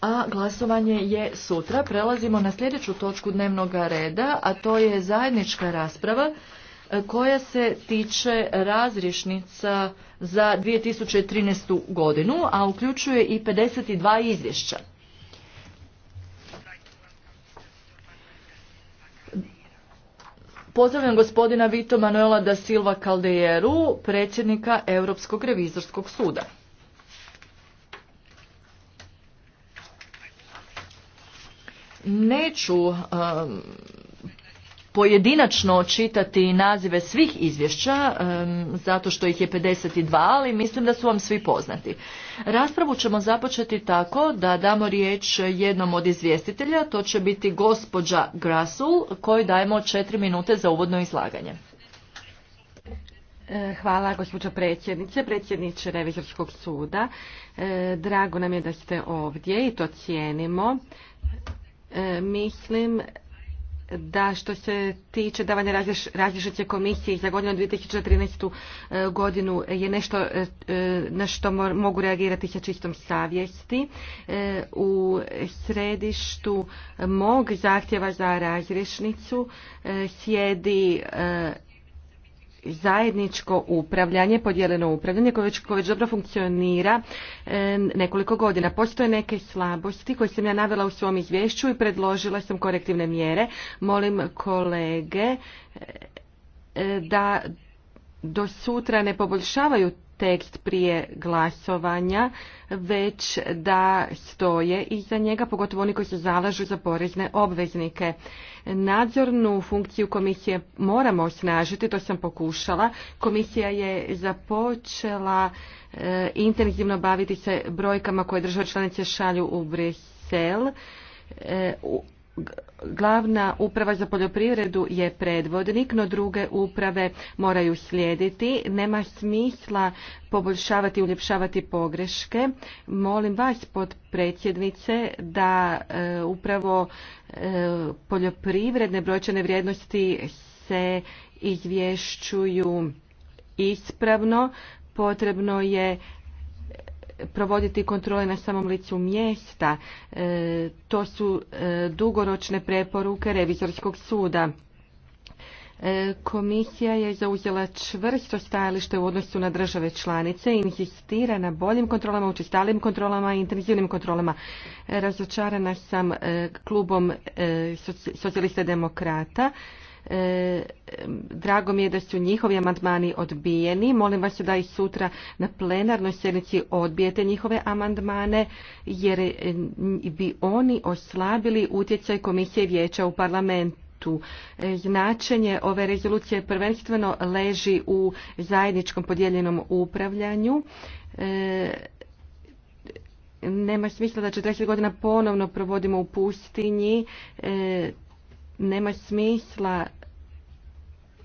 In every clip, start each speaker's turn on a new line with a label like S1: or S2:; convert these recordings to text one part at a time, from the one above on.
S1: a glasovanje je sutra. Prelazimo na sljedeću točku dnevnog reda, a to je zajednička rasprava e, koja se tiče razrišnica za 2013. godinu, a uključuje i 52 izvješća. Pozdravljam gospodina Vito Manuela da Silva Caldejeru, predsjednika Europskog revizorskog suda. neću um, pojedinačno čitati nazive svih izvješća, um, zato što ih je 52, ali mislim da su vam svi poznati. Raspravu ćemo započeti tako da damo riječ jednom od izvjestitelja, to će biti gospođa Grasul, koju dajemo četiri minute za uvodno izlaganje.
S2: E, hvala gospođo predsjednice, predsjedniče Revizorskog suda. E, drago nam je da ste ovdje i to cijenimo. E, mislim da što se tiče davanja različite komisije za godinu 2013. E, godinu je nešto e, na što mogu reagirati sa čistom savjesti. U središtu mog zahtjeva za razrješnicu sjedi zajedničko upravljanje, podijeljeno upravljanje koje već, dobro funkcionira e, nekoliko godina. Postoje neke slabosti koje sam ja navela u svom izvješću i predložila sam korektivne mjere. Molim kolege e, da do sutra ne poboljšavaju tekst prije glasovanja, već da stoje iza njega, pogotovo oni koji se zalažu za porezne obveznike. Nadzornu funkciju komisije moramo osnažiti, to sam pokušala. Komisija je započela e, intenzivno baviti se brojkama koje države članice šalju u Brisel. Eh, u, glavna uprava za poljoprivredu je predvodnik, no druge uprave moraju slijediti. Nema smisla poboljšavati i uljepšavati pogreške. Molim vas, podpredsjednice, da e, upravo e, poljoprivredne brojčane vrijednosti se izvješćuju ispravno. Potrebno je provoditi kontrole na samom licu mjesta. E, to su e, dugoročne preporuke revizorskog suda. E, komisija je zauzela čvrsto stajalište u odnosu na države članice i insistira na boljim kontrolama, učestalim kontrolama i intenzivnim kontrolama. Razočarana sam klubom socijalista demokrata E, drago mi je da su njihovi amandmani odbijeni. Molim vas da i sutra na plenarnoj sjednici odbijete njihove amandmane jer e, bi oni oslabili utjecaj Komisije vijeća u parlamentu e, Značenje ove rezolucije prvenstveno leži u zajedničkom podijeljenom upravljanju. nema smisla da 40 godina ponovno provodimo u pustinji. nema smisla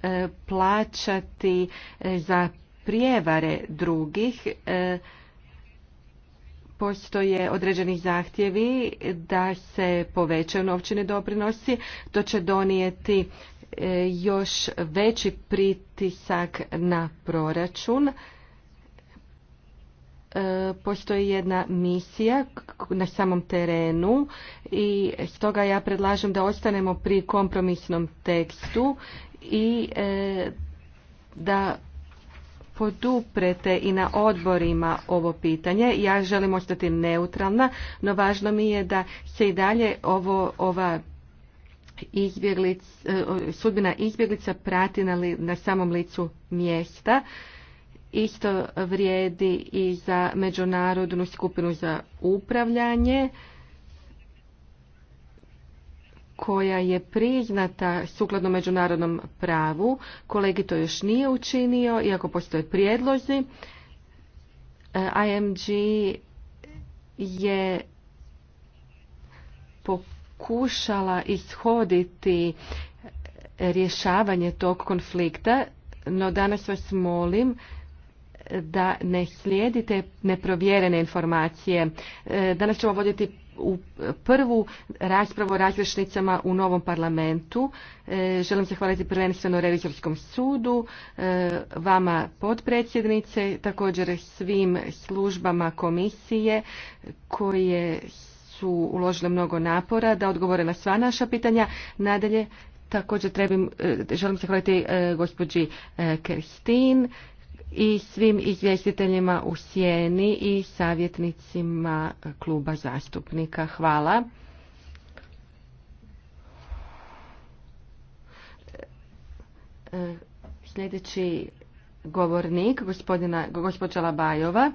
S2: E, plaćati e, za prijevare drugih e, postoje određeni zahtjevi da se povećaju novčani doprinosi to će donijeti još veći pritisak na proračun postoji jedna misija na samom terenu i stoga ja predlažem da ostanemo pri kompromisnom tekstu i e, da poduprete i na odborima ovo pitanje. Ja želim ostati neutralna, no važno mi je da se i dalje ovo, ova izbjeglic, e, sudbina izbjeglica prati na, li, na samom licu mjesta. Isto vrijedi i za međunarodnu skupinu za upravljanje koja je priznata sukladno međunarodnom pravu. Kolegi to još nije učinio, iako postoje prijedlozi. E, IMG je pokušala ishoditi rješavanje tog konflikta, no danas vas molim da ne slijedite neprovjerene informacije. E, danas ćemo voditi u prvu raspravu o razrešnicama u novom parlamentu. E, želim zahvaliti prvenstveno Revizorskom sudu, e, vama podpredsjednice, također svim službama komisije koje su uložile mnogo napora da odgovore na sva naša pitanja. Nadalje, također trebim, e, želim zahvaliti gospođi Kerstin i svim izvjestiteljima u sjeni i savjetnicima kluba zastupnika. Hvala. E, sljedeći govornik, gospodina, gospođa Labajova,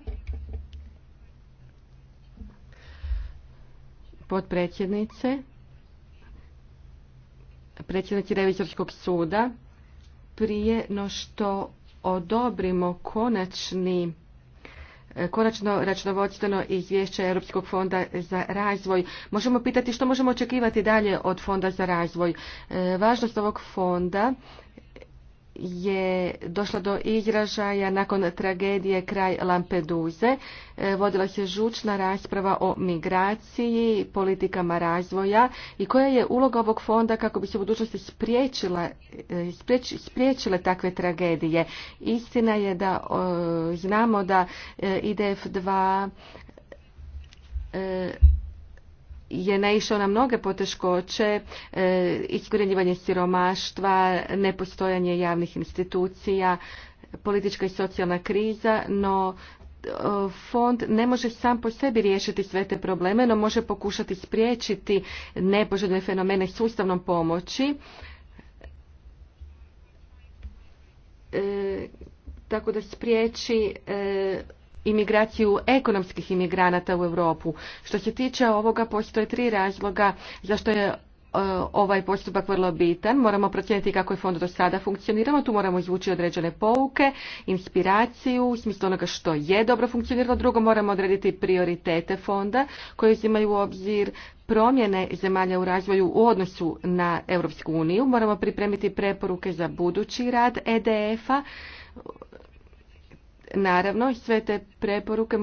S2: podpredsjednice, predsjednici revizorskog suda, prije no što odobrimo konačni e, konačno računovodstveno izvješće Europskog fonda za razvoj. Možemo pitati što možemo očekivati dalje od fonda za razvoj. E, važnost ovog fonda je došla do izražaja nakon tragedije kraj Lampeduze. E, vodila se žučna rasprava o migraciji, politikama razvoja i koja je uloga ovog fonda kako bi se u budućnosti e, spriječile takve tragedije. Istina je da znamo da e, IDF2 je naišao na mnoge poteškoće, e, iskorjenjivanje siromaštva, nepostojanje javnih institucija, politička i socijalna kriza, no e, fond ne može sam po sebi riješiti sve te probleme, no može pokušati spriječiti nepoželjne fenomene sustavnom pomoći. E, tako da spriječi imigraciju ekonomskih imigranata u Europu. Što se tiče ovoga, postoje tri razloga zašto je e, ovaj postupak vrlo bitan. Moramo procijeniti kako je fond do sada funkcionirao. Tu moramo izvući određene pouke, inspiraciju u smislu onoga što je dobro funkcioniralo. Drugo, moramo odrediti prioritete fonda koje uzimaju u obzir promjene zemalja u razvoju u odnosu na Europsku uniju. Moramo pripremiti preporuke za budući rad EDF-a Naravno, sve te preporuke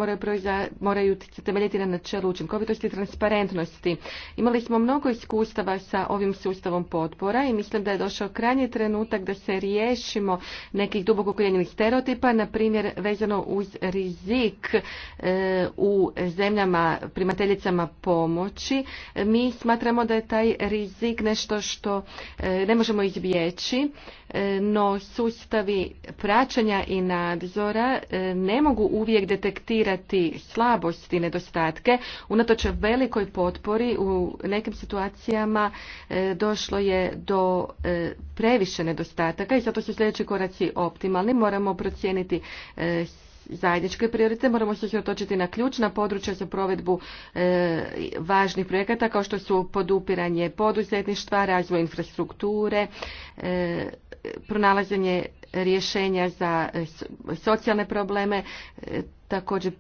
S2: moraju, se temeljiti na načelu učinkovitosti i transparentnosti. Imali smo mnogo iskustava sa ovim sustavom potpora i mislim da je došao krajnji trenutak da se riješimo nekih duboko ukoljenjenih stereotipa, na primjer vezano uz rizik e, u zemljama primateljicama pomoći. Mi smatramo da je taj rizik nešto što e, ne možemo izbjeći, e, no sustavi praćenja i nadzora E, ne mogu uvijek detektirati slabosti i nedostatke. Unatoč velikoj potpori u nekim situacijama e, došlo je do e, previše nedostataka i zato su sljedeći koraci optimalni. Moramo procijeniti zajedničke prioritete moramo se otočiti na ključna područja za provedbu važnih projekata kao što su podupiranje poduzetništva razvoj infrastrukture e, rješenja za e, socijalne probleme, e, također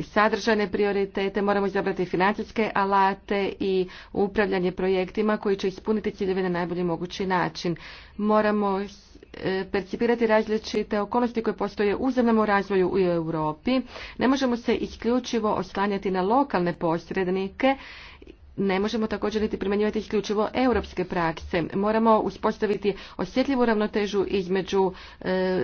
S2: sadržajne prioritete, moramo izabrati financijske alate i upravljanje projektima koji će ispuniti ciljeve na najbolji mogući način. Moramo e, percipirati različite okolnosti koje postoje u zemljama razvoju u Europi. Ne možemo se isključivo oslanjati na lokalne posrednike ne možemo također niti primjenjivati isključivo europske prakse. Moramo uspostaviti osjetljivu ravnotežu između e,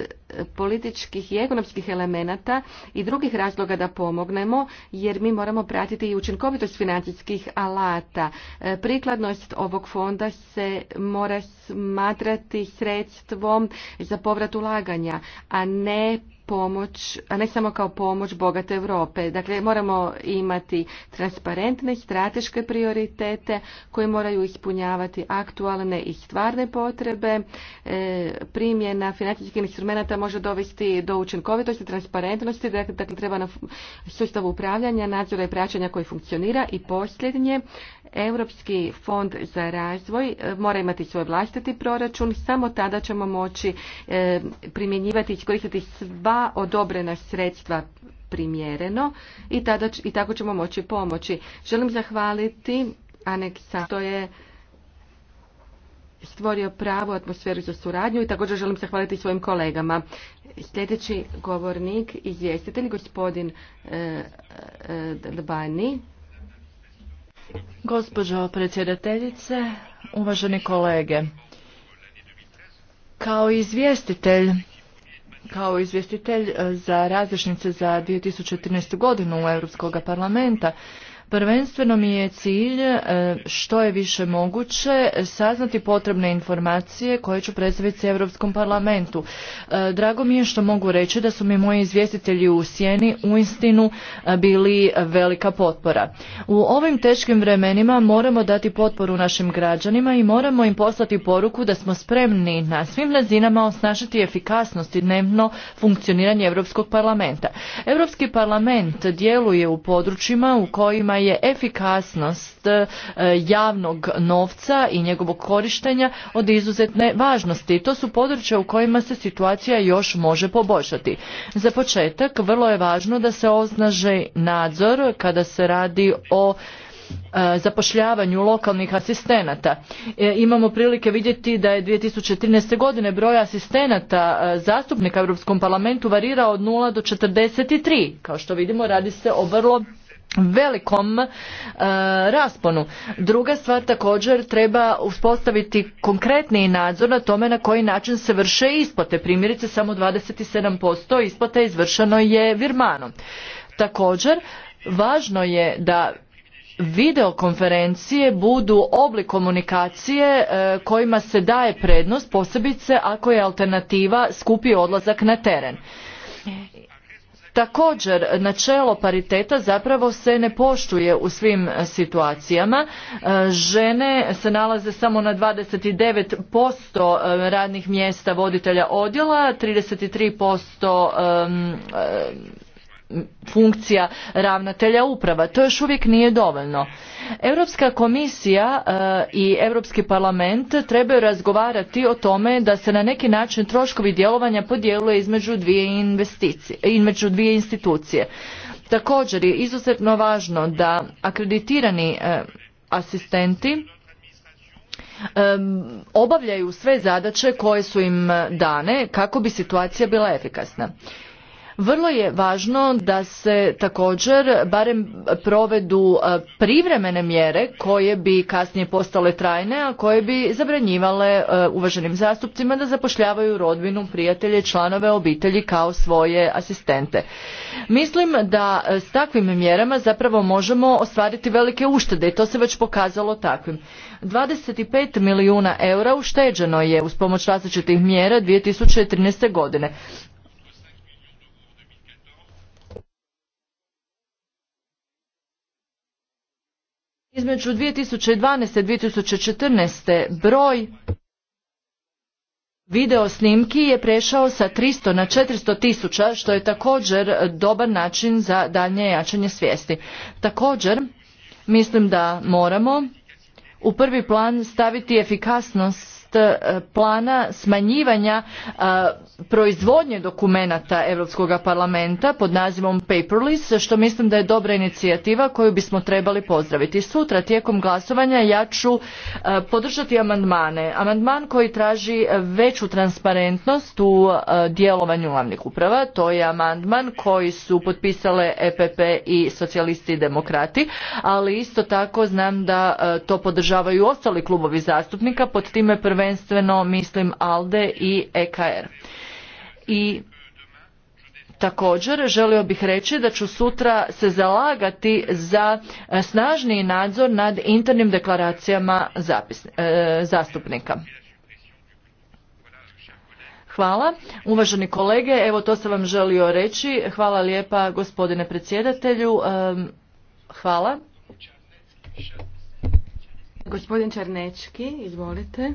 S2: političkih i ekonomskih elemenata i drugih razloga da pomognemo, jer mi moramo pratiti i učinkovitost financijskih alata. E, prikladnost ovog fonda se mora smatrati sredstvom za povrat ulaganja, a ne pomoć, a ne samo kao pomoć bogate Europe. Dakle, moramo imati transparentne strateške prioritete koji moraju ispunjavati aktualne i stvarne potrebe. E, primjena financijskih instrumenata može dovesti do učinkovitosti, transparentnosti, dakle, dakle treba na sustavu upravljanja, nadzora i praćanja koji funkcionira i posljednje Europski fond za razvoj e, mora imati svoj vlastiti proračun, samo tada ćemo moći e, primjenjivati i iskoristiti sva odobrena sredstva primjereno i, tada, i tako ćemo moći pomoći. Želim zahvaliti Aneksa, to je stvorio pravu atmosferu za suradnju i također želim zahvaliti svojim kolegama. Sljedeći govornik, izvjestitelj, gospodin e, e
S1: Gospođo predsjedateljice, uvaženi kolege, kao izvjestitelj kao izvjestitelj za različnice za 2013. godinu Europskog parlamenta Prvenstveno mi je cilj e, što je više moguće saznati potrebne informacije koje ću predstaviti Europskom parlamentu. E, drago mi je što mogu reći da su mi moji izvjestitelji u Sjeni istinu e, bili velika potpora. U ovim teškim vremenima moramo dati potporu našim građanima i moramo im poslati poruku da smo spremni na svim razinama osnažiti efikasnost i dnevno funkcioniranje Europskog parlamenta. Europski parlament djeluje u područjima u kojima je efikasnost e, javnog novca i njegovog korištenja od izuzetne važnosti. To su područja u kojima se situacija još može poboljšati. Za početak vrlo je važno da se osnaže nadzor kada se radi o e, zapošljavanju lokalnih asistenata. E, imamo prilike vidjeti da je 2013. godine broj asistenata zastupnika u Europskom parlamentu varirao od 0 do 43. Kao što vidimo radi se o vrlo velikom e, rasponu. Druga stvar također treba uspostaviti konkretni nadzor na tome na koji način se vrše isplate. Primjerice samo 27% isplata izvršeno je Virmanom. Također važno je da videokonferencije budu oblik komunikacije e, kojima se daje prednost posebice ako je alternativa skupi odlazak na teren Također, načelo pariteta zapravo se ne poštuje u svim situacijama. E, žene se nalaze samo na 29% e, radnih mjesta voditelja odjela, 33% funkcija ravnatelja uprava. To još uvijek nije dovoljno. Europska komisija e, i Europski parlament trebaju razgovarati o tome da se na neki način troškovi djelovanja podjeluju između dvije, investicije, između dvije institucije. Također je izuzetno važno da akreditirani e, asistenti obavljaju sve zadaće koje su im dane kako bi situacija bila efikasna. Vrlo je važno da se također barem provedu e, privremene mjere koje bi kasnije postale trajne, a koje bi zabranjivale e, uvaženim zastupcima da zapošljavaju rodbinu, prijatelje, članove obitelji kao svoje asistente. Mislim da e, s takvim mjerama zapravo možemo ostvariti velike uštede i to se već pokazalo takvim. 25 milijuna eura ušteđeno je uz pomoć različitih mjera 2013. godine. Između 2012. i 2014. broj video snimki je prešao sa 300 na 400 tisuća, što je također dobar način za daljnje jačanje svijesti. Također, mislim da moramo u prvi plan staviti efikasnost E, plana smanjivanja e, proizvodnje dokumenata Europskog parlamenta pod nazivom Paperless, što mislim da je dobra inicijativa koju bismo trebali pozdraviti. Sutra tijekom glasovanja ja ću e, podržati amandmane. Amandman koji traži veću transparentnost u djelovanju javnih uprava, to je amandman koji su potpisale EPP i socijalisti i demokrati, ali isto tako znam da to podržavaju ostali klubovi zastupnika, pod time prvenstveno mislim ALDE i EKR. I Također želio bih reći da ću sutra se zalagati za e, snažniji nadzor nad internim deklaracijama e, zastupnika. Hvala. Uvaženi kolege, evo to sam vam želio reći. Hvala lijepa gospodine predsjedatelju. E, hvala. Gospodin Čarnečki, izvolite.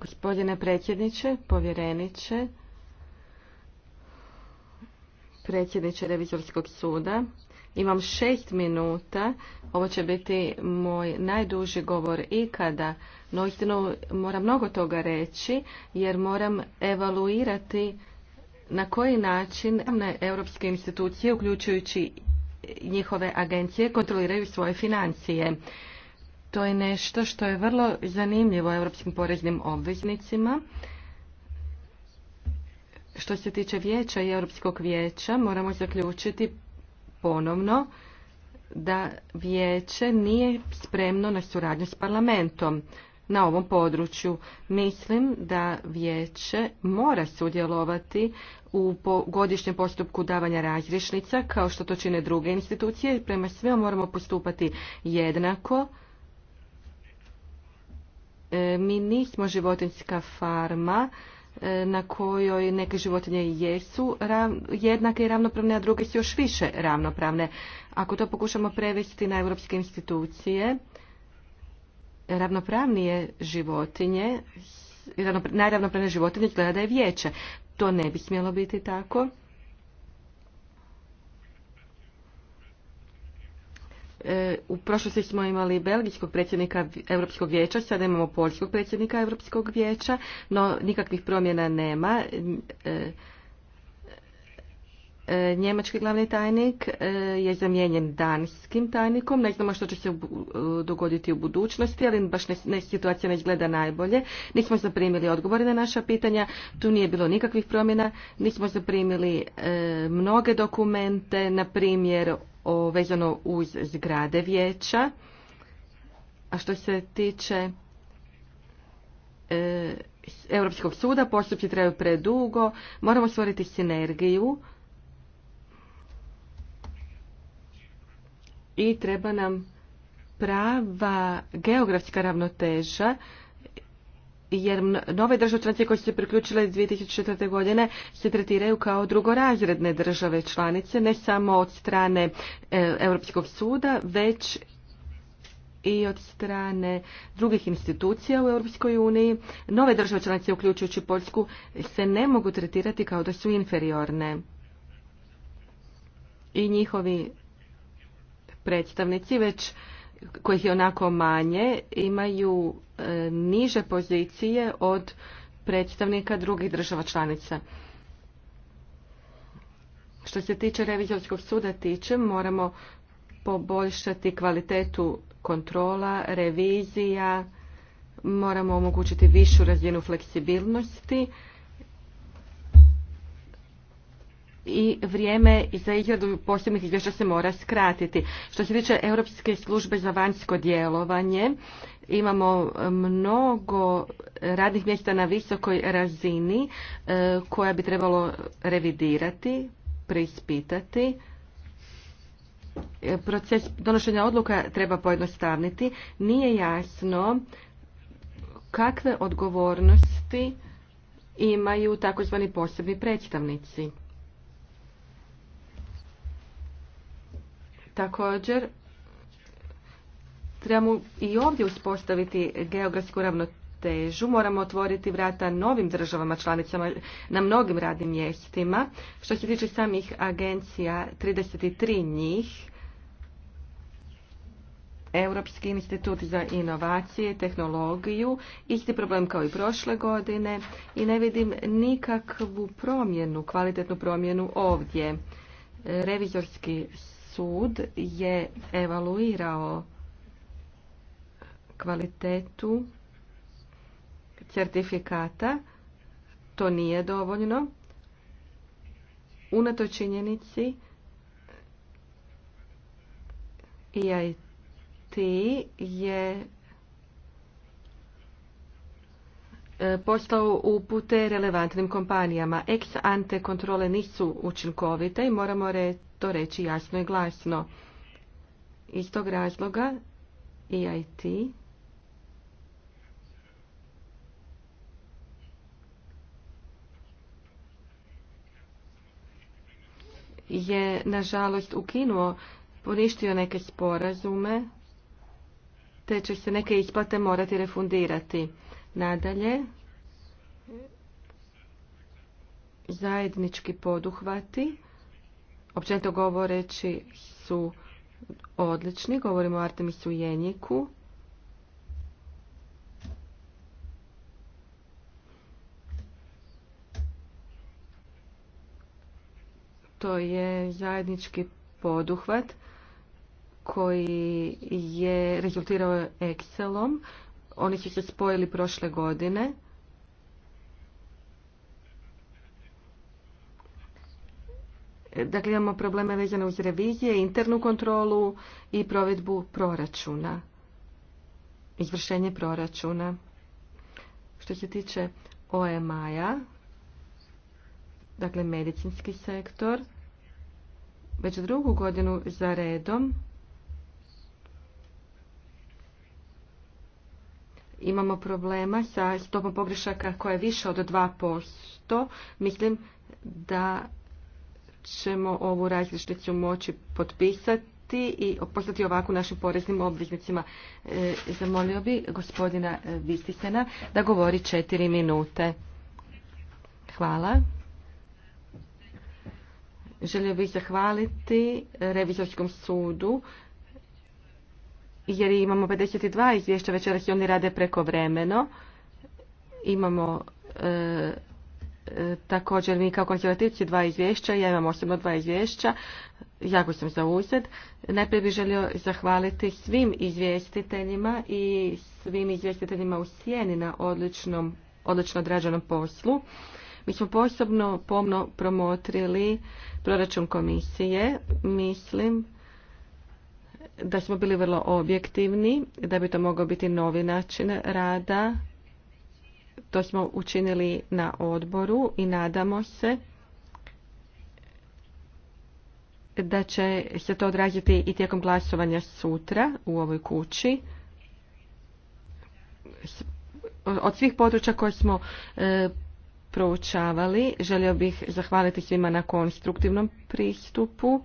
S2: Gospodine predsjedniče, povjereniče, predsjedniče revizorskog suda, imam šest minuta, ovo će biti moj najduži govor ikada, no istinu moram mnogo toga reći jer moram evaluirati na koji način europske institucije, uključujući njihove agencije, kontroliraju svoje financije. To je nešto što je vrlo zanimljivo europskim poreznim obveznicima. Što se tiče vijeća i Europskog vijeća, moramo zaključiti ponovno da vijeće nije spremno na suradnju s parlamentom na ovom području. Mislim da vijeće mora sudjelovati u godišnjem postupku davanja razrišnica, kao što to čine druge institucije. Prema svemu moramo postupati jednako E, mi nismo životinjska farma e, na kojoj neke životinje jesu jednake i ravnopravne, a druge su još više ravnopravne. Ako to pokušamo prevesti na europske institucije, ravnopravnije životinje, najravnopravnije životinje gleda da je vijeće. To ne bi smjelo biti tako. E, u prošlosti smo imali belgijskog predsjednika Europskog vijeća, sada imamo poljskog predsjednika Europskog vijeća, no nikakvih promjena nema. E, e, njemački glavni tajnik je zamijenjen danskim tajnikom. Ne znamo što će se dogoditi u budućnosti, ali baš situacija ne izgleda najbolje. Nismo zaprimili odgovore na naša pitanja, tu nije bilo nikakvih promjena. Nismo zaprimili mnoge dokumente, na primjer o, vezano uz zgrade vijeća. A što se tiče e, Europskog suda, postupci traju predugo, moramo stvoriti sinergiju i treba nam prava geografska ravnoteža jer nove države članice koje su se priključile 2004. godine se tretiraju kao drugorazredne države članice, ne samo od strane e, Europskog suda, već i od strane drugih institucija u Europskoj uniji. Nove države članice, uključujući Poljsku, se ne mogu tretirati kao da su inferiorne. I njihovi predstavnici, već kojih je onako manje, imaju niže pozicije od predstavnika drugih država članica. Što se tiče revizorskog suda tiče, moramo poboljšati kvalitetu kontrola, revizija, moramo omogućiti višu razinu fleksibilnosti i vrijeme za izradu posebnih izvješća se mora skratiti. Što se tiče Europske službe za vanjsko djelovanje, Imamo e, mnogo radnih mjesta na visokoj razini e, koja bi trebalo revidirati, preispitati. E, proces donošenja odluka treba pojednostavniti. Nije jasno kakve odgovornosti imaju takozvani posebni predstavnici. Također, Trebamo i ovdje uspostaviti geografsku ravnotežu, moramo otvoriti vrata novim državama članicama na mnogim radnim mjestima. Što se tiče samih agencija, 33 njih, Europski institut za inovacije, tehnologiju, isti problem kao i prošle godine i ne vidim nikakvu promjenu, kvalitetnu promjenu ovdje. Revizorski sud je evaluirao kvalitetu certifikata. To nije dovoljno. Unato činjenici EIT je e, postao upute relevantnim kompanijama. Ex ante kontrole nisu učinkovite i moramo to reći jasno i glasno. Iz tog razloga EIT je nažalost ukinuo, poništio neke sporazume, te će se neke isplate morati refundirati. Nadalje, zajednički poduhvati, općenito govoreći su odlični, govorimo o Artemisu Jenjiku, To je zajednički poduhvat koji je rezultirao Excelom. Oni su se spojili prošle godine. Dakle, imamo probleme vezane uz revizije, internu kontrolu i provedbu proračuna. Izvršenje proračuna. Što se tiče OMA-a, dakle medicinski sektor, već drugu godinu za redom imamo problema sa stopom pogrešaka koja je više od 2%. Mislim da ćemo ovu različnicu moći potpisati i poslati ovako našim poreznim obveznicima. E, zamolio bi gospodina Vistisena da govori četiri minute. Hvala. Želio bih zahvaliti Revizorskom sudu jer imamo 52 izvješća večeras i oni rade preko vremeno. Imamo e, e, također mi kao konzervativci dva izvješća, ja imam osobno dva izvješća, jako sam zauzet. Najprije bih želio zahvaliti svim izvjestiteljima i svim izvjestiteljima u sjeni na odličnom, odlično odrađenom poslu. Mi smo posebno pomno promotrili proračun komisije. Mislim da smo bili vrlo objektivni, da bi to mogao biti novi način rada. To smo učinili na odboru i nadamo se da će se to odraziti i tijekom glasovanja sutra u ovoj kući. Od svih područja koje smo e, proučavali. Želio bih zahvaliti svima na konstruktivnom pristupu.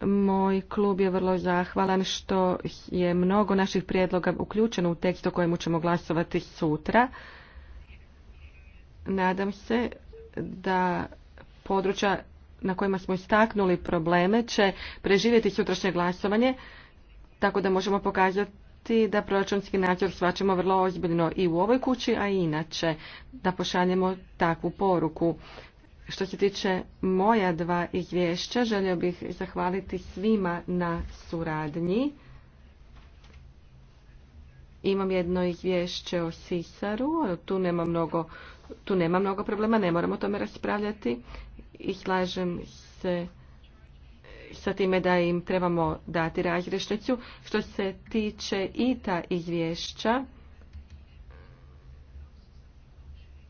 S2: Moj klub je vrlo zahvalan što je mnogo naših prijedloga uključeno u tekst o kojemu ćemo glasovati sutra. Nadam se da područja na kojima smo istaknuli probleme će preživjeti sutrašnje glasovanje tako da možemo pokazati da proračunski nadzor shvaćamo vrlo ozbiljno i u ovoj kući, a i inače da pošaljemo takvu poruku. Što se tiče moja dva izvješća, želio bih zahvaliti svima na suradnji. Imam jedno izvješće o Sisaru, tu nema mnogo, tu nema mnogo problema, ne moramo o tome raspravljati i slažem se sa time da im trebamo dati razrešnicu. Što se tiče i ta izvješća,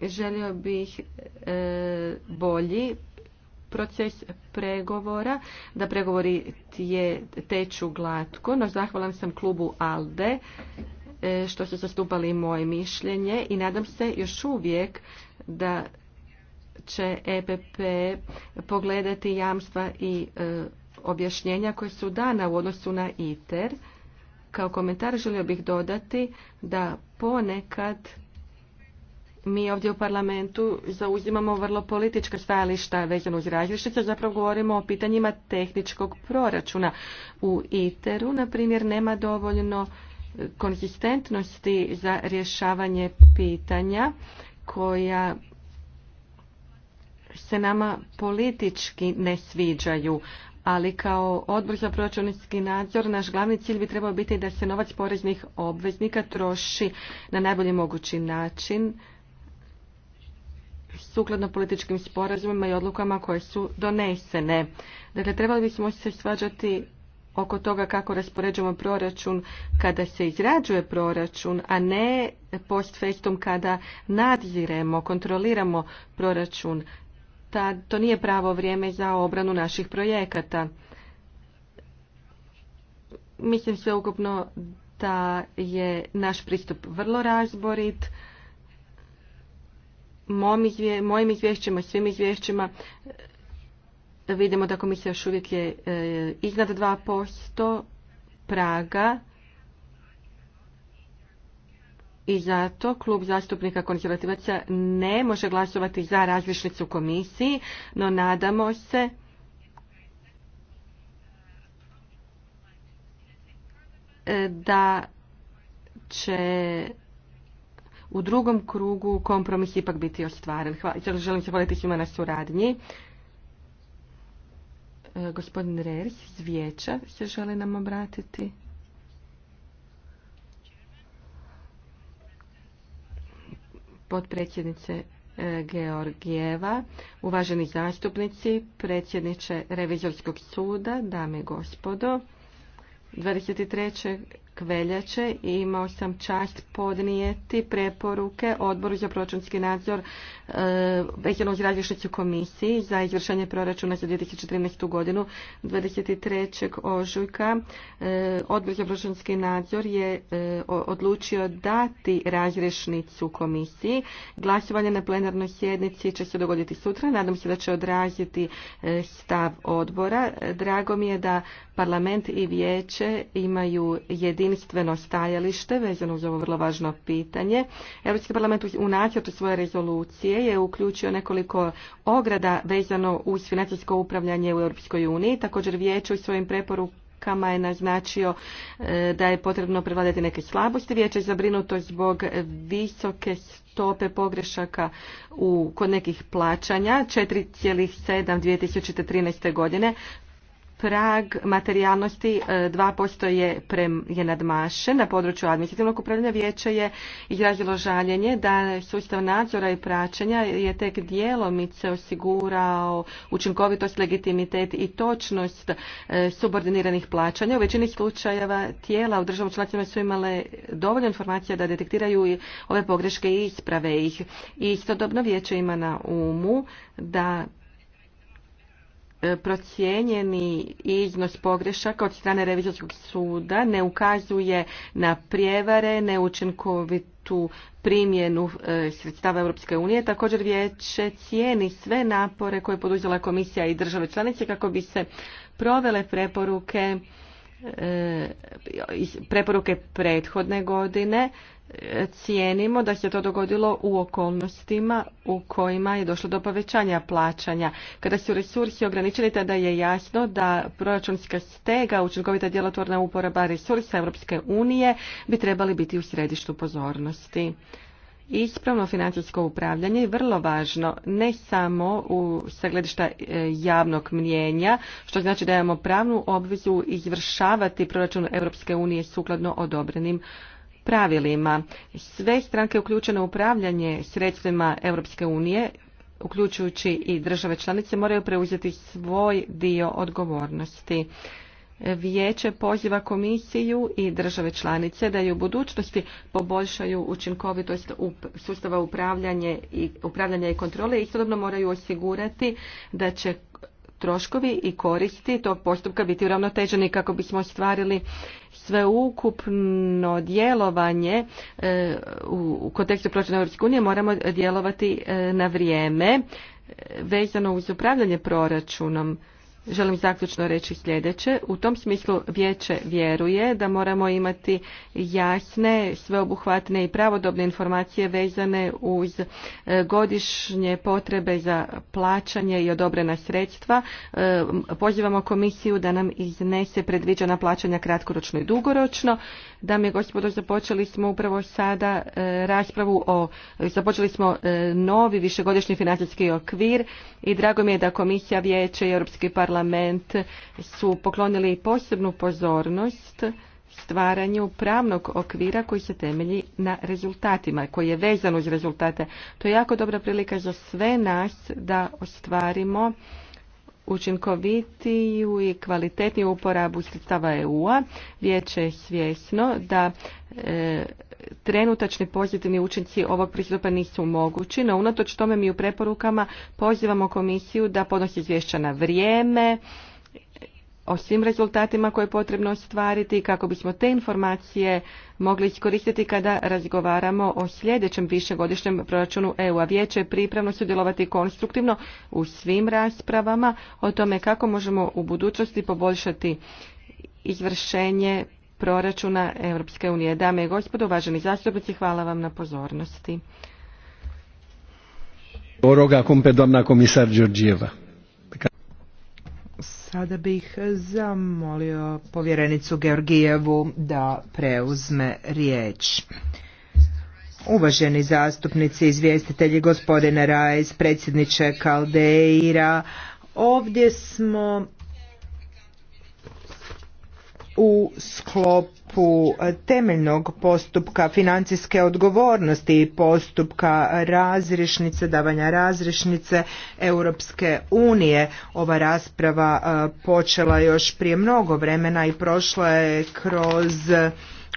S2: želio bih e, bolji proces pregovora, da pregovori teču glatko, no zahvalan sam klubu ALDE e, što su zastupali moje mišljenje i nadam se još uvijek da će EPP pogledati jamstva i e, objašnjenja koje su dana u odnosu na ITER. Kao komentar želio bih dodati da ponekad mi ovdje u parlamentu zauzimamo vrlo politička stajališta vezano uz različnice. zapravo govorimo o pitanjima tehničkog proračuna. U iter na primjer, nema dovoljno konzistentnosti za rješavanje pitanja koja se nama politički ne sviđaju ali kao odbor za proračunski nadzor naš glavni cilj bi trebao biti da se novac poreznih obveznika troši na najbolji mogući način sukladno političkim sporazumima i odlukama koje su donesene. Dakle, trebali bismo se svađati oko toga kako raspoređujemo proračun kada se izrađuje proračun, a ne post festum kada nadziremo, kontroliramo proračun da to nije pravo vrijeme za obranu naših projekata. Mislim sveukupno da je naš pristup vrlo razborit. Mojim izvješćima, svim izvješćima vidimo da komisija još uvijek je e, iznad 2% praga i zato klub zastupnika konzervativaca ne može glasovati za različnicu komisiji, no nadamo se da će u drugom krugu kompromis ipak biti ostvaren. Hvala, želim se hvaliti svima na suradnji. E, gospodin Rers iz Vijeća se želi nam obratiti. potpredsjednice e, Georgijeva, uvaženi zastupnici, predsjedniče Revizorskog suda, dame i gospodo. 23. kveljače imao sam čast podnijeti preporuke Odboru za proračunski nadzor uz e, razlišnicu komisiji za izvršenje proračuna za 2014. godinu 23. ožujka. E, odbor za proračunski nadzor je e, odlučio dati razrješnicu komisiji. Glasovanje na plenarnoj sjednici će se dogoditi sutra. Nadam se da će odraziti stav odbora. Drago mi je da parlament i vijeće imaju jedinstveno stajalište vezano za ovo vrlo važno pitanje. Europski parlament u nacrtu svoje rezolucije je uključio nekoliko ograda vezano uz financijsko upravljanje u Europskoj uniji. Također Vijeće u svojim preporukama je naznačio e, da je potrebno prevladati neke slabosti. Vijeće je zabrinuto zbog visoke stope pogrešaka u, kod nekih plaćanja 4,7 2013. godine prag materijalnosti 2% e, je, je nadmašen na području administrativnog upravljanja vijeće je izrazilo žaljenje da sustav nadzora i praćenja je tek djelomice osigurao učinkovitost, legitimitet i točnost e, subordiniranih plaćanja. U većini slučajeva tijela u državom članicama su imale dovoljno informacija da detektiraju i ove pogreške i isprave ih. I istodobno vijeće ima na umu da procijenjeni iznos pogrešaka od strane revizorskog suda ne ukazuje na prijevare, neučinkovitu primjenu e, sredstava Europske unije. Također vijeće cijeni sve napore koje je poduzela komisija i države članice kako bi se provele preporuke e, preporuke prethodne godine cijenimo da se to dogodilo u okolnostima u kojima je došlo do povećanja plaćanja. Kada su resursi ograničeni, tada je jasno da proračunska stega, učinkovita djelotvorna uporaba resursa Europske unije bi trebali biti u središtu pozornosti. Ispravno financijsko upravljanje je vrlo važno, ne samo u sagledišta e, javnog mnjenja, što znači da imamo pravnu obvezu izvršavati proračun Europske unije sukladno odobrenim pravilima. Sve stranke uključene u upravljanje sredstvima Europske unije, uključujući i države članice, moraju preuzeti svoj dio odgovornosti. Vijeće poziva komisiju i države članice da i u budućnosti poboljšaju učinkovitost sustava upravljanja i, upravljanja i kontrole i istodobno moraju osigurati da će troškovi i koristi tog postupka biti uravnoteženi kako bismo ostvarili sveukupno djelovanje eh, u kontekstu proračuna Europske unije moramo djelovati eh, na vrijeme eh, vezano uz upravljanje proračunom želim zaključno reći sljedeće. U tom smislu vijeće vjeruje da moramo imati jasne, sveobuhvatne i pravodobne informacije vezane uz e, godišnje potrebe za plaćanje i odobrena sredstva. E, pozivamo komisiju da nam iznese predviđena plaćanja kratkoročno i dugoročno. Dame i gospodo, započeli smo upravo sada e, raspravu o, započeli smo novi višegodišnji financijski okvir i drago mi je da komisija vijeće i Europski par parlament su poklonili posebnu pozornost stvaranju pravnog okvira koji se temelji na rezultatima, koji je vezan uz rezultate. To je jako dobra prilika za sve nas da ostvarimo učinkovitiju i kvalitetniju uporabu sredstava EU-a. Vijeće je svjesno da e, trenutačni pozitivni učinci ovog pristupa nisu mogući, no unatoč tome mi u preporukama pozivamo komisiju da podnosi izvješća na vrijeme, o svim rezultatima koje je potrebno ostvariti kako bismo te informacije mogli iskoristiti kada razgovaramo o sljedećem višegodišnjem proračunu EU-a. Vijeće je pripravno sudjelovati konstruktivno u svim raspravama o tome kako možemo u budućnosti poboljšati izvršenje proračuna Europske unije. Dame i gospodo, uvaženi zastupnici, hvala vam na
S3: pozornosti.
S4: Oroga kumpe domna komisar Georgieva.
S3: Sada bih zamolio povjerenicu Georgijevu da preuzme riječ. Uvaženi zastupnici, izvjestitelji, gospodine Rajs, predsjedniče Kaldeira, ovdje smo u sklopu temeljnog postupka financijske odgovornosti i postupka razrišnice, davanja razrišnice Europske unije. Ova rasprava e, počela još prije mnogo vremena i prošla je kroz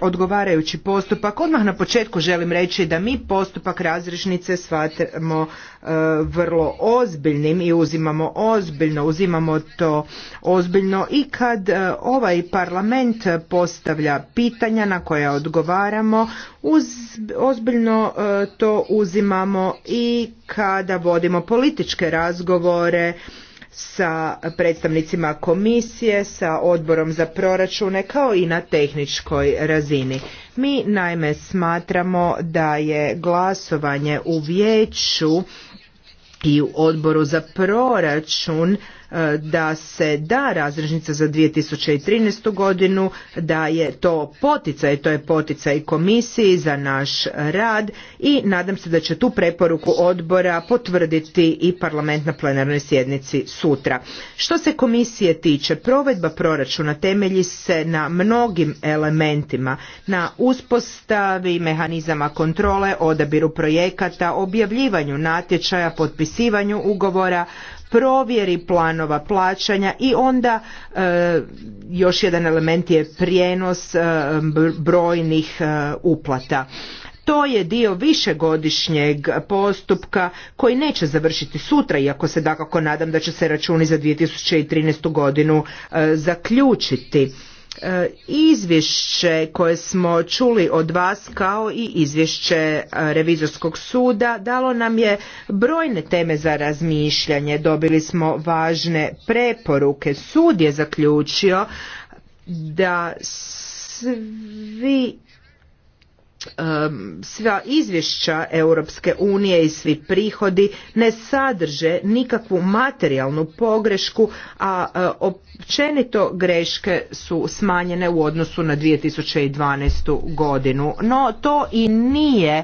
S3: odgovarajući postupak. Odmah na početku želim reći da mi postupak razrješnice shvatimo e, vrlo ozbiljnim i uzimamo ozbiljno, uzimamo to ozbiljno i kad e, ovaj parlament postavlja pitanja na koja odgovaramo, uz, ozbiljno e, to uzimamo i kada vodimo političke razgovore sa predstavnicima komisije, sa odborom za proračune kao i na tehničkoj razini. Mi naime smatramo da je glasovanje u vijeću i u odboru za proračun E, da se da razrežnica za 2013. godinu, da je to poticaj, to je poticaj komisiji za naš rad i nadam se da će tu preporuku odbora potvrditi i parlament na plenarnoj sjednici sutra. Što se komisije tiče, provedba proračuna temelji se na mnogim elementima, na uspostavi mehanizama kontrole, odabiru projekata, objavljivanju natječaja, potpisivanju ugovora, provjeri planova plaćanja i onda e, još jedan element je prijenos e, brojnih e, uplata. To je dio višegodišnjeg postupka koji neće završiti sutra, iako se dakako nadam da će se računi za 2013. godinu zaključiti. E, izvješće koje smo čuli od vas kao i izvješće e, revizorskog suda dalo nam je brojne teme za razmišljanje dobili smo važne preporuke sud je zaključio da svi sva izvješća Europske unije i svi prihodi ne sadrže nikakvu materijalnu pogrešku, a e, općenito greške su smanjene u odnosu na 2012. godinu. No to i nije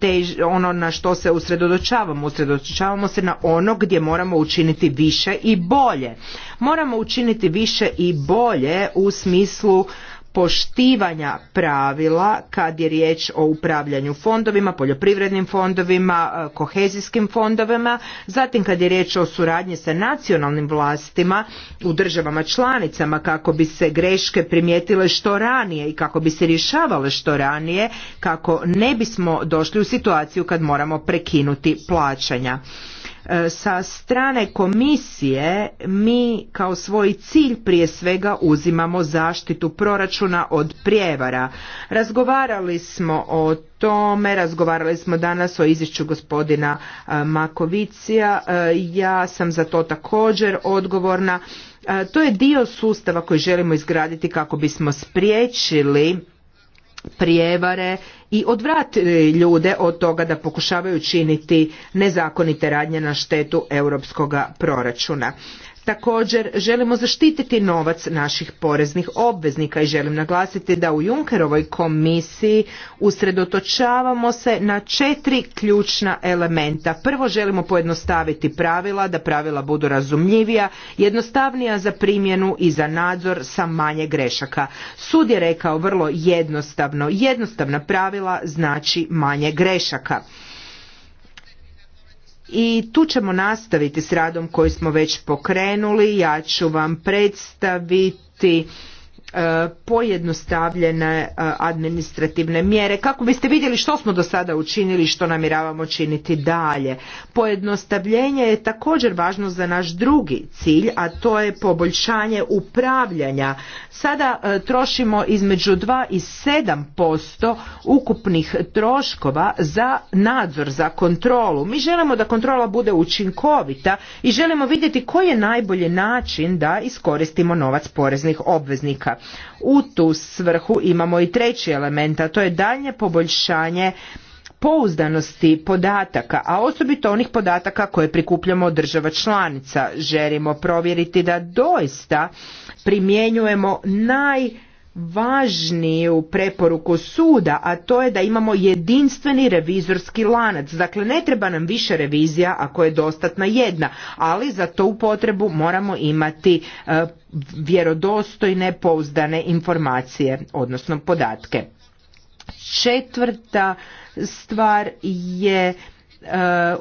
S3: tež, ono na što se usredotočavamo. Usredotočavamo se na ono gdje moramo učiniti više i bolje. Moramo učiniti više i bolje u smislu poštivanja pravila kad je riječ o upravljanju fondovima, poljoprivrednim fondovima, e, kohezijskim fondovima, zatim kad je riječ o suradnji sa nacionalnim vlastima u državama članicama kako bi se greške primijetile što ranije i kako bi se rješavale što ranije, kako ne bismo došli u situaciju kad moramo prekinuti plaćanja. E, sa strane komisije mi kao svoj cilj prije svega uzimamo zaštitu proračuna od prijevara. Razgovarali smo o tome, razgovarali smo danas o izvješću gospodina e, Makovicija. E, ja sam za to također odgovorna. To je dio sustava koji želimo izgraditi kako bismo spriječili prijevare i odvrati e, ljude od toga da pokušavaju činiti nezakonite radnje na štetu europskoga proračuna. Također želimo zaštititi novac naših poreznih obveznika i želim naglasiti da u Junkerovoj komisiji usredotočavamo se na četiri ključna elementa. Prvo želimo pojednostaviti pravila, da pravila budu razumljivija, jednostavnija za primjenu i za nadzor sa manje grešaka. Sud je rekao vrlo jednostavno, jednostavna pravila znači manje grešaka i tu ćemo nastaviti s radom koji smo već pokrenuli. Ja ću vam predstaviti E, pojednostavljene e, administrativne mjere kako biste vidjeli što smo do sada učinili i što namiravamo činiti dalje. Pojednostavljenje je također važno za naš drugi cilj, a to je poboljšanje upravljanja. Sada e, trošimo između 2 i 7% ukupnih troškova za nadzor, za kontrolu. Mi želimo da kontrola bude učinkovita i želimo vidjeti koji je najbolji način da iskoristimo novac poreznih obveznika. U tu svrhu imamo i treći element, a to je daljnje poboljšanje pouzdanosti podataka, a osobito onih podataka koje prikupljamo od država članica. Želimo provjeriti da doista primjenjujemo naj važniju preporuku suda, a to je da imamo jedinstveni revizorski lanac. Dakle, ne treba nam više revizija ako je dostatna jedna, ali za to u potrebu moramo imati e, vjerodostojne, pouzdane informacije, odnosno podatke. Četvrta stvar je e,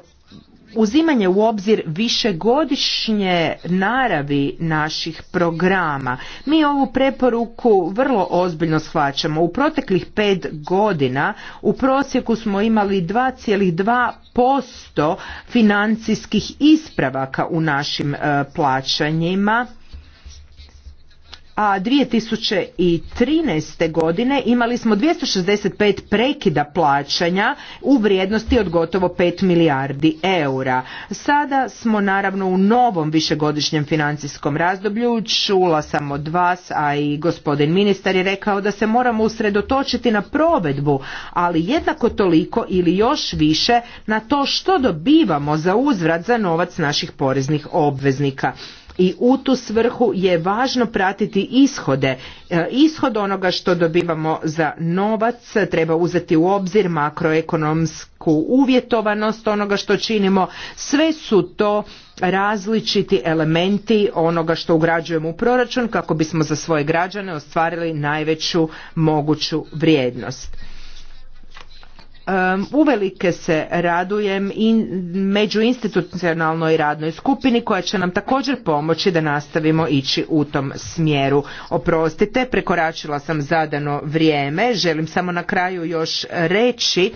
S3: uzimanje u obzir višegodišnje naravi naših programa. Mi ovu preporuku vrlo ozbiljno shvaćamo. U proteklih pet godina u prosjeku smo imali 2,2% financijskih ispravaka u našim e, plaćanjima a 2013. godine imali smo 265 prekida plaćanja u vrijednosti od gotovo 5 milijardi eura. Sada smo naravno u novom višegodišnjem financijskom razdoblju. Čula sam od vas, a i gospodin ministar je rekao da se moramo usredotočiti na provedbu, ali jednako toliko ili još više na to što dobivamo za uzvrat za novac naših poreznih obveznika i u tu svrhu je važno pratiti ishode. E, ishod onoga što dobivamo za novac treba uzeti u obzir makroekonomsku uvjetovanost onoga što činimo. Sve su to različiti elementi onoga što ugrađujemo u proračun kako bismo za svoje građane ostvarili najveću moguću vrijednost. Uvelike se radujem i međuinstitucionalnoj radnoj skupini koja će nam također pomoći da nastavimo ići u tom smjeru. Oprostite, prekoračila sam zadano vrijeme. Želim samo na kraju još reći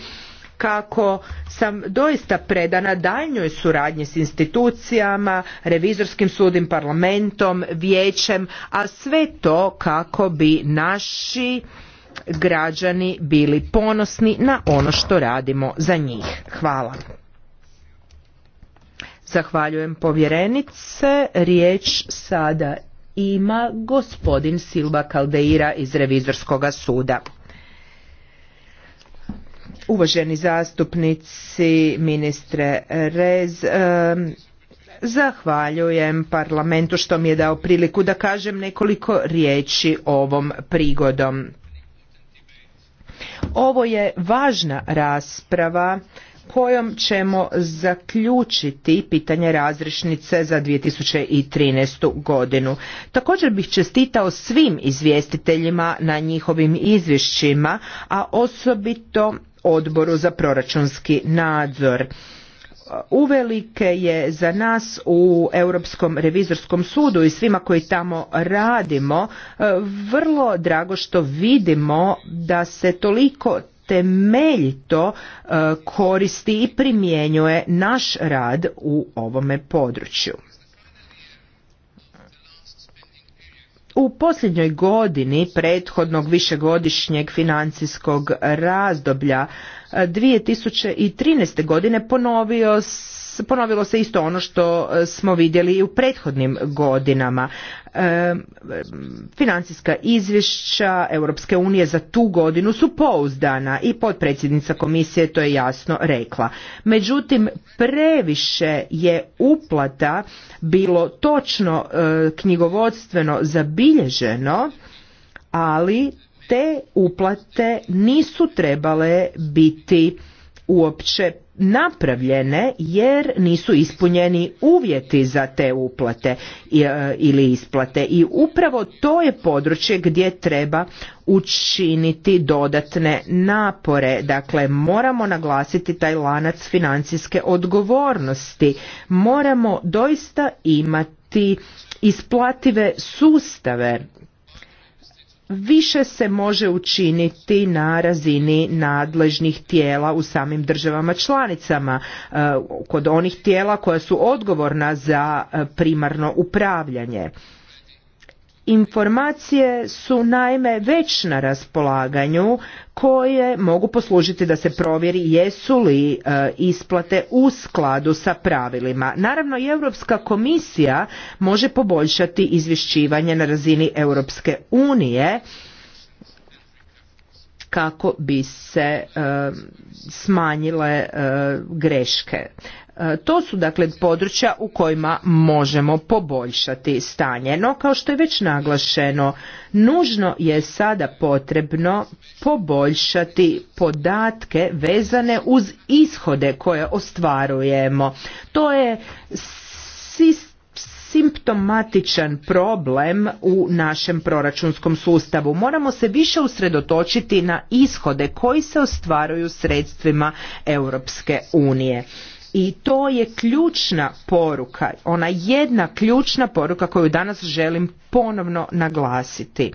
S3: kako sam doista predana daljnjoj suradnji s institucijama, revizorskim sudim, parlamentom, vijećem, a sve to kako bi naši građani bili ponosni na ono što radimo za njih. Hvala. Zahvaljujem povjerenice. Riječ sada ima gospodin Silva Kaldeira iz Revizorskog suda. Uvaženi zastupnici, ministre Rez, zahvaljujem parlamentu što mi je dao priliku da kažem nekoliko riječi ovom prigodom. Ovo je važna rasprava kojom ćemo zaključiti pitanje razrešnice za 2013. godinu. Također bih čestitao svim izvjestiteljima na njihovim izvješćima, a osobito odboru za proračunski nadzor uvelike je za nas u Europskom revizorskom sudu i svima koji tamo radimo e, vrlo drago što vidimo da se toliko temeljito e, koristi i primjenjuje naš rad u ovome području. u posljednjoj godini prethodnog višegodišnjeg financijskog razdoblja 2013. E, godine ponovio ponovilo se isto ono što e, smo vidjeli i u prethodnim godinama. E, financijska izvješća Europske unije za tu godinu su pouzdana i potpredsjednica komisije to je jasno rekla. Međutim, previše je uplata bilo točno e, knjigovodstveno zabilježeno, ali te uplate nisu trebale biti uopće napravljene jer nisu ispunjeni uvjeti za te uplate e, ili isplate i upravo to je područje gdje treba učiniti dodatne napore dakle moramo naglasiti taj lanac financijske odgovornosti moramo doista imati isplative sustave više se može učiniti na razini nadležnih tijela u samim državama članicama e, kod onih tijela koja su odgovorna za e, primarno upravljanje Informacije su naime već na raspolaganju koje mogu poslužiti da se provjeri jesu li e, isplate u skladu sa pravilima. Naravno i Europska komisija može poboljšati izvješćivanje na razini Europske unije kako bi se e, smanjile e, greške E, to su dakle područja u kojima možemo poboljšati stanje. No kao što je već naglašeno, nužno je sada potrebno poboljšati podatke vezane uz ishode koje ostvarujemo. To je simptomatičan problem u našem proračunskom sustavu. Moramo se više usredotočiti na ishode koji se ostvaruju sredstvima Europske unije. I to je ključna poruka, ona jedna ključna poruka koju danas želim ponovno naglasiti.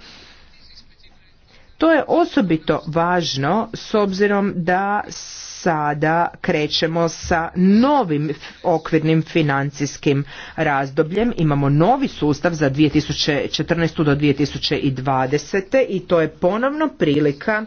S3: To je osobito važno s obzirom da sada krećemo sa novim okvirnim financijskim razdobljem. Imamo novi sustav za 2014. do 2020. i to je ponovno prilika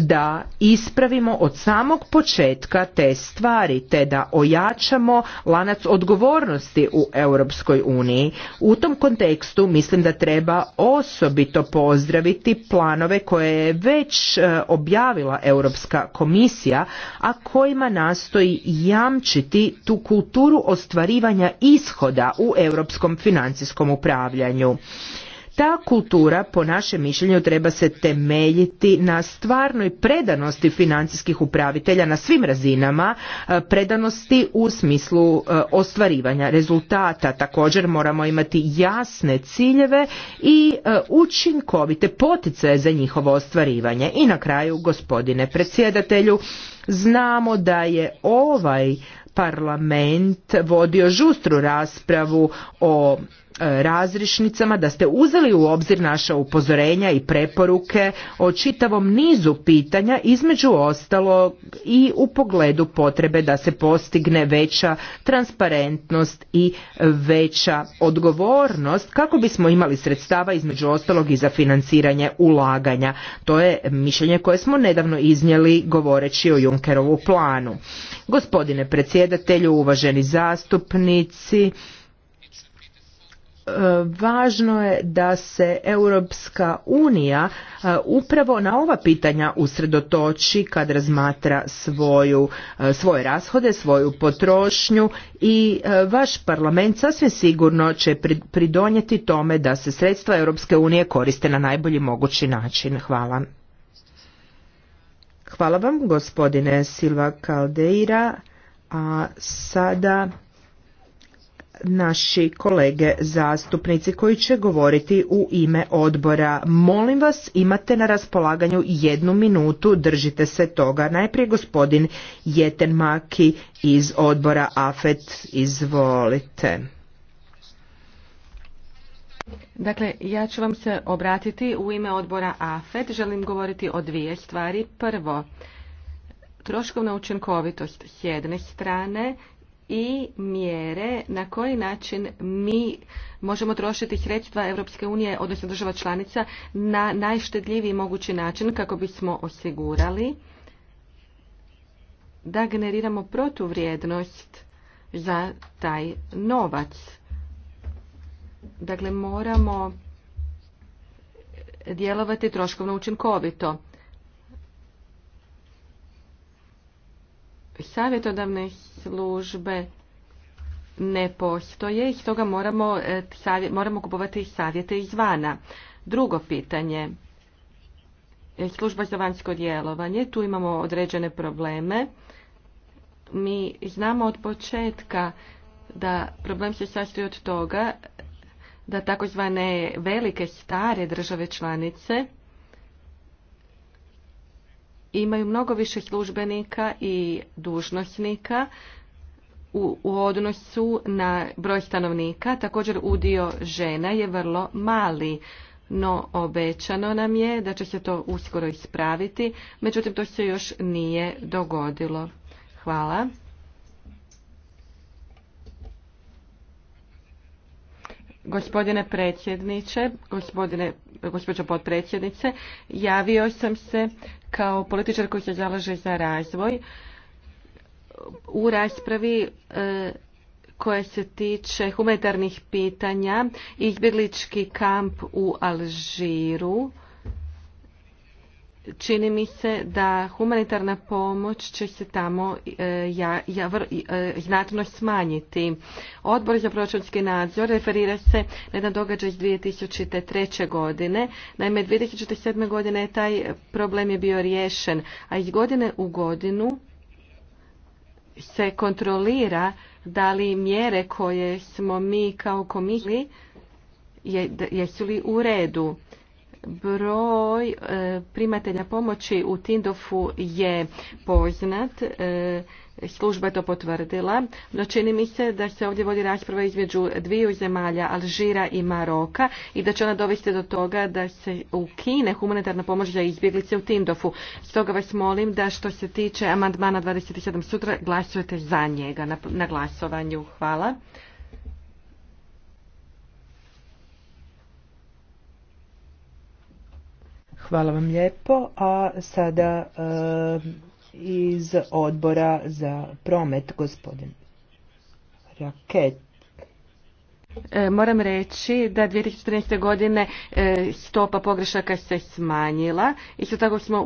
S3: da ispravimo od samog početka te stvari te da ojačamo lanac odgovornosti u Europskoj uniji. U tom kontekstu mislim da treba osobito pozdraviti planove koje je već e, objavila Europska komisija, a kojima nastoji jamčiti tu kulturu ostvarivanja ishoda u europskom financijskom upravljanju. Ta kultura, po našem mišljenju, treba se temeljiti na stvarnoj predanosti financijskih upravitelja na svim razinama, e, predanosti u smislu e, ostvarivanja rezultata. Također moramo imati jasne ciljeve i e, učinkovite poticaje za njihovo ostvarivanje. I na kraju, gospodine predsjedatelju, znamo da je ovaj parlament vodio žustru raspravu o E, razrišnicama da ste uzeli u obzir naša upozorenja i preporuke o čitavom nizu pitanja između ostalog i u pogledu potrebe da se postigne veća transparentnost i veća odgovornost kako bismo imali sredstava između ostalog i za financiranje ulaganja. To je mišljenje koje smo nedavno iznijeli govoreći o Junkerovu planu. Gospodine predsjedatelju, uvaženi zastupnici, važno je da se Europska unija e, upravo na ova pitanja usredotoči kad razmatra svoju, e, svoje rashode, svoju potrošnju i e, vaš parlament sasvim sigurno će pridonijeti tome da se sredstva Europske unije koriste na najbolji mogući način. Hvala. Hvala vam gospodine Silva Caldeira, a sada naši kolege zastupnici koji će govoriti u ime odbora. Molim vas, imate na raspolaganju jednu minutu, držite se toga. Najprije gospodin Jeten Maki iz odbora AFET, izvolite.
S2: Dakle, ja ću vam se obratiti u ime odbora AFET. Želim govoriti o dvije stvari. Prvo, troškovna učinkovitost s jedne strane i mjere na koji način mi možemo trošiti sredstva Europske unije, odnosno država članica, na najštedljiviji mogući način kako bismo osigurali da generiramo protuvrijednost za taj novac. Dakle, moramo djelovati troškovno učinkovito. Savjetodavne službe ne postoje i stoga moramo, e, moramo kupovati savjete izvana. Drugo pitanje, e, služba za vanjsko djelovanje, tu imamo određene probleme. Mi znamo od početka da problem se sastoji od toga da takozvane velike stare države članice imaju mnogo više službenika i dužnosnika u, odnosu na broj stanovnika. Također udio žena je vrlo mali, no obećano nam je da će se to uskoro ispraviti, međutim to se još nije dogodilo. Hvala. Gospodine predsjedniče, gospodine, gospođo potpredsjednice, javio sam se kao političar koji se zalaže za razvoj u raspravi e, koja se tiče humanitarnih pitanja izbjeglički kamp u Alžiru čini mi se da humanitarna pomoć će se tamo e, e, znatno smanjiti. Odbor za proračunski nadzor referira se na jedan događaj iz 2003. godine. Naime, 2007. godine taj problem je bio riješen, a iz godine u godinu se kontrolira da li mjere koje smo mi kao komisli jesu li u redu broj e, primatelja pomoći u Tindofu je poznat, e, služba je to potvrdila, no čini mi se da se ovdje vodi rasprava između dviju zemalja, Alžira i Maroka, i da će ona dovesti do toga da se ukine humanitarna pomoć za izbjeglice u Tindofu. Stoga vas molim da što se tiče amandmana 27 sutra glasujete za njega na, na glasovanju. Hvala.
S3: Hvala vam lijepo. A sada eh, iz odbora za promet, gospodin Raket.
S2: E, moram reći da 2014. godine e, stopa pogrešaka se smanjila. Isto tako smo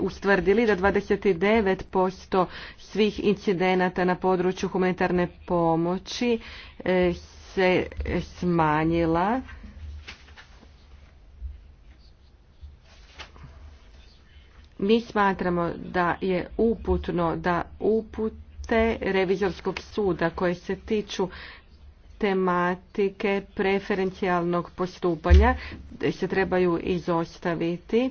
S2: ustvrdili da 29% svih incidenata na području humanitarne pomoći e, se smanjila. Mi smatramo da je uputno da upute revizorskog suda koje se tiču tematike preferencijalnog postupanja se trebaju izostaviti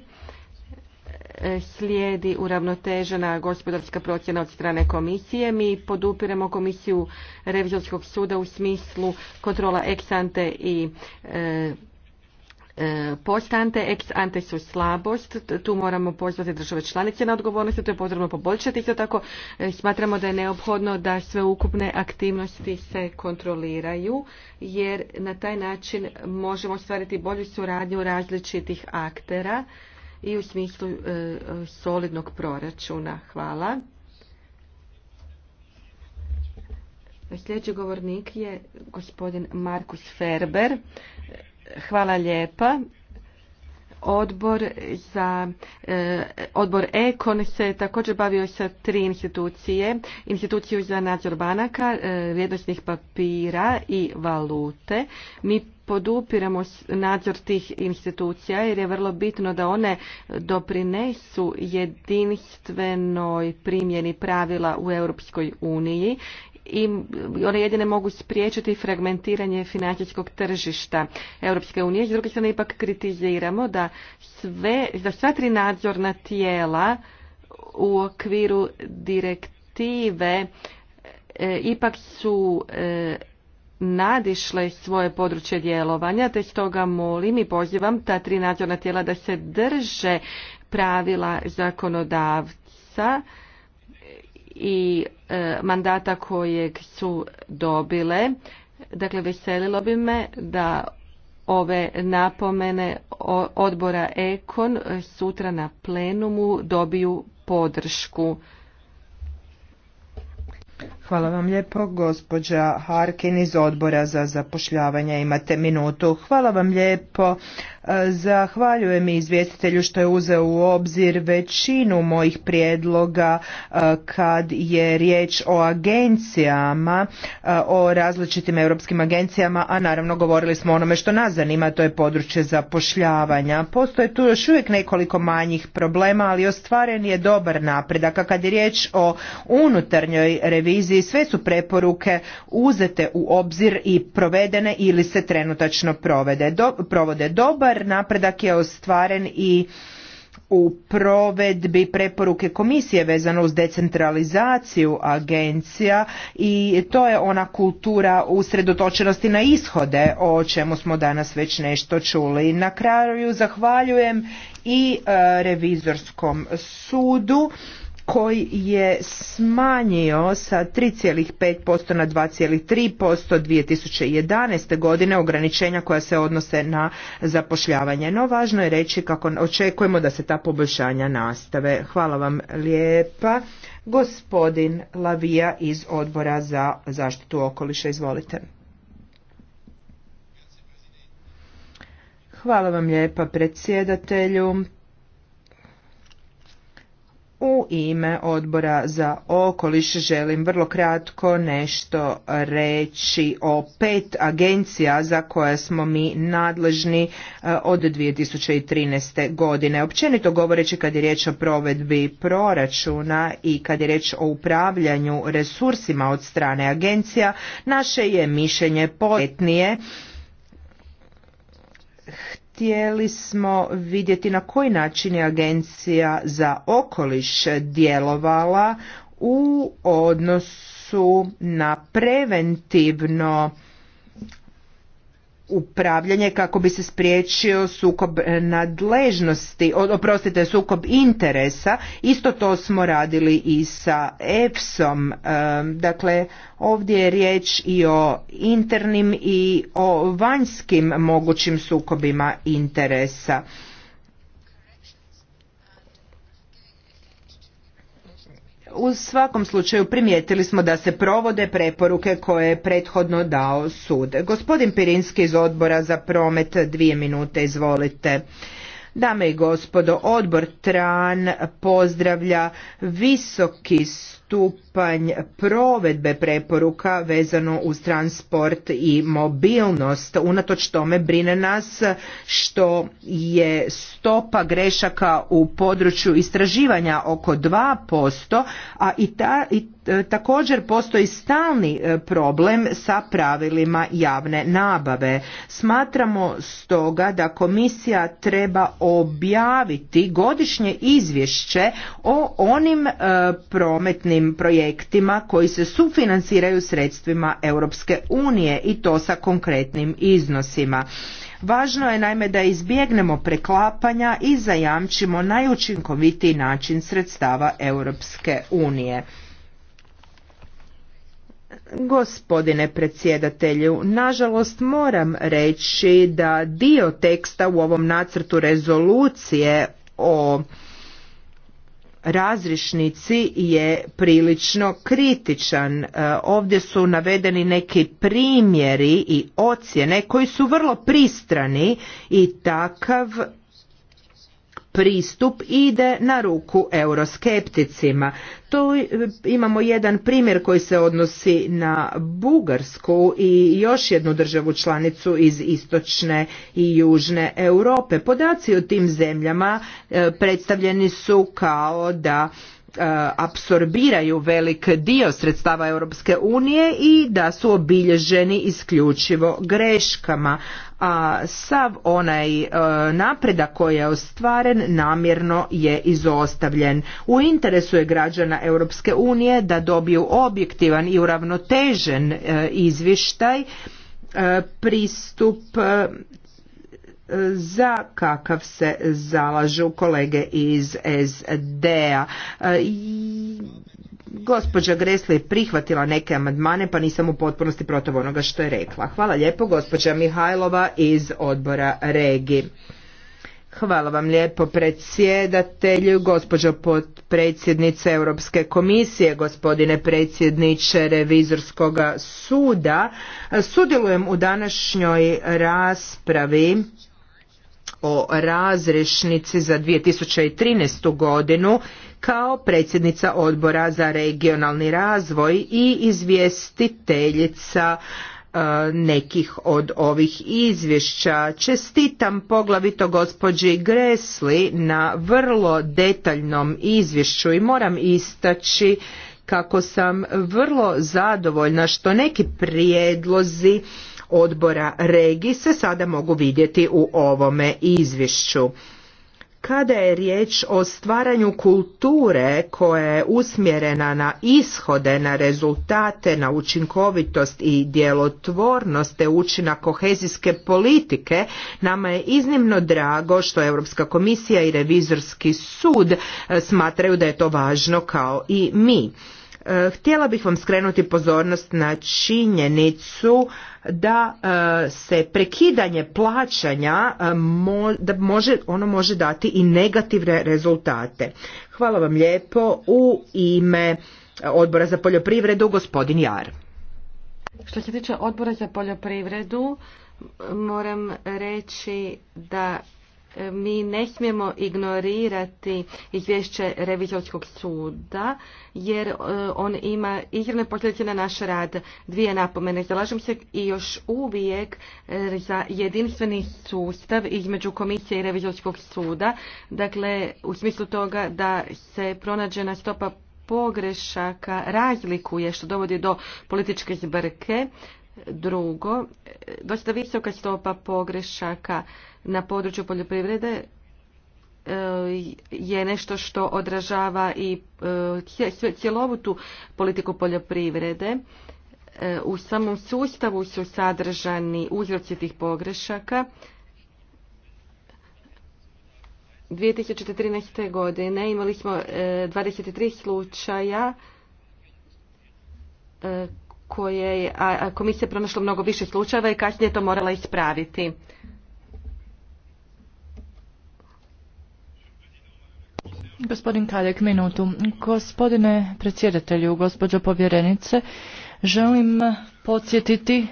S2: e, slijedi uravnotežena gospodarska procjena od strane komisije. Mi podupiremo komisiju revizorskog suda u smislu kontrola ex ante i e, Post ante, ex ante su slabost, tu moramo pozvati države članice na odgovornost, to je potrebno poboljšati. Isto tako e, smatramo da je neophodno da sve ukupne aktivnosti se kontroliraju, jer na taj način možemo stvariti bolju suradnju različitih aktera i u smislu e, solidnog proračuna. Hvala. Sljedeći govornik je gospodin Markus Ferber. Hvala lijepa. Odbor za e, odbor Ekon se također bavio sa tri institucije, instituciju za nadzor banaka, e, vrijednosnih papira i valute. Mi podupiramo nadzor tih institucija jer je vrlo bitno da one doprinesu jedinstvenoj primjeni pravila u Europskoj uniji i one jedine mogu spriječiti fragmentiranje financijskog tržišta Europske unije. S druge strane ipak kritiziramo da sve, sva tri nadzorna tijela u okviru direktive e, ipak su e, nadišle svoje područje djelovanja, te stoga molim i pozivam ta tri nadzorna tijela da se drže pravila zakonodavca i e, mandata kojeg su dobile. Dakle, veselilo bi me da ove napomene odbora Ekon sutra na plenumu dobiju podršku.
S3: Hvala vam lijepo, gospođa Harkin iz odbora za zapošljavanje. Imate minutu. Hvala vam lijepo. E, zahvaljujem izvjestitelju što je uzeo u obzir većinu mojih prijedloga e, kad je riječ o agencijama, e, o različitim europskim agencijama, a naravno govorili smo o onome što nas zanima, to je područje zapošljavanja. Postoje tu još uvijek nekoliko manjih problema, ali ostvaren je dobar napredak. A kad je riječ o unutarnjoj reviziji, reviziji sve su preporuke uzete u obzir i provedene ili se trenutačno provede. Do, provode. Dobar napredak je ostvaren i u provedbi preporuke komisije vezano uz decentralizaciju agencija i to je ona kultura usredotočenosti na ishode o čemu smo danas već nešto čuli. Na kraju zahvaljujem i e, revizorskom sudu koji je smanjio sa 3,5% na 2,3% 2011. godine ograničenja koja se odnose na zapošljavanje. No važno je reći kako očekujemo da se ta poboljšanja nastave. Hvala vam lijepa. Gospodin Lavija iz odbora za zaštitu okoliša, izvolite. Hvala vam lijepa predsjedatelju, u ime odbora za okoliš želim vrlo kratko nešto reći o pet agencija za koje smo mi nadležni e, od 2013. godine. Općenito govoreći kad je riječ o provedbi proračuna i kad je riječ o upravljanju resursima od strane agencija, naše je mišljenje potetnije htjeli smo vidjeti na koji način je agencija za okoliš djelovala u odnosu na preventivno upravljanje kako bi se spriječio sukob nadležnosti, oprostite, sukob interesa. Isto to smo radili i sa EFSom. Dakle, ovdje je riječ i o internim i o vanjskim mogućim sukobima interesa. U svakom slučaju primijetili smo da se provode preporuke koje je prethodno dao sud. Gospodin Pirinski iz odbora za promet, dvije minute, izvolite. Dame i gospodo, odbor TRAN pozdravlja visoki stupanj provedbe preporuka vezano uz transport i mobilnost. Unatoč tome brine nas što je stopa grešaka u području istraživanja oko 2%, a i, ta, i e, također postoji stalni e, problem sa pravilima javne nabave. Smatramo stoga da komisija treba objaviti godišnje izvješće o onim e, prometnim projektima koji se sufinanciraju sredstvima Europske unije i to sa konkretnim iznosima. Važno je najme da izbjegnemo preklapanja i zajamčimo najučinkovitiji način sredstava Europske unije. Gospodine predsjedatelju, nažalost moram reći da dio teksta u ovom nacrtu rezolucije o razrišnici je prilično kritičan. E, ovdje su navedeni neki primjeri i ocjene koji su vrlo pristrani i takav pristup ide na ruku euroskepticima. To e, imamo jedan primjer koji se odnosi na Bugarsku i još jednu državu članicu iz istočne i južne Europe. Podaci o tim zemljama e, predstavljeni su kao da e, apsorbiraju velik dio sredstava Europske unije i da su obilježeni isključivo greškama a sav onaj e, napredak koji je ostvaren namjerno je izostavljen. U interesu je građana Europske unije da dobiju objektivan i uravnotežen e, izvještaj, e, pristup e, za kakav se zalažu kolege iz SD-a. E, Gospođa Gresla je prihvatila neke amandmane pa nisam u potpunosti protiv onoga što je rekla. Hvala lijepo gospođa Mihajlova iz odbora Regi. Hvala vam lijepo predsjedatelju, gospođo predsjednice Europske komisije, gospodine predsjedniče Revizorskog suda. Sudjelujem u današnjoj raspravi o razrešnici za 2013. godinu kao predsjednica odbora za regionalni razvoj i izvjestiteljica e, nekih od ovih izvješća. Čestitam poglavito gospođi Gresli na vrlo detaljnom izvješću i moram istaći kako sam vrlo zadovoljna što neki prijedlozi odbora regi se sada mogu vidjeti u ovome izvješću kada je riječ o stvaranju kulture koja je usmjerena na ishode, na rezultate, na učinkovitost i djelotvornost te učina kohezijske politike, nama je iznimno drago što Europska komisija i revizorski sud e, smatraju da je to važno kao i mi. E, htjela bih vam skrenuti pozornost na činjenicu da e, se prekidanje plaćanja e, da može, ono može dati i negativne rezultate. Hvala vam lijepo u ime odbora za poljoprivredu gospodin Jar.
S2: Što se tiče odbora za poljoprivredu, moram reći da mi ne smijemo ignorirati izvješće revizorskog suda jer e, on ima izravne posljedice na naš rad. Dvije napomene. Zalažem se i još uvijek e, za jedinstveni sustav između komisije i revizorskog suda. Dakle, u smislu toga da se pronađena stopa pogrešaka razlikuje što dovodi do političke zbrke. Drugo, e, dosta visoka stopa pogrešaka na području poljoprivrede e, je nešto što odražava i e, cjelovutu politiku poljoprivrede. E, u samom sustavu su sadržani uzroci tih pogrešaka. 2013. godine imali smo 23 slučaja koje je komisija pronašla mnogo više slučajeva i kasnije to morala ispraviti.
S1: Gospodin Kadek, minutu. Gospodine predsjedatelju, gospođo povjerenice, želim podsjetiti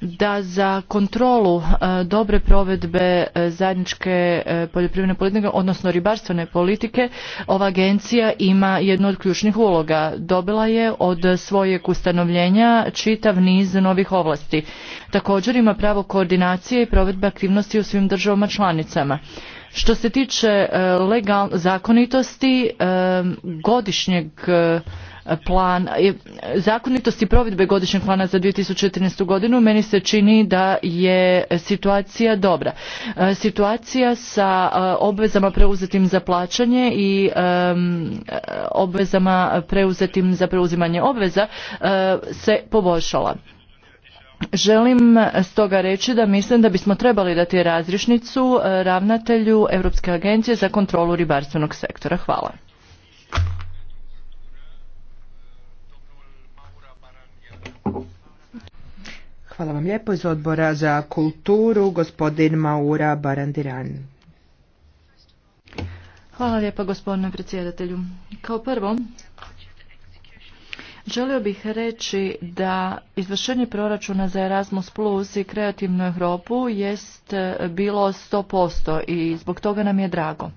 S1: da za kontrolu e, dobre provedbe e, zajedničke e, poljoprivredne politike, odnosno ribarstvene politike, ova agencija ima jednu od ključnih uloga. Dobila je od svojeg ustanovljenja čitav niz novih ovlasti. Također ima pravo koordinacije i provedbe aktivnosti u svim državama članicama. Što se tiče e, legal zakonitosti, e, godišnjeg e, plana zakonitosti provedbe godišnjeg plana za 2013. godinu meni se čini da je situacija dobra. Situacija sa obvezama preuzetim za plaćanje i obvezama preuzetim za preuzimanje obveza se poboljšala. Želim e, stoga reći da mislim da bismo trebali dati razrišnicu e, ravnatelju Europske agencije za kontrolu ribarstvenog sektora. Hvala.
S3: Hvala vam lijepo iz odbora za kulturu, gospodin Maura Barandiran.
S1: Hvala lijepa gospodine predsjedatelju. Kao prvo, Želio bih reći da izvršenje proračuna za Erasmus Plus i kreativnu Europu jest e, bilo 100% i zbog toga nam je drago.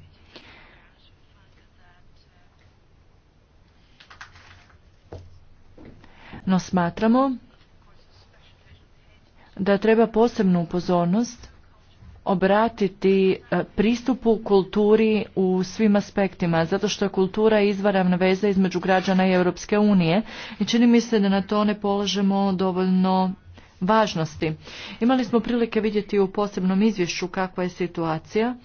S1: No smatramo da treba posebnu upozornost obratiti e, pristupu kulturi u svim aspektima, zato što je kultura izvaravna veza između građana i Europske unije i čini mi se da na to ne polažemo dovoljno važnosti. Imali smo prilike vidjeti u posebnom izvješću kakva je situacija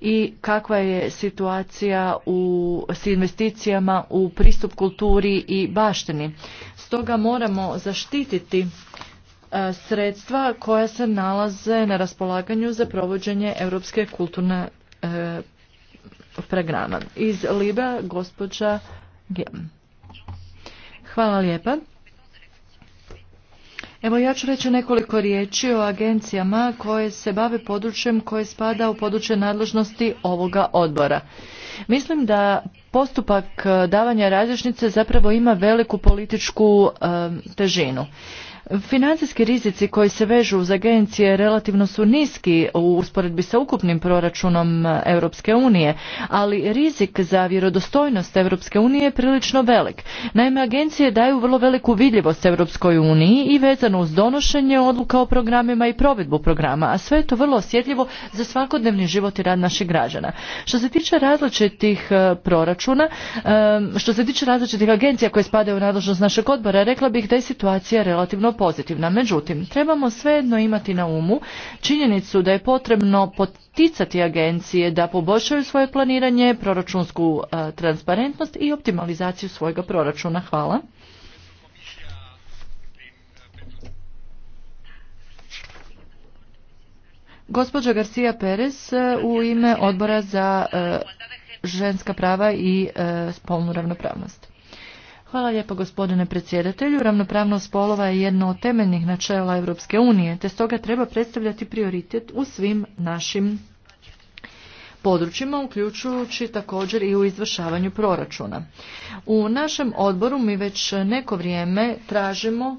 S1: i kakva je situacija u, s investicijama u pristup kulturi i baštini. Stoga moramo zaštititi E, sredstva koja se nalaze na raspolaganju za provođenje Europske kulturne e, programa. Iz Liba, gospođa Gem. Hvala lijepa. Evo ja ću reći nekoliko riječi o agencijama koje se bave područjem koje spada u područje nadležnosti ovoga odbora. Mislim da postupak davanja različnice zapravo ima veliku političku e, težinu. Financijski rizici koji se vežu uz agencije relativno su niski u usporedbi sa ukupnim proračunom e, Europske unije, ali rizik za vjerodostojnost Europske unije je prilično velik. Naime, agencije daju vrlo veliku vidljivost Europskoj uniji i vezano uz donošenje odluka o programima i provedbu programa, a sve je to vrlo osjetljivo za svakodnevni život i rad naših građana. Što se tiče različitih e, proračuna, e, što se tiče različitih agencija koje spadaju u nadležnost našeg odbora, rekla bih da je situacija relativno pozitivna. Međutim, trebamo svejedno imati na umu činjenicu da je potrebno poticati agencije da poboljšaju svoje planiranje, proračunsku e, transparentnost i optimalizaciju svojega proračuna. Hvala. Gospođa Garcia Perez e, u ime odbora za e, ženska prava i spolnu ravnopravnost. Hvala lijepo gospodine predsjedatelju. Ravnopravnost spolova je jedno od temeljnih načela Europske unije, te stoga treba predstavljati prioritet u svim našim područjima, uključujući također i u izvršavanju proračuna. U našem odboru mi već neko vrijeme tražimo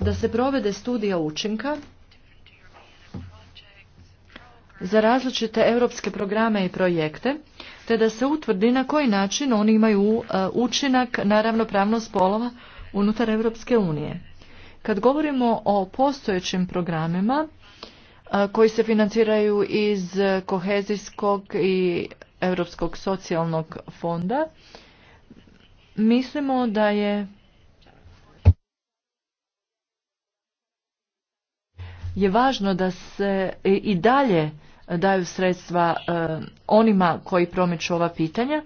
S1: da se provede studija učinka za različite europske programe i projekte te da se utvrdi na koji način oni imaju uh, učinak na ravnopravnost polova unutar Europske unije. Kad govorimo o postojećim programima uh, koji se financiraju iz kohezijskog i Europskog socijalnog fonda, mislimo da je je važno da se i dalje daju sredstva e, onima koji promiču ova pitanja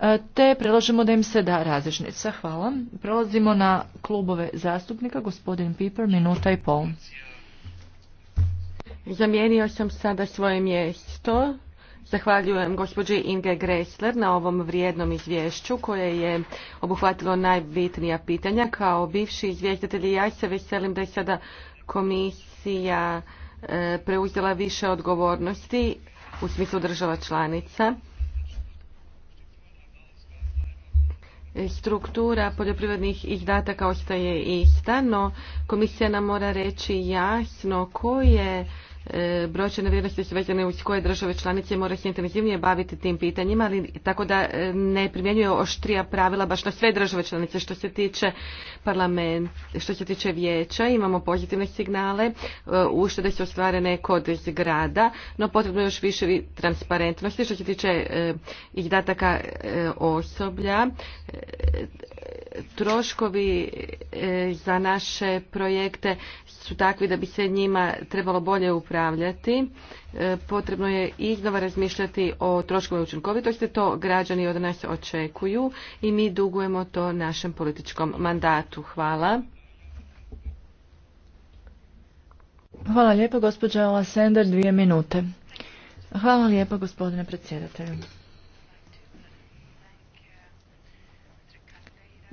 S1: e, te predlažemo da im se da različnica. Hvala. Prelazimo na klubove zastupnika. Gospodin Piper, minuta i pol.
S2: Zamijenio sam sada svoje mjesto. Zahvaljujem gospođi Inge Gressler na ovom vrijednom izvješću koje je obuhvatilo najbitnija pitanja. Kao bivši izvještitelj ja se veselim da je sada komisija e, preuzela više odgovornosti u smislu država članica. Struktura poljoprivrednih izdataka ostaje ista, no komisija nam mora reći jasno koje E, brojčane vrijednosti su vezane uz koje države članice mora se intenzivnije baviti tim pitanjima, ali tako da e, ne primjenjuje oštrija pravila baš na sve države članice što se tiče parlament, što se tiče vijeća, imamo pozitivne signale, e, uštede su ostvarene kod zgrada, no potrebno je još više transparentnosti što se tiče izdataka osoblja, troškovi za naše projekte su takvi da bi se njima trebalo bolje upravljati upravljati. E, potrebno je iznova razmišljati o troškovoj učinkovitosti. To građani od nas očekuju i mi dugujemo to našem političkom mandatu. Hvala.
S1: Hvala lijepo, gospođa Lasender, dvije minute. Hvala lijepo, gospodine predsjedatelju.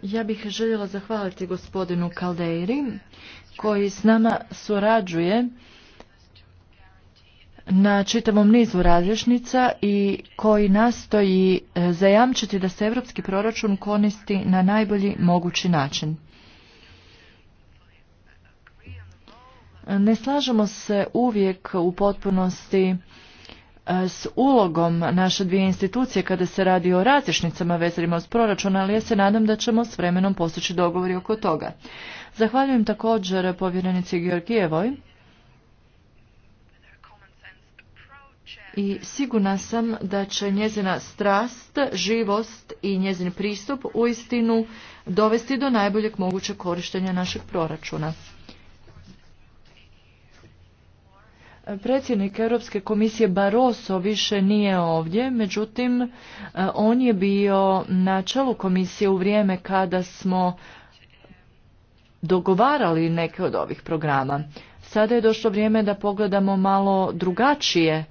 S1: Ja bih željela zahvaliti gospodinu Kaldeiri koji s nama surađuje na čitavom nizu različnica i koji nastoji e, zajamčiti da se europski proračun koristi na najbolji mogući način. Ne slažemo se uvijek u potpunosti e, s ulogom naše dvije institucije kada se radi o različnicama vezanima uz proračun, ali ja se nadam da ćemo s vremenom postići dogovori oko toga. Zahvaljujem također povjerenici Georgijevoj i sigurna sam da će njezina strast, živost i njezin pristup uistinu dovesti do najboljeg mogućeg korištenja našeg proračuna. Predsjednik Europske komisije Barroso više nije ovdje, međutim e, on je bio na čelu komisije u vrijeme kada smo dogovarali neke od ovih programa. Sada je došlo vrijeme da pogledamo malo drugačije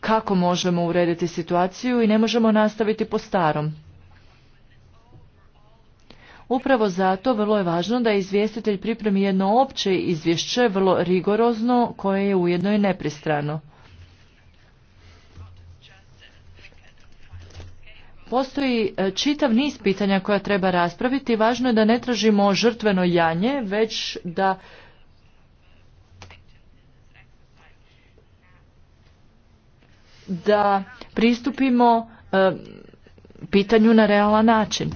S1: kako možemo urediti situaciju i ne možemo nastaviti po starom. Upravo zato vrlo je važno da izvjestitelj pripremi jedno opće izvješće, vrlo rigorozno, koje je ujedno i nepristrano. Postoji e, čitav niz pitanja koja treba raspraviti. Važno je da ne tražimo žrtveno janje, već da da pristupimo e, pitanju na realan način.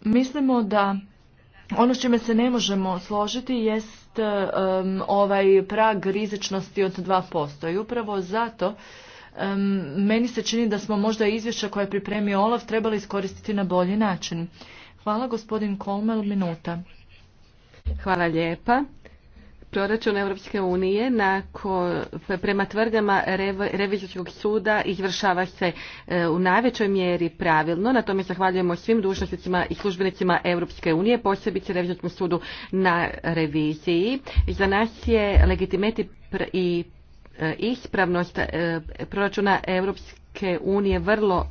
S1: Mislimo da ono s čime se ne možemo složiti jest e, ovaj prag rizičnosti od 2%. I upravo zato meni se čini da smo možda izvješća koje je pripremio Olaf trebali iskoristiti na bolji način. Hvala gospodin Kolmel, minuta. Hvala lijepa.
S2: Proračun Europske unije nakon, prema tvrdama revizijskog suda izvršava se e, u najvećoj mjeri pravilno. Na tome zahvaljujemo svim dužnosnicima i službenicima Europske unije, posebice revizorskom sudu na reviziji. Za nas je legitimet i e, ispravnost e, proračuna Europske unije vrlo,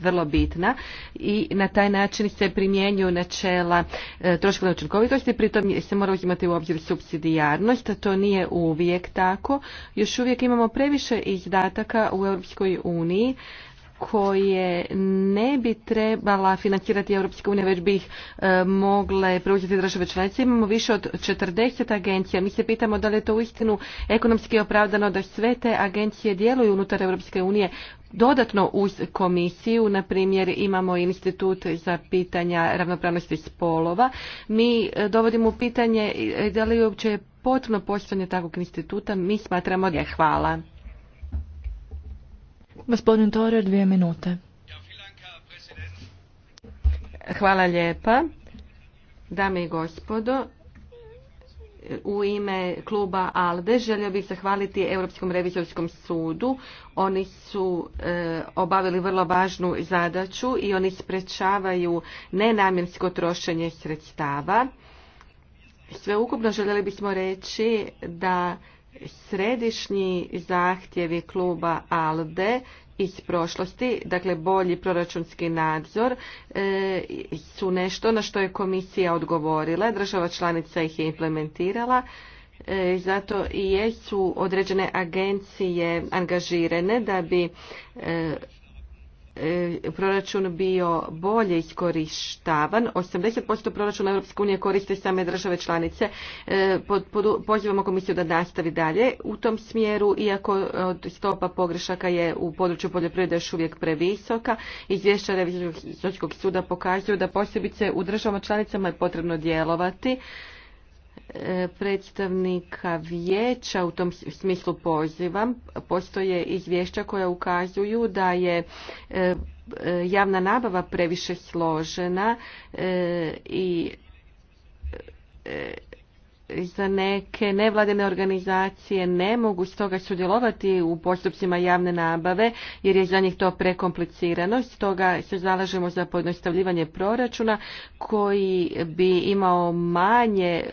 S2: vrlo bitna i na taj način se primjenjuju načela e, troškovne učinkovitosti, pritom se mora uzimati u obzir subsidijarnost, to nije uvijek tako. Još uvijek imamo previše izdataka u Europskoj uniji koje ne bi trebala financirati Europska unija, već bi ih e, mogle preuzeti države članice. Imamo više od 40 agencija. Mi se pitamo da li je to uistinu ekonomski opravdano da sve te agencije djeluju unutar Europske unije dodatno uz komisiju. Na primjer, imamo institut za pitanja ravnopravnosti spolova. Mi e, dovodimo u pitanje e, da li je uopće potrebno postojanje takvog instituta. Mi smatramo da je hvala.
S1: Gospodin Tore, dvije minute.
S2: Hvala lijepa. Dame i gospodo, u ime kluba ALDE želio bih zahvaliti Europskom revizorskom sudu. Oni su e, obavili vrlo važnu zadaću i oni sprečavaju nenamjensko trošenje sredstava. Sveukupno željeli bismo reći da središnji zahtjevi kluba ALDE iz prošlosti, dakle bolji proračunski nadzor, e, su nešto na što je komisija odgovorila, država članica ih je implementirala, e, zato i jesu određene agencije angažirane da bi e, E, proračun bio bolje iskorištavan. 80% proračuna Europske unije koriste same države članice. E, pozivamo komisiju da nastavi dalje u tom smjeru, iako stopa pogrešaka je u području poljoprivrede još uvijek previsoka. Izvješća Revizorskog suda pokazuju da posebice u državama članicama je potrebno djelovati predstavnika vijeća u tom smislu pozivam. Postoje izvješća koja ukazuju da je e, javna nabava previše složena e, i e, za neke nevladine organizacije ne mogu stoga sudjelovati u postupcima javne nabave jer je za njih to prekomplicirano. Stoga se zalažemo za pojednostavljivanje proračuna koji bi imao manje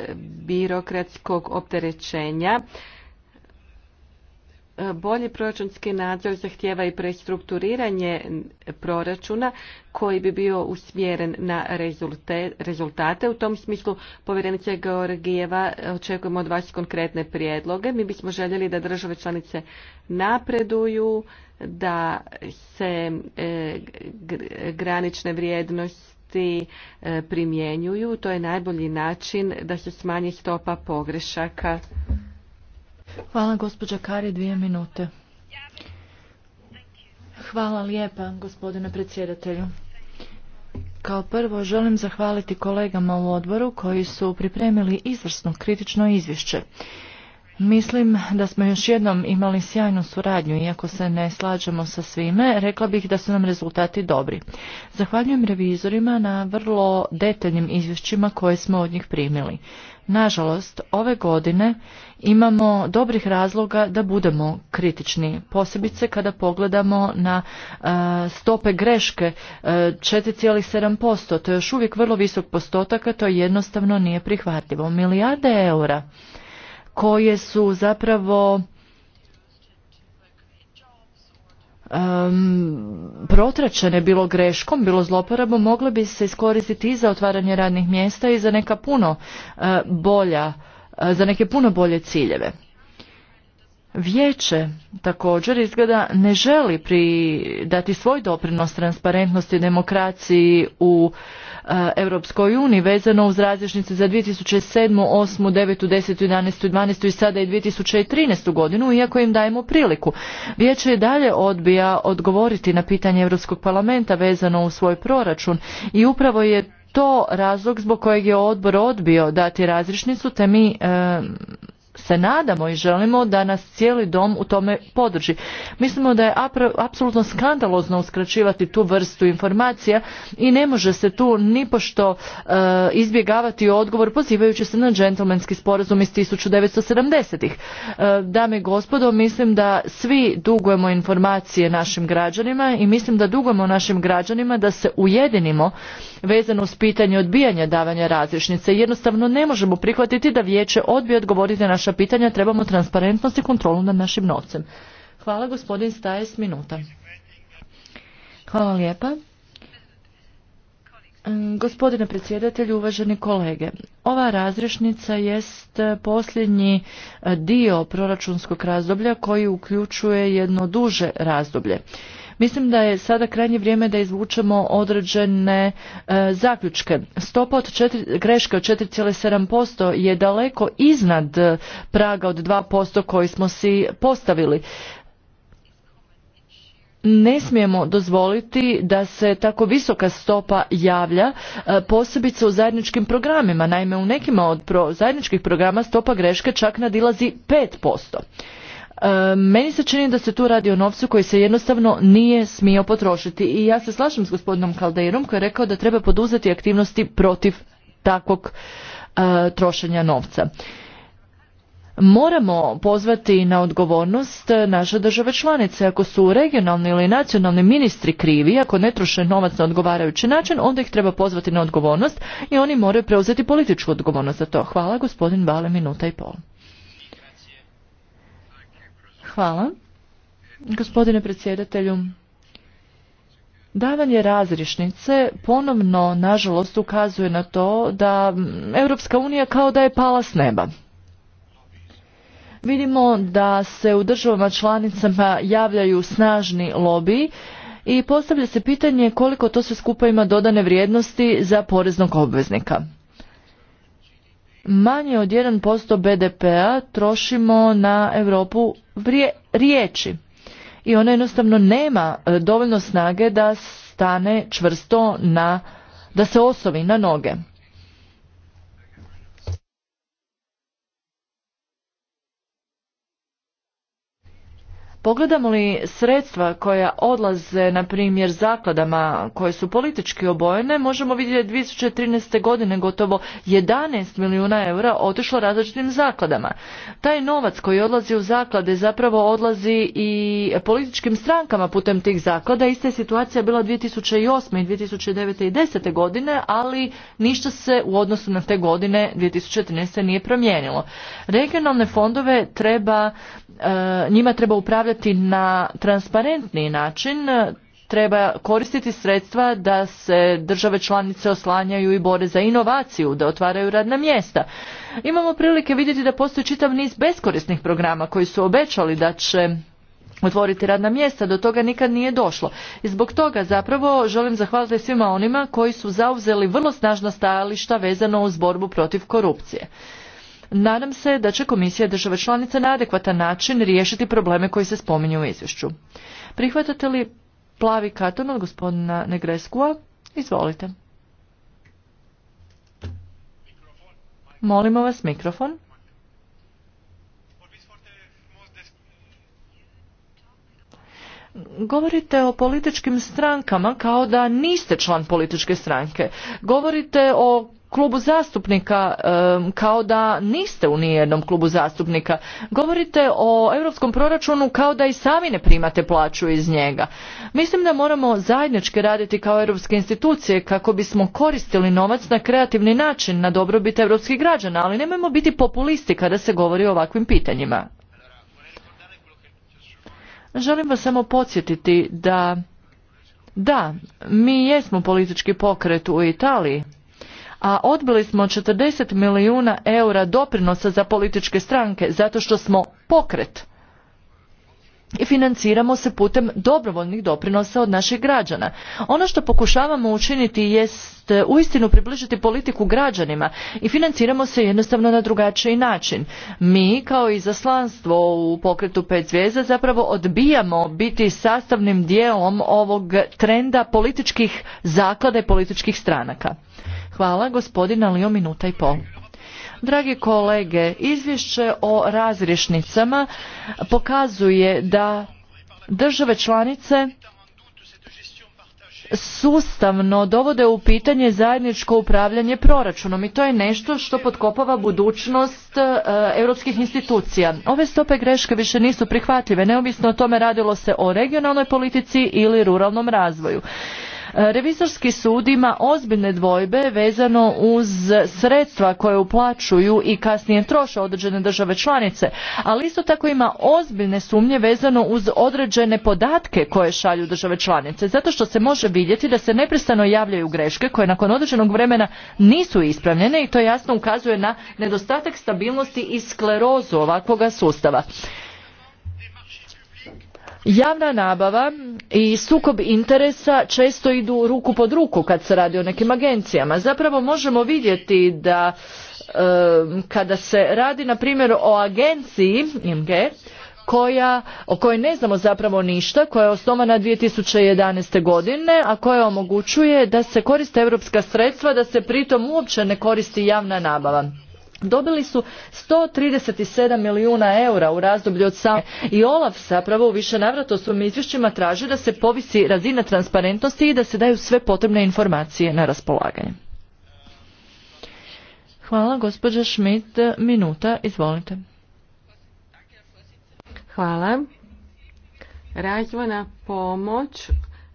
S2: birokratskog opterećenja bolji proračunski nadzor zahtjeva i prestrukturiranje proračuna koji bi bio usmjeren na rezultate. U tom smislu povjerenica Georgijeva očekujemo od vas konkretne prijedloge. Mi bismo željeli da države članice napreduju, da se e, granične vrijednosti e, primjenjuju. To je najbolji način da se smanji stopa pogrešaka.
S1: Hvala gospođa Kari, dvije minute. Hvala lijepa gospodine predsjedatelju. Kao prvo želim zahvaliti kolegama u odboru koji su pripremili izvrsno kritično izvješće. Mislim da smo još jednom imali sjajnu suradnju, iako se ne slađemo sa svime, rekla bih da su nam rezultati dobri. Zahvaljujem revizorima na vrlo detaljnim izvješćima koje smo od njih primili. Nažalost, ove godine imamo dobrih razloga da budemo kritični, posebice kada pogledamo na e, stope greške 4,7%, e, to je još uvijek vrlo visok postotak, a to jednostavno nije prihvatljivo. Milijarde eura koje su zapravo um, protračene bilo greškom, bilo zloporabom, mogle bi se iskoristiti i za otvaranje radnih mjesta i za neka puno e, bolja za neke puno bolje ciljeve. Vijeće također izgleda ne želi pri dati svoj doprinos transparentnosti i demokraciji u Europskoj uniji vezano uz različnice za 2007, 8, 9, 10, 11, 12 i sada i 2013. godinu, iako im dajemo priliku. Vijeće je dalje odbija odgovoriti na pitanje Europskog parlamenta vezano u svoj proračun i upravo je to razlog zbog kojeg je odbor odbio dati razrišnicu te mi e, se nadamo i želimo da nas cijeli dom u tome podrži. Mislimo da je apsolutno skandalozno uskraćivati tu vrstu informacija i ne može se tu nipošto e, izbjegavati odgovor pozivajući se na džentlmenski sporazum iz 1970-ih. E, dame i gospodo, mislim da svi dugujemo informacije našim građanima i mislim da dugujemo našim građanima da se ujedinimo vezano uz pitanje odbijanja davanja različnice. Jednostavno ne možemo prihvatiti da vijeće odbije odgovoriti naša pitanja trebamo transparentnost i kontrolu nad našim novcem. Hvala gospodin Stajes, minuta. Hvala lijepa. Gospodine predsjedatelju, uvaženi kolege, ova razrešnica jest posljednji dio proračunskog razdoblja koji uključuje jedno duže razdoblje. Mislim da je sada krajnje vrijeme da izvučemo određene e, zaključke. Stopa od greške od 4,7% je daleko iznad praga od 2% koji smo si postavili ne smijemo dozvoliti da se tako visoka stopa javlja e, posebice u zajedničkim programima. Naime, u nekima od pro zajedničkih programa stopa greške čak nadilazi 5%. E, meni se čini da se tu radi o novcu koji se jednostavno nije smio potrošiti i ja se slažem s gospodinom Kalderom koji je rekao da treba poduzeti aktivnosti protiv takvog e, trošenja novca. Moramo pozvati na odgovornost naše države članice. Ako su regionalni ili nacionalni ministri krivi, ako ne troše novac na odgovarajući način, onda ih treba pozvati na odgovornost i oni moraju preuzeti političku odgovornost za to. Hvala gospodin Bale, minuta i pol. Hvala. Gospodine predsjedatelju, Davanje razrišnice ponovno, nažalost, ukazuje na to da Europska unija kao da je pala s neba. Vidimo da se u državama članicama javljaju snažni lobiji i postavlja se pitanje koliko to sve skupa ima dodane vrijednosti za poreznog obveznika manje od 1% BDP-a trošimo na Europu riječi i ona jednostavno nema e, dovoljno snage da stane čvrsto na da se osovi na noge. Pogledamo li sredstva koja odlaze, na primjer, zakladama koje su politički obojene, možemo vidjeti da je 2013. godine gotovo 11 milijuna eura otišlo različitim zakladama. Taj novac koji odlazi u zaklade zapravo odlazi i političkim strankama putem tih zaklada. Ista je situacija bila 2008. i 2009. i 2010. godine, ali ništa se u odnosu na te godine 2013. nije promijenilo. Regionalne fondove treba, e, njima treba upravljati biti na transparentniji način, treba koristiti sredstva da se države članice oslanjaju i bore za inovaciju, da otvaraju radna mjesta. Imamo prilike vidjeti da postoji čitav niz beskorisnih programa koji su obećali da će otvoriti radna mjesta, do toga nikad nije došlo. I zbog toga zapravo želim zahvaliti svima onima koji su zauzeli vrlo snažna stajališta vezano uz borbu protiv korupcije. Nadam se da će komisija države članice na adekvatan način riješiti probleme koji se spominju u izvješću. Prihvatate li plavi katon od gospodina Negreskua? Izvolite. Molimo vas mikrofon. Govorite o političkim strankama kao da niste član političke stranke. Govorite o klubu zastupnika kao da niste u nijednom klubu zastupnika. Govorite o europskom proračunu kao da i sami ne primate plaću iz njega. Mislim da moramo zajednički raditi kao europske institucije kako bismo koristili novac na kreativni način na dobrobit europskih građana, ali nemojmo biti populisti kada se govori o ovakvim pitanjima. Želim vas samo podsjetiti da da, mi jesmo politički pokret u Italiji, a odbili smo 40 milijuna eura doprinosa za političke stranke zato što smo pokret i financiramo se putem dobrovoljnih doprinosa od naših građana. Ono što pokušavamo učiniti jest e, uistinu približiti politiku građanima i financiramo se jednostavno na drugačiji način. Mi kao i slanstvo u pokretu pet zvijezda zapravo odbijamo biti sastavnim dijelom ovog trenda političkih zaklada i političkih stranaka. Hvala gospodina Lio minuta i pol. Dragi kolege, izvješće o razrješnicama pokazuje da države članice sustavno dovode u pitanje zajedničko upravljanje proračunom i to je nešto što potkopava budućnost e, europskih institucija. Ove stope greške više nisu prihvatljive, neovisno o tome radilo se o regionalnoj politici ili ruralnom razvoju. Revizorski sud ima ozbiljne dvojbe vezano uz sredstva koje uplaćuju i kasnije troše određene države članice, ali isto tako ima ozbiljne sumnje vezano uz određene podatke koje šalju države članice, zato što se može vidjeti da se neprestano javljaju greške koje nakon određenog vremena nisu ispravljene i to jasno ukazuje na nedostatak stabilnosti i sklerozu ovakvoga sustava. Javna nabava i sukob interesa često idu ruku pod ruku kad se radi o nekim agencijama. Zapravo možemo vidjeti da kada se radi na primjer o agenciji IMG, koja, o kojoj ne znamo zapravo ništa, koja je osnovana 2011. godine, a koja omogućuje da se koriste europska sredstva, da se pritom uopće ne koristi javna nabava. Dobili su 137 milijuna eura u razdoblju od same i Olaf zapravo u više navrata u svojim izvješćima traži da se povisi razina transparentnosti i da se daju sve potrebne informacije na raspolaganje. Hvala, gospođa Schmidt, minuta, izvolite. Hvala.
S2: Razvojna pomoć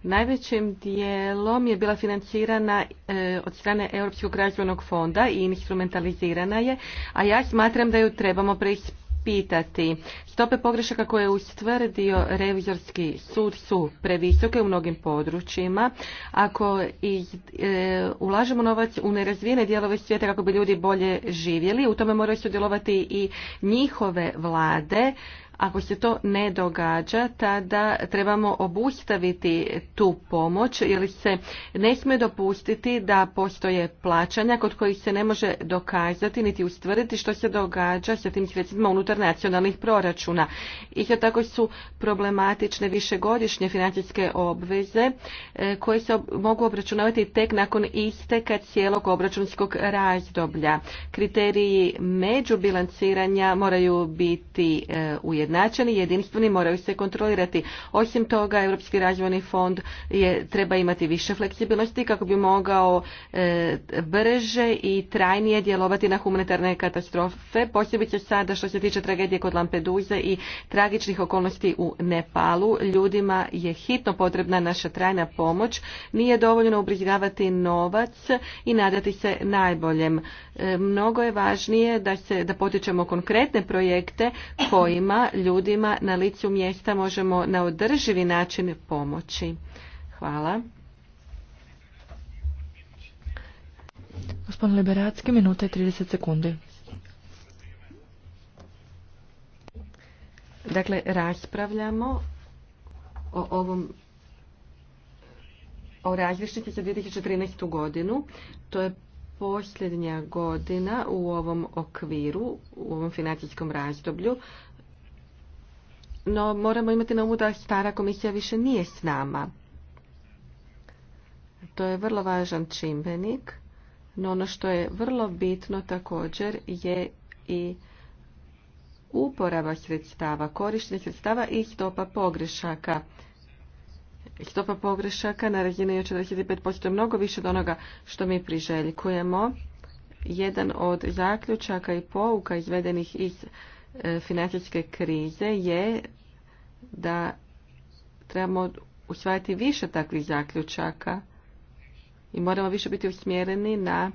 S2: najvećim dijelom je bila financirana e, od strane Europskog razvojnog fonda i instrumentalizirana je, a ja smatram da ju trebamo preispitati. Stope pogrešaka koje je ustvrdio revizorski sud su previsoke u mnogim područjima. Ako i e, ulažemo novac u nerazvijene dijelove svijeta kako bi ljudi bolje živjeli, u tome moraju sudjelovati i njihove vlade. Ako se to ne događa, tada trebamo obustaviti tu pomoć jer se ne smije dopustiti da postoje plaćanja kod kojih se ne može dokazati niti ustvrditi što se događa sa tim sredstvima unutar nacionalnih proračuna. Isto tako su problematične višegodišnje financijske obveze e, koje se mogu obračunavati tek nakon isteka cijelog obračunskog razdoblja. Kriteriji međubilanciranja moraju biti e, ujedinjeni ujednačeni jedinstveni moraju se kontrolirati. Osim toga, Europski razvojni fond je, treba imati više fleksibilnosti kako bi mogao e, brže i trajnije djelovati na humanitarne katastrofe, posebice sada što se tiče tragedije kod Lampeduze i tragičnih okolnosti u Nepalu. Ljudima je hitno potrebna naša trajna pomoć. Nije dovoljno ubrizgavati novac i nadati se najboljem. E, mnogo je važnije da, se, da potičemo konkretne projekte kojima ljudima na licu mjesta možemo na održivi način pomoći. Hvala.
S1: Gospodin Liberacki, minuta i 30 sekundi.
S2: Dakle, raspravljamo o ovom o različnici za 2013. godinu. To je posljednja godina u ovom okviru, u ovom financijskom razdoblju no moramo imati na umu da stara komisija više nije s nama. To je vrlo važan čimbenik, no ono što je vrlo bitno također je i uporaba sredstava, korištenje sredstava i stopa pogrešaka. Stopa pogrešaka na razini 45% mnogo više od onoga što mi priželjkujemo. Jedan od zaključaka i pouka izvedenih iz e, financijske krize je da trebamo usvajati više takvih zaključaka i moramo više biti usmjereni na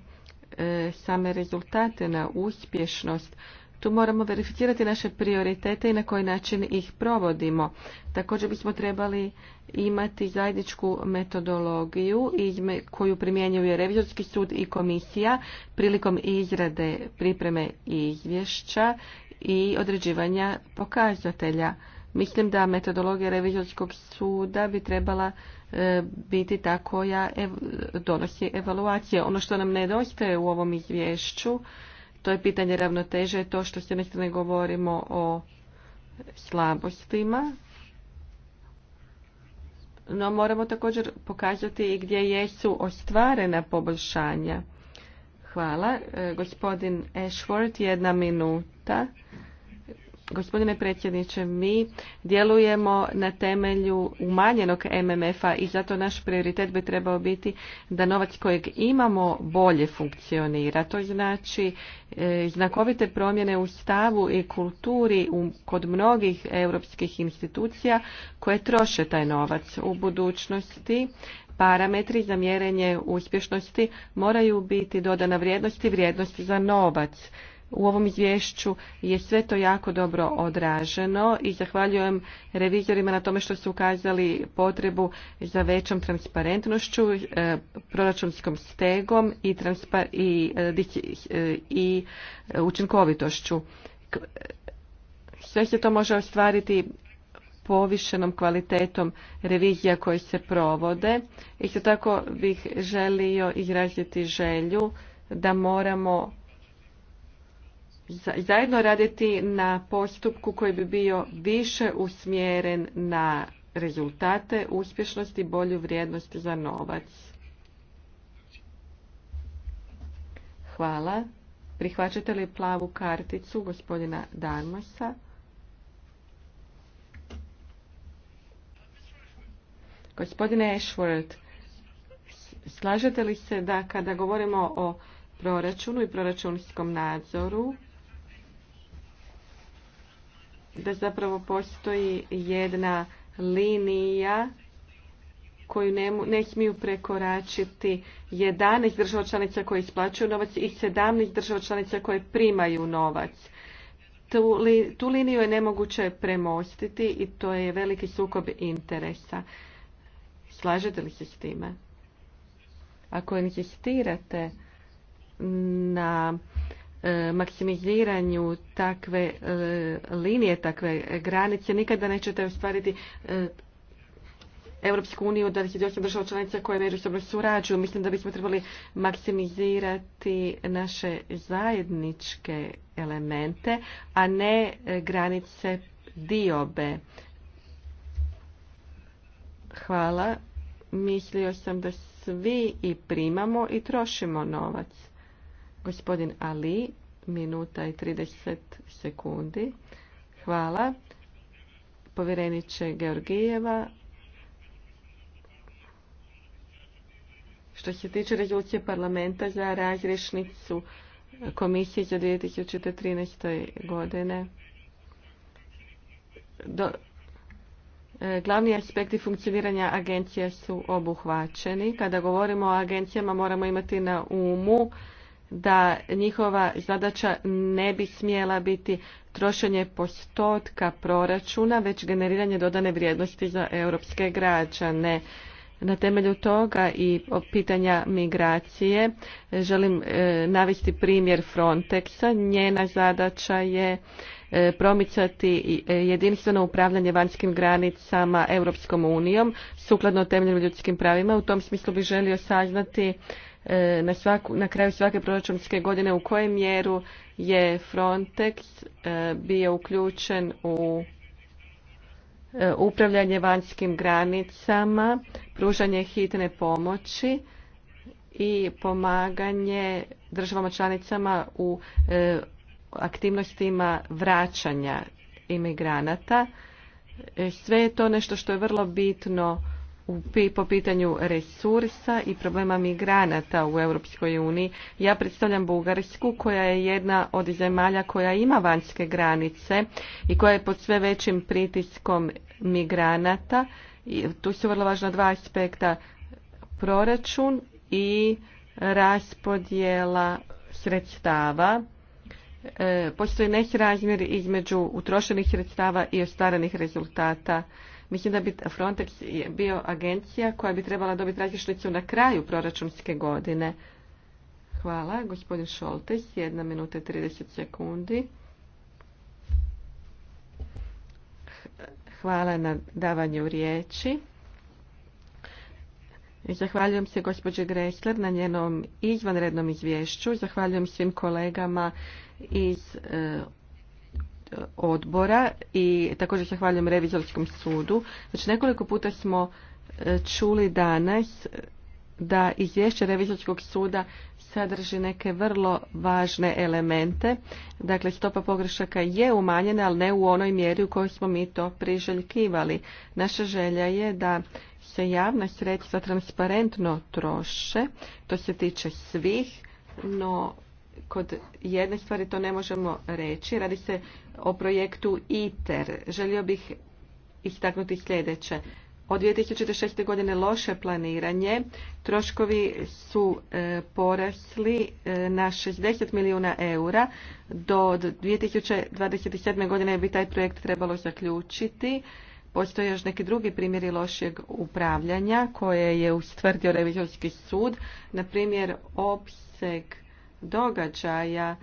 S2: e, same rezultate, na uspješnost. Tu moramo verificirati naše prioritete i na koji način ih provodimo. Također bismo trebali imati zajedničku metodologiju koju primjenjuje Revizorski sud i komisija prilikom izrade pripreme izvješća i određivanja pokazatelja. Mislim da metodologija revizorskog suda bi trebala e, biti ta koja donosi evaluacije. Ono što nam nedostaje u ovom izvješću, to je pitanje ravnoteže, to što se ne govorimo o slabostima, no moramo također pokazati i gdje jesu ostvarena poboljšanja. Hvala. E, gospodin Ashworth, jedna minuta. Gospodine predsjedniče, mi djelujemo na temelju umanjenog MMF-a i zato naš prioritet bi trebao biti da novac kojeg imamo bolje funkcionira. To znači e, znakovite promjene u stavu i kulturi kod mnogih europskih institucija koje troše taj novac u budućnosti. Parametri za mjerenje uspješnosti moraju biti dodana vrijednost i vrijednost za novac u ovom izvješću je sve to jako dobro odraženo i zahvaljujem revizorima na tome što su ukazali potrebu za većom transparentnošću, e, proračunskom stegom i, i, e, e, i učinkovitošću. Sve se to može ostvariti povišenom kvalitetom revizija koje se provode. Isto tako bih želio izraziti želju da moramo zajedno raditi na postupku koji bi bio više usmjeren na rezultate, uspješnosti i bolju vrijednost za novac. Hvala. Prihvaćate li plavu karticu gospodina Danmosa? Gospodine Ashworth, slažete li se da kada govorimo o proračunu i proračunskom nadzoru, da zapravo postoji jedna linija koju ne, smiju prekoračiti 11 država članica koje isplaćuju novac i 17 država članica koje primaju novac. Tu, tu liniju je nemoguće premostiti i to je veliki sukob interesa. Slažete li se s time? Ako insistirate na maksimiziranju takve e, linije, takve granice. Nikada nećete ostvariti e, Europsku uniju 28 država članica koje međusobno surađuju. Mislim da bismo trebali maksimizirati naše zajedničke elemente, a ne e, granice diobe. Hvala. Mislio sam da svi i primamo i trošimo novac. Gospodin Ali, minuta i 30 sekundi. Hvala. Povjereniče Georgijeva, Što se tiče rezolucije parlamenta za razrješnicu komisije za 2013. godine, do, e, glavni aspekti funkcioniranja agencija su obuhvaćeni. Kada govorimo o agencijama moramo imati na umu da njihova zadaća ne bi smjela biti trošenje postotka proračuna, već generiranje dodane vrijednosti za europske građane. Na temelju toga i pitanja migracije želim e, navesti primjer Frontexa. Njena zadaća je e, promicati e, jedinstveno upravljanje vanjskim granicama Europskom unijom sukladno temeljnim ljudskim pravima. U tom smislu bi želio saznati E, na, svaku, na kraju svake proračunske godine u kojem mjeru je Frontex e, bio uključen u e, upravljanje vanjskim granicama, pružanje hitne pomoći i pomaganje državama članicama u aktivnostima vraćanja imigranata. Sve je to nešto što je vrlo bitno po pitanju resursa i problema migranata u Europskoj uniji. Ja predstavljam Bugarsku koja je jedna od zemalja koja ima vanjske granice i koja je pod sve većim pritiskom migranata. I tu su vrlo važna dva aspekta proračun i raspodjela sredstava. E, postoji nesrazmjer između utrošenih sredstava i ostvarenih rezultata Mislim da bi Frontex bio agencija koja bi trebala dobiti razlišnicu na kraju proračunske godine. Hvala. Gospodin Šoltes, jedna minuta i 30 sekundi. Hvala na davanju riječi. Zahvaljujem se gospođe Gresler na njenom izvanrednom izvješću. Zahvaljujem svim kolegama iz e, odbora i također zahvaljujem revizorskom sudu. Znači, nekoliko puta smo e, čuli danas da izvješće revizorskog suda sadrži neke vrlo važne elemente. Dakle, stopa pogrešaka je umanjena, ali ne u onoj mjeri u kojoj smo mi to priželjkivali. Naša želja je da se javna sredstva transparentno troše, to se tiče svih, no kod jedne stvari to ne možemo reći. Radi se o projektu ITER. Želio bih istaknuti sljedeće. Od 2006. godine loše planiranje, troškovi su e, porasli e, na 60 milijuna eura. Do 2027. godine bi taj projekt trebalo zaključiti. Postoje još neki drugi primjeri lošeg upravljanja koje je ustvrdio revizorski sud. Na primjer, opseg događaja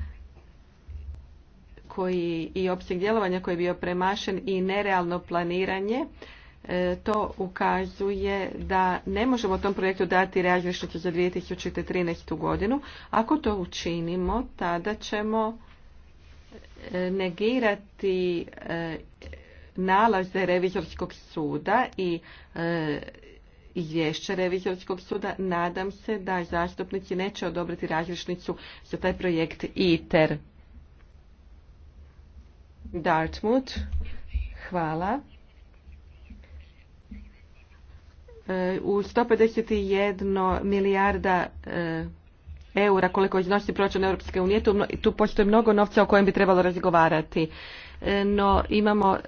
S2: koji i opseg djelovanja koji je bio premašen i nerealno planiranje e, to ukazuje da ne možemo tom projektu dati različnicu za 2013. godinu. Ako to učinimo, tada ćemo e, negirati e, nalaze revizorskog suda i izvješće Revizorskog suda. Nadam se da zastupnici neće odobriti različnicu za taj projekt ITER. Dartmouth, hvala. E, u 151 milijarda e, eura koliko iznosi proračun Europske unije, tu, tu postoji mnogo novca o kojem bi trebalo razgovarati. E, no imamo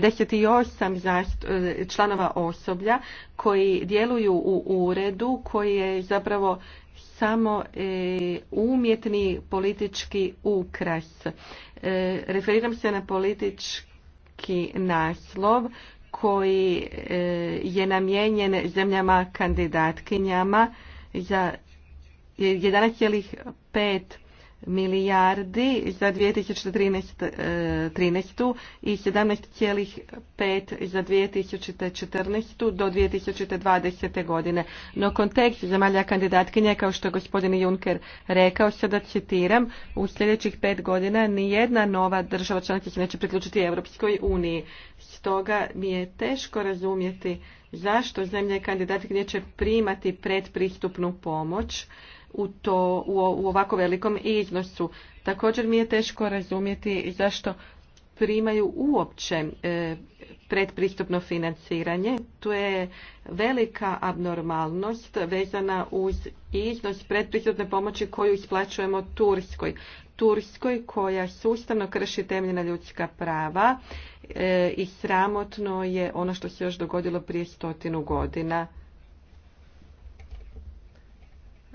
S2: 58 e, članova osoblja koji djeluju u uredu koji je zapravo samo e, umjetni politički ukras. E, referiram se na politički naslov koji je namijenjen zemljama kandidatkinjama za 11,5 milijardi za 2013. Eh, i 17,5 za 2014. do 2020. godine. No kontekst zemalja kandidatkinja kao što je gospodin Juncker rekao, sada citiram, u sljedećih pet godina nijedna nova država članica se neće priključiti Europskoj uniji. Stoga mi je teško razumjeti zašto zemlje kandidatkinje će primati predpristupnu pomoć u, to, u ovako velikom iznosu. Također mi je teško razumjeti zašto primaju uopće e, predpristupno financiranje. Tu je velika abnormalnost vezana uz iznos predpristupne pomoći koju isplaćujemo Turskoj. Turskoj koja sustavno krši temeljna ljudska prava e, i sramotno je ono što se još dogodilo prije stotinu godina.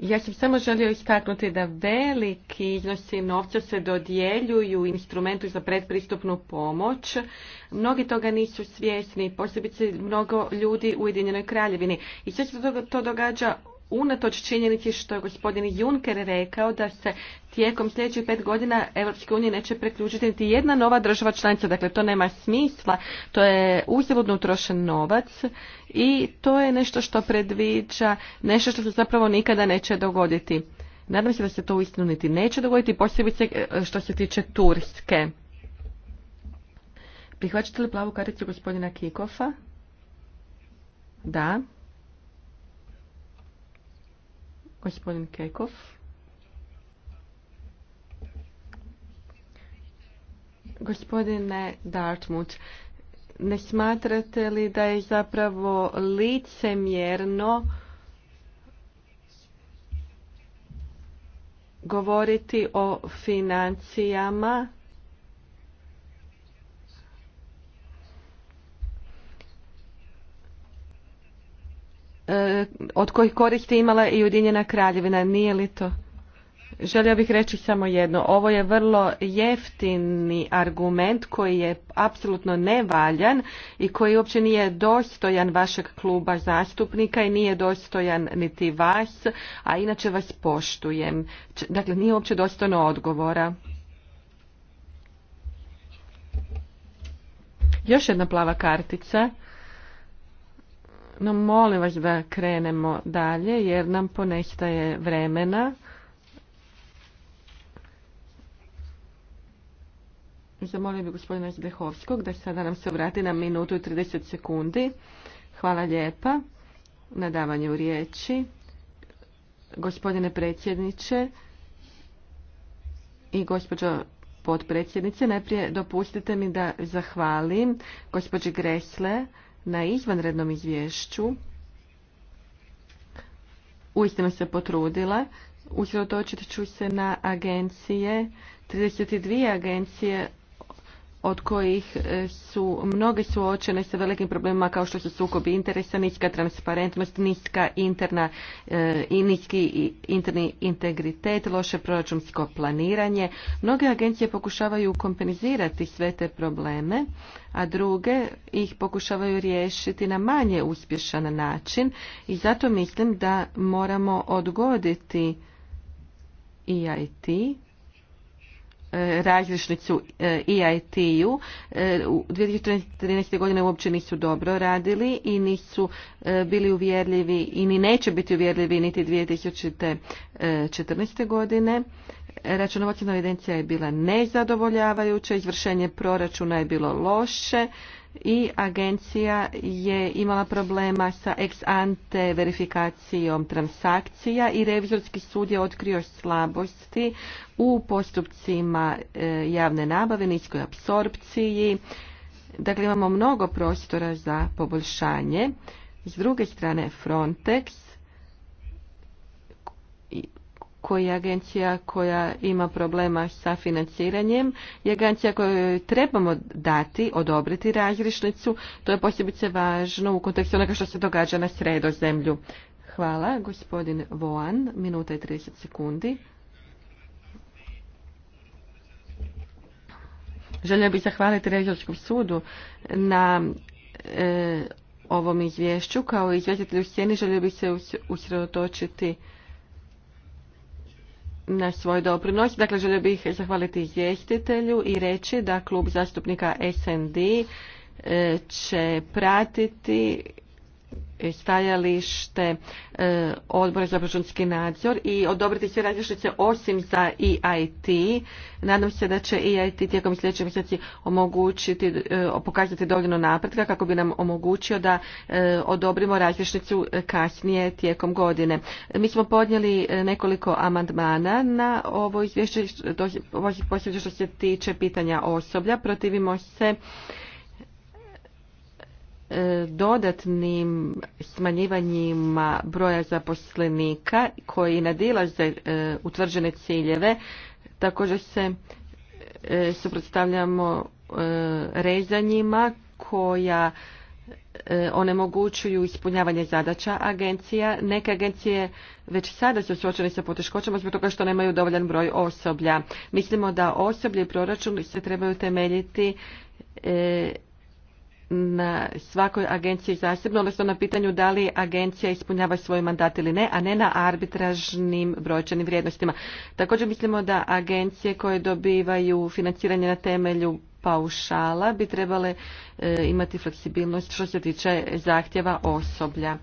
S2: ja sam samo želio istaknuti da veliki iznosi novca se dodjeljuju instrumentu za predpristupnu pomoć. Mnogi toga nisu svjesni, posebice mnogo ljudi u Ujedinjenoj kraljevini. I sve se to događa unatoč činjenici što je gospodin Juncker rekao da se tijekom sljedećih pet godina Europske unije neće preključiti niti jedna nova država članica. Dakle, to nema smisla, to je uzaludno utrošen novac i to je nešto što predviđa, nešto što se zapravo nikada neće dogoditi. Nadam se da se to uistinu niti neće dogoditi, posebice e, što se tiče Turske. Prihvaćate li plavu karticu gospodina Kikofa? Da. Gospodin Kekov. Gospodine Dartmouth, ne smatrate li da je zapravo licemjerno govoriti o financijama E, od kojih koristi imala i Ujedinjena kraljevina. Nije li to? Želio bih reći samo jedno. Ovo je vrlo jeftini argument koji je apsolutno nevaljan i koji uopće nije dostojan vašeg kluba zastupnika i nije dostojan niti vas, a inače vas poštujem. Dakle, nije uopće dostojno odgovora. Još jedna plava kartica. No molim vas da krenemo dalje jer nam je vremena. Zamolio bih, gospodina Zdehovskog da sada nam se obrati na minutu i 30 sekundi. Hvala lijepa na davanju riječi. Gospodine predsjedniče i gospođo potpredsjednice, najprije dopustite mi da zahvalim gospođi Gresle na izvanrednom izvješću. Uistinu se potrudila. Usredotočit ću se na agencije. 32 agencije od kojih e, su mnoge suočene sa velikim problemima kao što su sukobi interesa, niska transparentnost, niska interna e, i niski interni integritet, loše proračunsko planiranje. Mnoge agencije pokušavaju kompenzirati sve te probleme, a druge ih pokušavaju riješiti na manje uspješan način i zato mislim da moramo odgoditi EIT E, različnicu EIT-u. E e, u 2013. godine uopće nisu dobro radili i nisu bili uvjerljivi i ni neće biti uvjerljivi niti 2014. godine. Računovodstvena evidencija je bila nezadovoljavajuća, izvršenje proračuna je bilo loše, i agencija je imala problema sa ex ante verifikacijom transakcija i revizorski sud je otkrio slabosti u postupcima e, javne nabave, niskoj apsorpciji. Dakle, imamo mnogo prostora za poboljšanje. S druge strane, Frontex koji je agencija koja ima problema sa financiranjem i agencija kojoj trebamo dati, odobriti razrišnicu. To je posebice važno u kontekstu onoga što se događa na sredozemlju. Hvala, gospodin Voan, minuta i 30 sekundi. Želio bih zahvaliti Režijskom sudu na e, ovom izvješću. Kao izvjestitelj u sjeni želio bih se usredotočiti na svoj doprinos. Dakle, želio bih zahvaliti izvjestitelju i reći da klub zastupnika SND e, će pratiti stajalište e, odbora za proračunski nadzor i odobriti sve različnice osim za EIT. Nadam se da će EIT tijekom sljedećeg mjeseci omogućiti, e, pokazati dovoljno napretka kako bi nam omogućio da e, odobrimo različnicu kasnije tijekom godine. Mi smo podnijeli nekoliko amandmana na ovo izvješće, posljedno što se tiče pitanja osoblja. Protivimo se E, dodatnim smanjivanjima broja zaposlenika koji nadilaze e, utvrđene ciljeve. Također se e, suprotstavljamo rezanjima koja onemogućuju ispunjavanje zadaća agencija. Neke agencije već sada su suočene sa poteškoćama zbog toga što nemaju dovoljan broj osoblja. Mislimo da osoblje i proračun se trebaju temeljiti na svakoj agenciji zasebno, odnosno na pitanju da li agencija ispunjava svoj mandat ili ne, a ne na arbitražnim brojčanim vrijednostima. Također mislimo da agencije koje dobivaju financiranje na temelju paušala bi trebale eh, imati fleksibilnost što se tiče zahtjeva osoblja.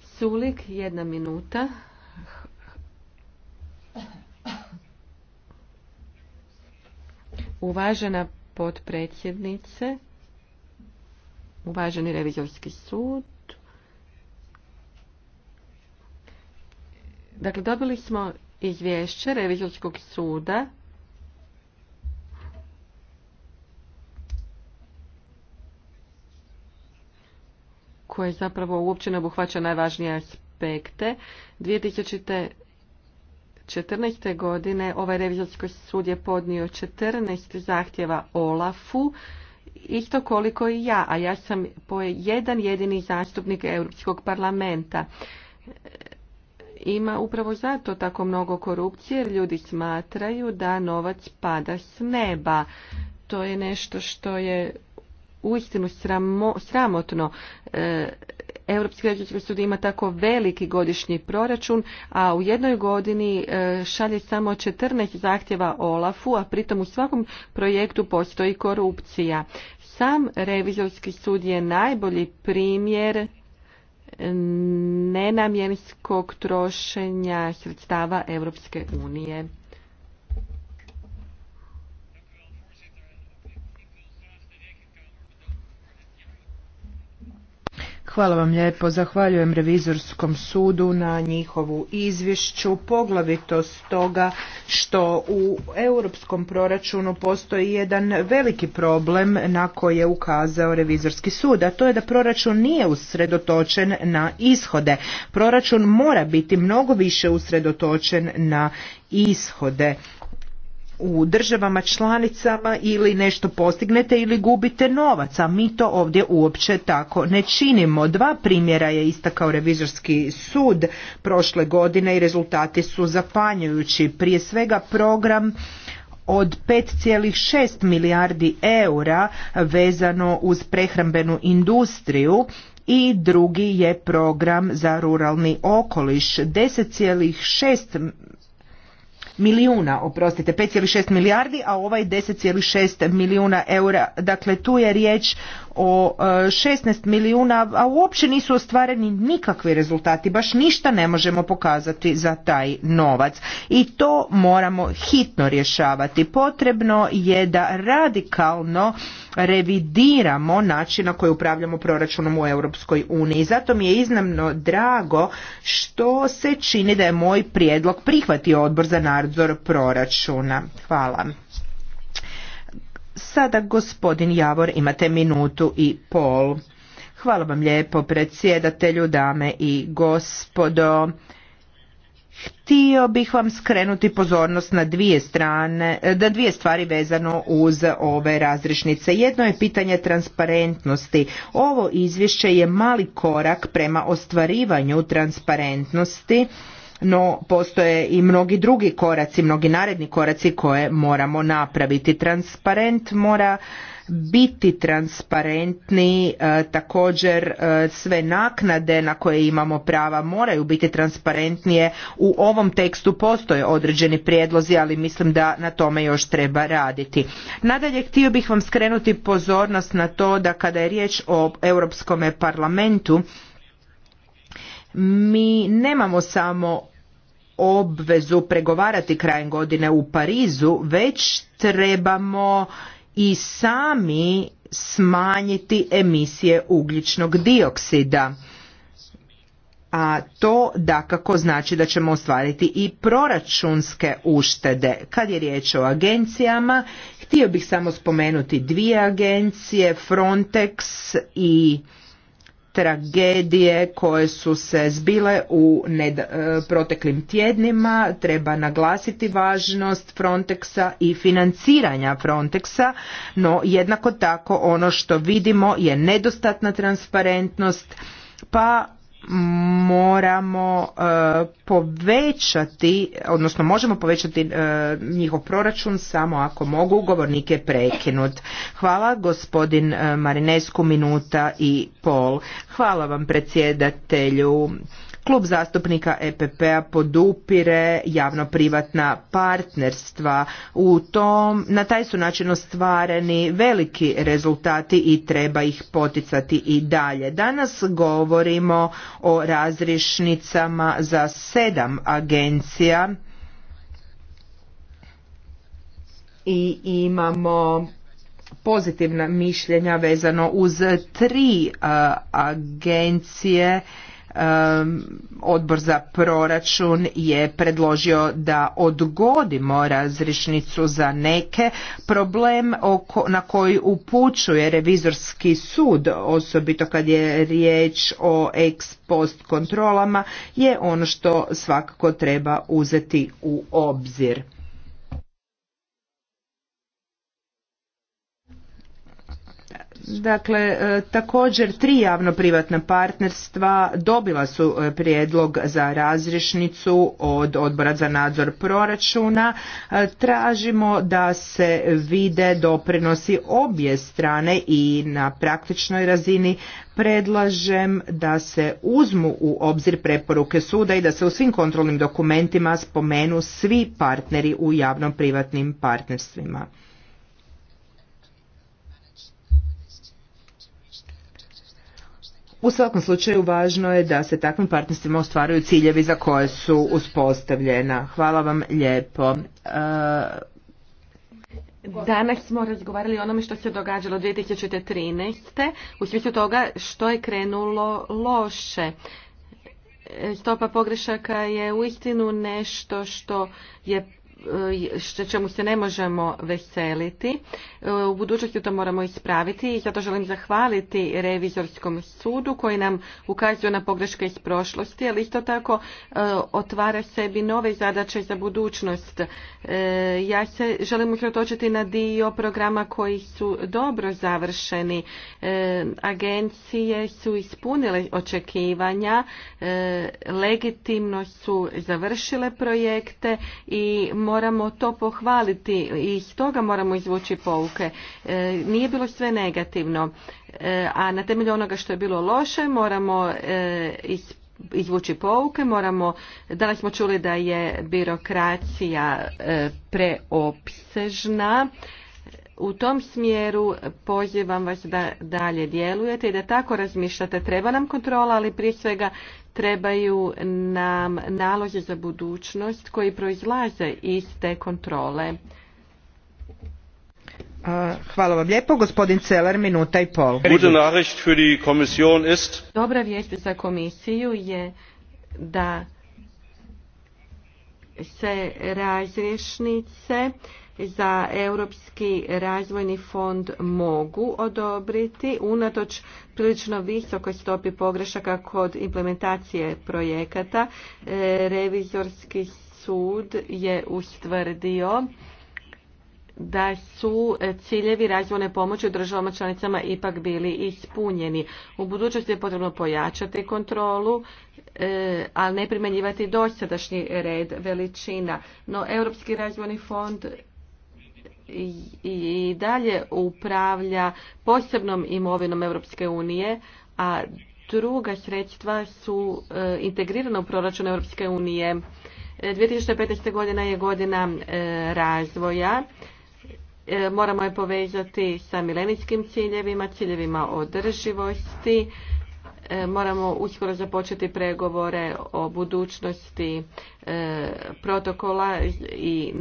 S2: Sulik, jedna minuta. Uvažena potpredsjednice, uvaženi revizorski sud. Dakle, dobili smo izvješće revizorskog suda koje zapravo uopće ne obuhvaća najvažnije aspekte. 2014. godine ovaj revizorski sud je podnio 14 zahtjeva olaf u isto koliko i ja, a ja sam po jedan jedini zastupnik Europskog parlamenta. Ima upravo zato tako mnogo korupcije jer ljudi smatraju da novac pada s neba. To je nešto što je uistinu sramotno. E, Europski građanski sud ima tako veliki godišnji proračun, a u jednoj godini e, šalje samo 14 zahtjeva Olafu, a pritom u svakom projektu postoji korupcija. Sam revizorski sud je najbolji primjer nenamjenskog trošenja sredstava Europske unije.
S3: Hvala vam lijepo. Zahvaljujem revizorskom sudu na njihovu izvješću, poglavito stoga što u europskom proračunu postoji jedan veliki problem na koji je ukazao revizorski sud, a to je da proračun nije usredotočen na ishode. Proračun mora biti mnogo više usredotočen na ishode u državama članicama ili nešto postignete ili gubite novac, a mi to ovdje uopće tako ne činimo. Dva primjera je istakao revizorski sud prošle godine i rezultati su zapanjujući. Prije svega program od 5,6 milijardi eura vezano uz prehrambenu industriju i drugi je program za ruralni okoliš 10,6 milijuna, oprostite, 5,6 milijardi, a ovaj 10,6 milijuna eura. Dakle, tu je riječ o 16 e, milijuna, a uopće nisu ostvareni nikakvi rezultati, baš ništa ne možemo pokazati za taj novac. I to moramo hitno rješavati. Potrebno je da radikalno revidiramo način na koji upravljamo proračunom u Europskoj uniji. Zato mi je iznimno drago što se čini da je moj prijedlog prihvatio odbor za nadzor proračuna. Hvala. Sada gospodin Javor imate minutu i pol. Hvala vam lijepo predsjedatelju, dame i gospodo. Htio bih vam skrenuti pozornost na dvije strane, da dvije stvari vezano uz ove razrišnice. Jedno je pitanje transparentnosti. Ovo izvješće je mali korak prema ostvarivanju transparentnosti no postoje i mnogi drugi koraci, mnogi naredni koraci koje moramo napraviti. Transparent mora biti transparentni, e, također e, sve naknade na koje imamo prava moraju biti transparentnije. U ovom tekstu postoje određeni prijedlozi, ali mislim da na tome još treba raditi. Nadalje, htio bih vam skrenuti pozornost na to da kada je riječ o Europskom parlamentu, mi nemamo samo obvezu pregovarati krajem godine u Parizu, već trebamo i sami smanjiti emisije ugljičnog dioksida. A to dakako znači da ćemo ostvariti i proračunske uštede. Kad je riječ o agencijama, htio bih samo spomenuti dvije agencije, Frontex i tragedije koje su se zbile u e, proteklim tjednima treba naglasiti važnost Frontexa i financiranja Frontexa no jednako tako ono što vidimo je nedostatna transparentnost pa moramo e, povećati, odnosno možemo povećati e, njihov proračun samo ako mogu govornike prekinut. Hvala gospodin e, Marinesku minuta i pol. Hvala vam predsjedatelju. Klub zastupnika EPP-a podupire javno-privatna partnerstva. U tom, na taj su način ostvareni veliki rezultati i treba ih poticati i dalje. Danas govorimo o razrišnicama za sedam agencija i imamo pozitivna mišljenja vezano uz tri agencije odbor za proračun je predložio da odgodimo razrišnicu za neke problem oko, na koji upućuje revizorski sud osobito kad je riječ o ex post kontrolama je ono što svakako treba uzeti u obzir Dakle, e, također tri javno-privatna partnerstva dobila su e, prijedlog za razrišnicu od odbora za nadzor proračuna. E, tražimo da se vide doprinosi obje strane i na praktičnoj razini predlažem da se uzmu u obzir preporuke suda i da se u svim kontrolnim dokumentima spomenu svi partneri u javno-privatnim partnerstvima. U svakom slučaju važno je da se takvim partnerstvima ostvaruju ciljevi za koje su uspostavljena. Hvala vam lijepo. E,
S2: Danas smo razgovarali o onome što se događalo 2013. u smislu toga što je krenulo loše. E, stopa pogrešaka je uistinu nešto što je E, što čemu se ne možemo veseliti. E, u budućnosti to moramo ispraviti i zato želim zahvaliti revizorskom sudu koji nam ukazuje na pogreške iz prošlosti, ali isto tako e, otvara sebi nove zadaće za budućnost. Ja se želim usredotočiti na dio programa koji su dobro završeni. Agencije su ispunile očekivanja, legitimno su završile projekte i moramo moramo to pohvaliti i iz toga moramo izvući pouke. E, nije bilo sve negativno, e, a na temelju onoga što je bilo loše moramo e, izvući pouke, moramo, danas smo čuli da je birokracija preopsežna, u tom smjeru pozivam vas da dalje djelujete i da tako razmišljate. Treba nam kontrola, ali prije svega trebaju nam naloge za budućnost koji proizlaze iz te kontrole.
S3: Hvala vam lijepo. Gospodin Celer, minuta i pol.
S2: Dobra vijest za komisiju je da se razrješnice za Europski razvojni fond mogu odobriti unatoč prilično visokoj stopi pogrešaka kod implementacije projekata. E, revizorski sud je ustvrdio da su ciljevi razvojne pomoći u državama članicama ipak bili ispunjeni. U budućnosti je potrebno pojačati kontrolu, e, ali ne primjenjivati dosadašnji red veličina. No, Europski razvojni fond i dalje upravlja posebnom imovinom Europske unije, a druga sredstva su e, integrirana u proračun Europske unije. 2015. E, godina je godina e, razvoja. Moramo je povezati sa milenijskim ciljevima, ciljevima održivosti, E, moramo uskoro započeti pregovore o budućnosti e, protokola i,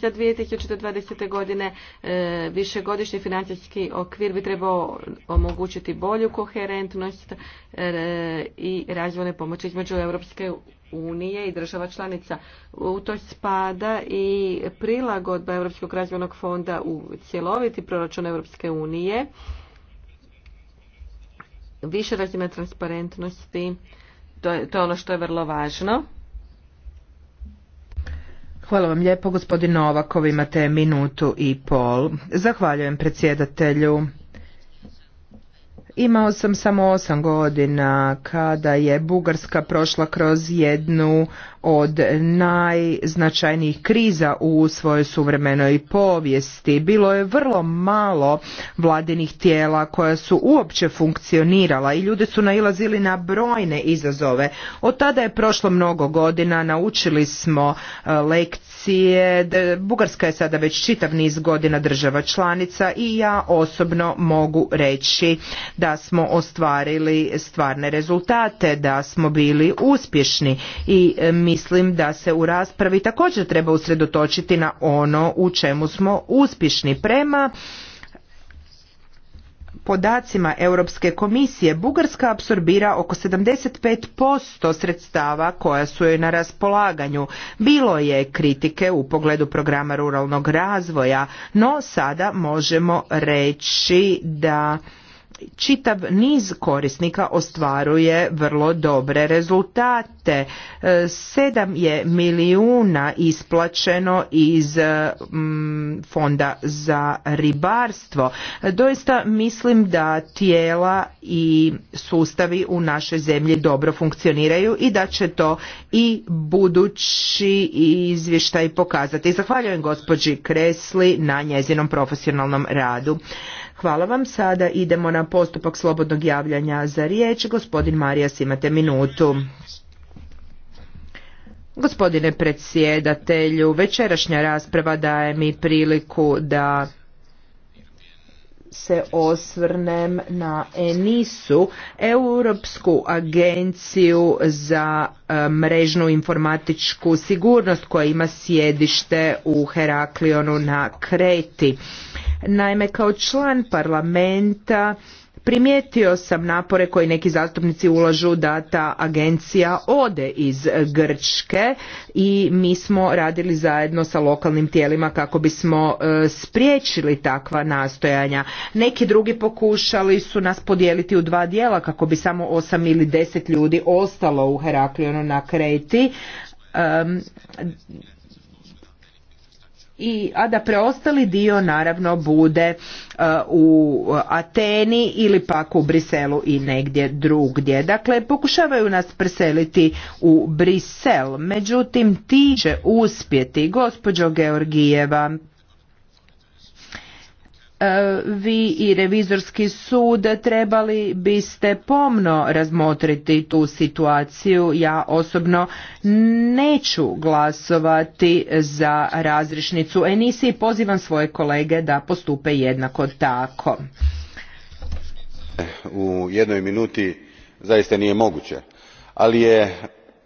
S2: za 2020. godine e, višegodišnji financijski okvir bi trebao omogućiti bolju koherentnost i razvojne pomoći između Europske unije i država članica. U to spada i prilagodba Europskog razvojnog fonda u cjeloviti proračun Europske unije više razine transparentnosti. To je, to je ono što je vrlo važno.
S3: Hvala vam lijepo, gospodin Novakov, imate minutu i pol. Zahvaljujem predsjedatelju. Imao sam samo osam godina kada je Bugarska prošla kroz jednu od najznačajnijih kriza u svojoj suvremenoj povijesti. Bilo je vrlo malo vladinih tijela koja su uopće funkcionirala i ljude su nailazili na brojne izazove. Od tada je prošlo mnogo godina, naučili smo eh, lekcije Bugarska je sada već čitav niz godina država članica i ja osobno mogu reći da smo ostvarili stvarne rezultate, da smo bili uspješni i e, mislim da se u raspravi također treba usredotočiti na ono u čemu smo uspješni prema podacima Europske komisije Bugarska apsorbira oko 75% sredstava koja su joj na raspolaganju. Bilo je kritike u pogledu programa ruralnog razvoja, no sada možemo reći da čitav niz korisnika ostvaruje vrlo dobre rezultate. E, sedam je milijuna isplaćeno iz mm, fonda za ribarstvo. E, doista mislim da tijela i sustavi u našoj zemlji dobro funkcioniraju i da će to i budući izvještaj pokazati. Zahvaljujem gospođi Kresli na njezinom profesionalnom radu. Hvala vam. Sada idemo na postupak slobodnog javljanja za riječ. Gospodin Marijas, imate minutu. Gospodine predsjedatelju, večerašnja rasprava daje mi priliku da se osvrnem na ENISU, Europsku agenciju za e, mrežnu informatičku sigurnost koja ima sjedište u Heraklionu na Kreti. Naime, kao član parlamenta primijetio sam napore koje neki zastupnici ulažu da ta agencija ode iz Grčke i mi smo radili zajedno sa lokalnim tijelima kako bismo e, spriječili takva nastojanja. Neki drugi pokušali su nas podijeliti u dva dijela kako bi samo osam ili deset ljudi ostalo u Heraklionu na Kreti i a da preostali dio naravno bude e, u Ateni ili pak u Briselu i negdje drugdje. Dakle, pokušavaju nas preseliti u Brisel, međutim ti će uspjeti, gospođo Georgijeva. E, vi i revizorski sud trebali biste pomno razmotriti tu situaciju. Ja osobno neću glasovati za razrišnicu Enisi i pozivam svoje kolege da postupe jednako tako.
S4: U jednoj minuti zaista nije moguće, ali je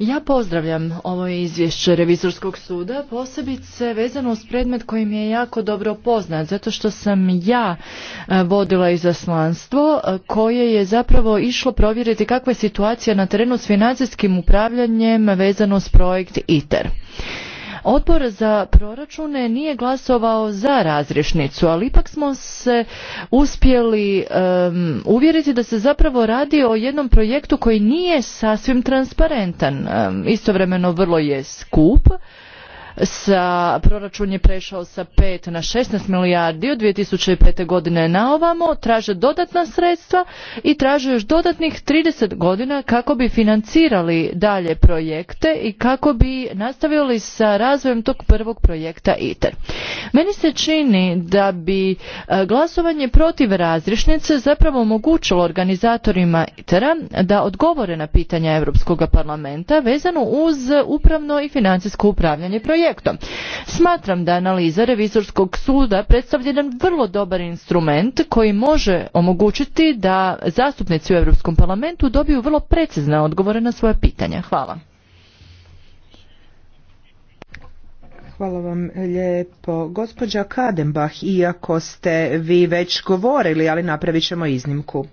S1: Ja pozdravljam ovo izvješće Revizorskog suda, posebice vezano uz predmet koji mi je jako dobro poznat, zato što sam ja e, vodila izaslanstvo e, koje je zapravo išlo provjeriti kakva je situacija na terenu s financijskim upravljanjem vezano uz projekt ITER. Odbor za proračune nije glasovao za razrješnicu, ali ipak smo se uspjeli uvjeriti da se zapravo radi o jednom projektu koji nije sasvim transparentan, istovremeno vrlo je skup sa, proračun je prešao sa 5 na 16 milijardi od 2005. godine na ovamo, traže dodatna sredstva i traže još dodatnih 30 godina kako bi financirali dalje projekte i kako bi nastavili sa razvojem tog prvog projekta ITER. Meni se čini da bi e, glasovanje protiv razrišnice zapravo omogućilo organizatorima ITER-a da odgovore na pitanja Europskog parlamenta vezano uz upravno i financijsko upravljanje projekta projektom. Smatram da analiza revizorskog suda predstavlja jedan vrlo dobar instrument koji može omogućiti da zastupnici u Europskom parlamentu dobiju vrlo precizne odgovore na svoja pitanja. Hvala.
S3: Hvala vam lijepo. Gospođa Kadenbach, iako ste vi već govorili, ali napravit ćemo iznimku.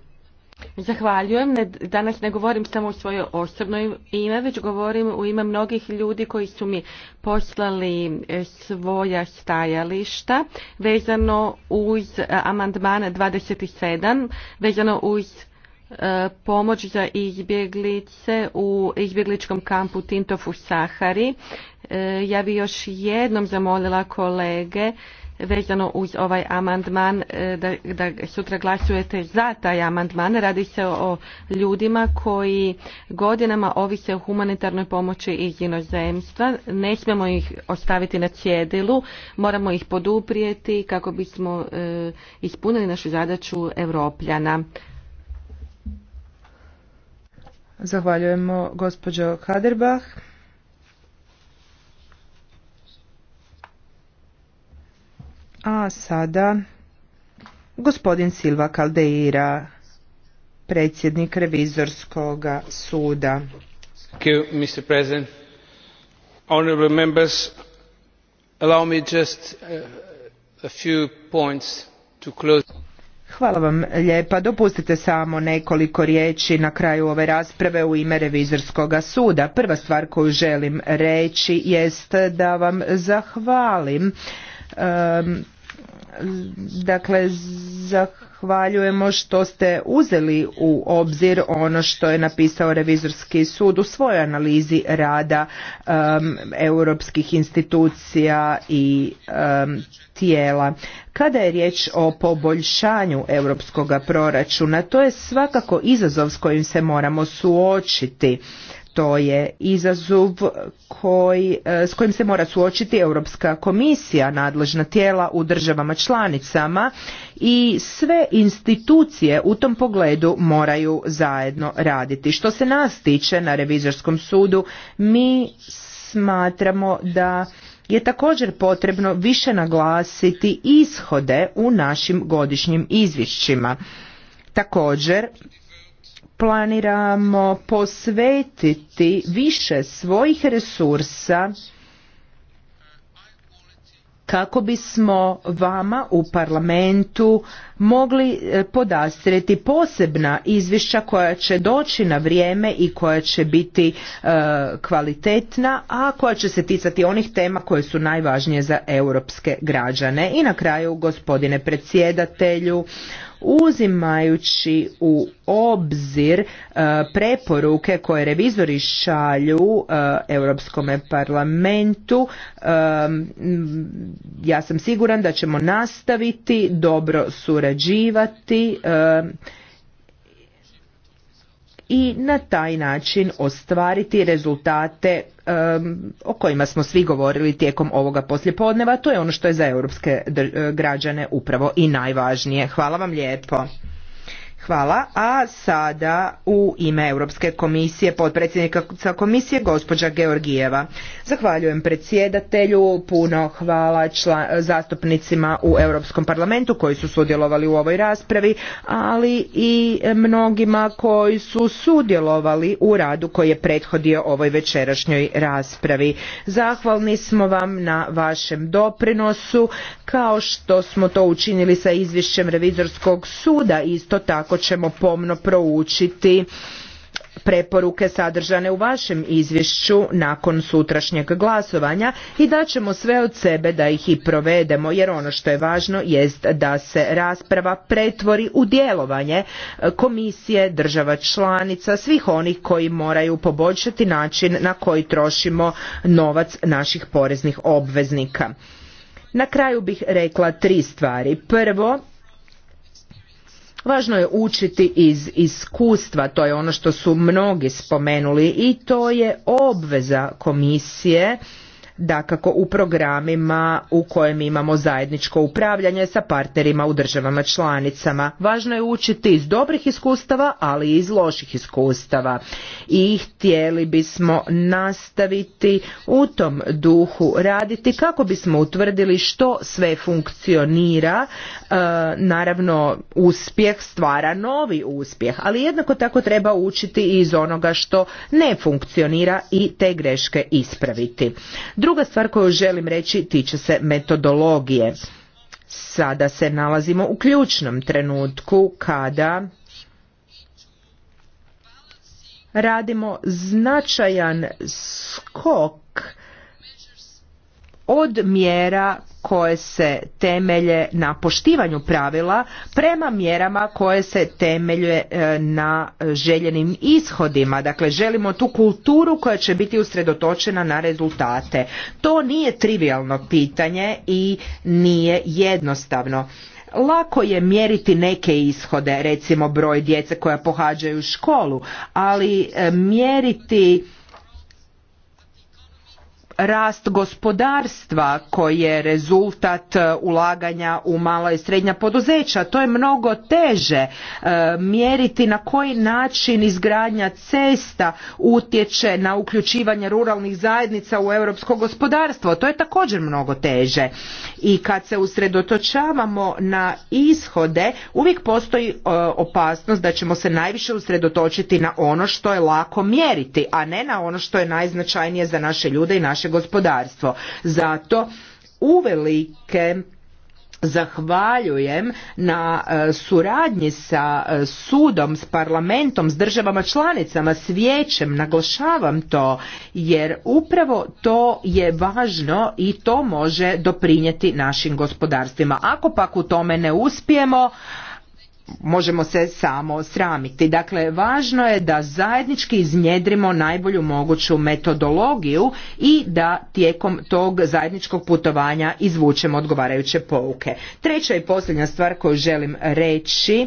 S2: Zahvaljujem. danas ne govorim samo u svoje osobno ime, već govorim u ime mnogih ljudi koji su mi poslali e, svoja stajališta vezano uz e, amandman 27, vezano uz e, pomoć za izbjeglice u izbjegličkom kampu Tintov u Sahari. ja bi još jednom zamolila kolege vezano uz ovaj amandman, e, da, da sutra glasujete za taj amandman. Radi se o ljudima koji godinama ovise o humanitarnoj pomoći iz inozemstva. Ne smijemo ih ostaviti na cjedilu, moramo ih poduprijeti kako bismo e, ispunili našu zadaću Europljana.
S3: Zahvaljujemo gospođo Kaderbach. A sada gospodin Silva Caldeira predsjednik revizorskog suda.
S4: Thank you, Mr. President. Honorable members, allow me just uh, a few points to close.
S3: Hvala vam lijepa. Dopustite samo nekoliko riječi na kraju ove rasprave u ime revizorskog suda. Prva stvar koju želim reći jest da vam zahvalim Dakle, zahvaljujemo što ste uzeli u obzir ono što je napisao Revizorski sud u svojoj analizi rada europskih institucija i tijela. Kada je riječ o poboljšanju europskog proračuna, to je svakako izazov s kojim se moramo suočiti to je izazov koji, e, s kojim se mora suočiti Europska komisija, nadležna tijela u državama članicama i sve institucije u tom pogledu moraju zajedno raditi. Što se nas tiče na revizorskom sudu, mi smatramo da je također potrebno više naglasiti ishode u našim godišnjim izvješćima. Također, planiramo posvetiti više svojih resursa kako bismo vama u parlamentu mogli e, podastreti posebna izvješća koja će doći na vrijeme i koja će biti e, kvalitetna, a koja će se ticati onih tema koje su najvažnije za europske građane. I na kraju, gospodine predsjedatelju, uzimajući u obzir e, preporuke koje revizori šalju e, Europskome parlamentu. E, ja sam siguran da ćemo nastaviti dobro surađivati i na taj način ostvariti rezultate o kojima smo svi govorili tijekom ovoga poslijepodneva. To je ono što je za europske građane upravo i najvažnije. Hvala vam lijepo. Hvala. A sada u ime Europske komisije, potpredsjednika komisije, gospođa Georgijeva. Zahvaljujem predsjedatelju, puno hvala zastupnicima u Europskom parlamentu koji su sudjelovali u ovoj raspravi, ali i mnogima koji su sudjelovali u radu koji je prethodio ovoj večerašnjoj raspravi. Zahvalni smo vam na vašem doprinosu, kao što smo to učinili sa izvješćem Revizorskog suda, isto tako ćemo pomno proučiti preporuke sadržane u vašem izvješću nakon sutrašnjeg glasovanja i dat ćemo sve od sebe da ih i provedemo jer ono što je važno jest da se rasprava pretvori u djelovanje komisije, država članica, svih onih koji moraju poboljšati način na koji trošimo novac naših poreznih obveznika. Na kraju bih rekla tri stvari. Prvo, Važno je učiti iz iskustva, to je ono što su mnogi spomenuli i to je obveza komisije dakako u programima u kojem imamo zajedničko upravljanje sa partnerima u državama članicama. Važno je učiti iz dobrih iskustava, ali i iz loših iskustava. I htjeli bismo nastaviti u tom duhu raditi kako bismo utvrdili što sve funkcionira. E, naravno, uspjeh stvara novi uspjeh, ali jednako tako treba učiti iz onoga što ne funkcionira i te greške ispraviti. Druga stvar koju želim reći tiče se metodologije. Sada se nalazimo u ključnom trenutku kada radimo značajan skok od mjera koje se temelje na poštivanju pravila prema mjerama koje se temelje e, na željenim ishodima. Dakle, želimo tu kulturu koja će biti usredotočena na rezultate. To nije trivialno pitanje i nije jednostavno. Lako je mjeriti neke ishode, recimo broj djece koja pohađaju školu, ali e, mjeriti rast gospodarstva koji je rezultat e, ulaganja u mala i srednja poduzeća. To je mnogo teže e, mjeriti na koji način izgradnja cesta utječe na uključivanje ruralnih zajednica u europsko gospodarstvo. To je također mnogo teže. I kad se usredotočavamo na ishode, uvijek postoji e, opasnost da ćemo se najviše usredotočiti na ono što je lako mjeriti, a ne na ono što je najznačajnije za naše ljude i naše gospodarstvo. Zato uvelike zahvaljujem na e, suradnji sa e, sudom, s parlamentom, s državama članicama, s vijećem, naglašavam to, jer upravo to je važno i to može doprinijeti našim gospodarstvima. Ako pak u tome ne uspijemo, možemo se samo sramiti. Dakle, važno je da zajednički iznjedrimo najbolju moguću metodologiju i da tijekom tog zajedničkog putovanja izvučemo odgovarajuće pouke. Treća i posljednja stvar koju želim reći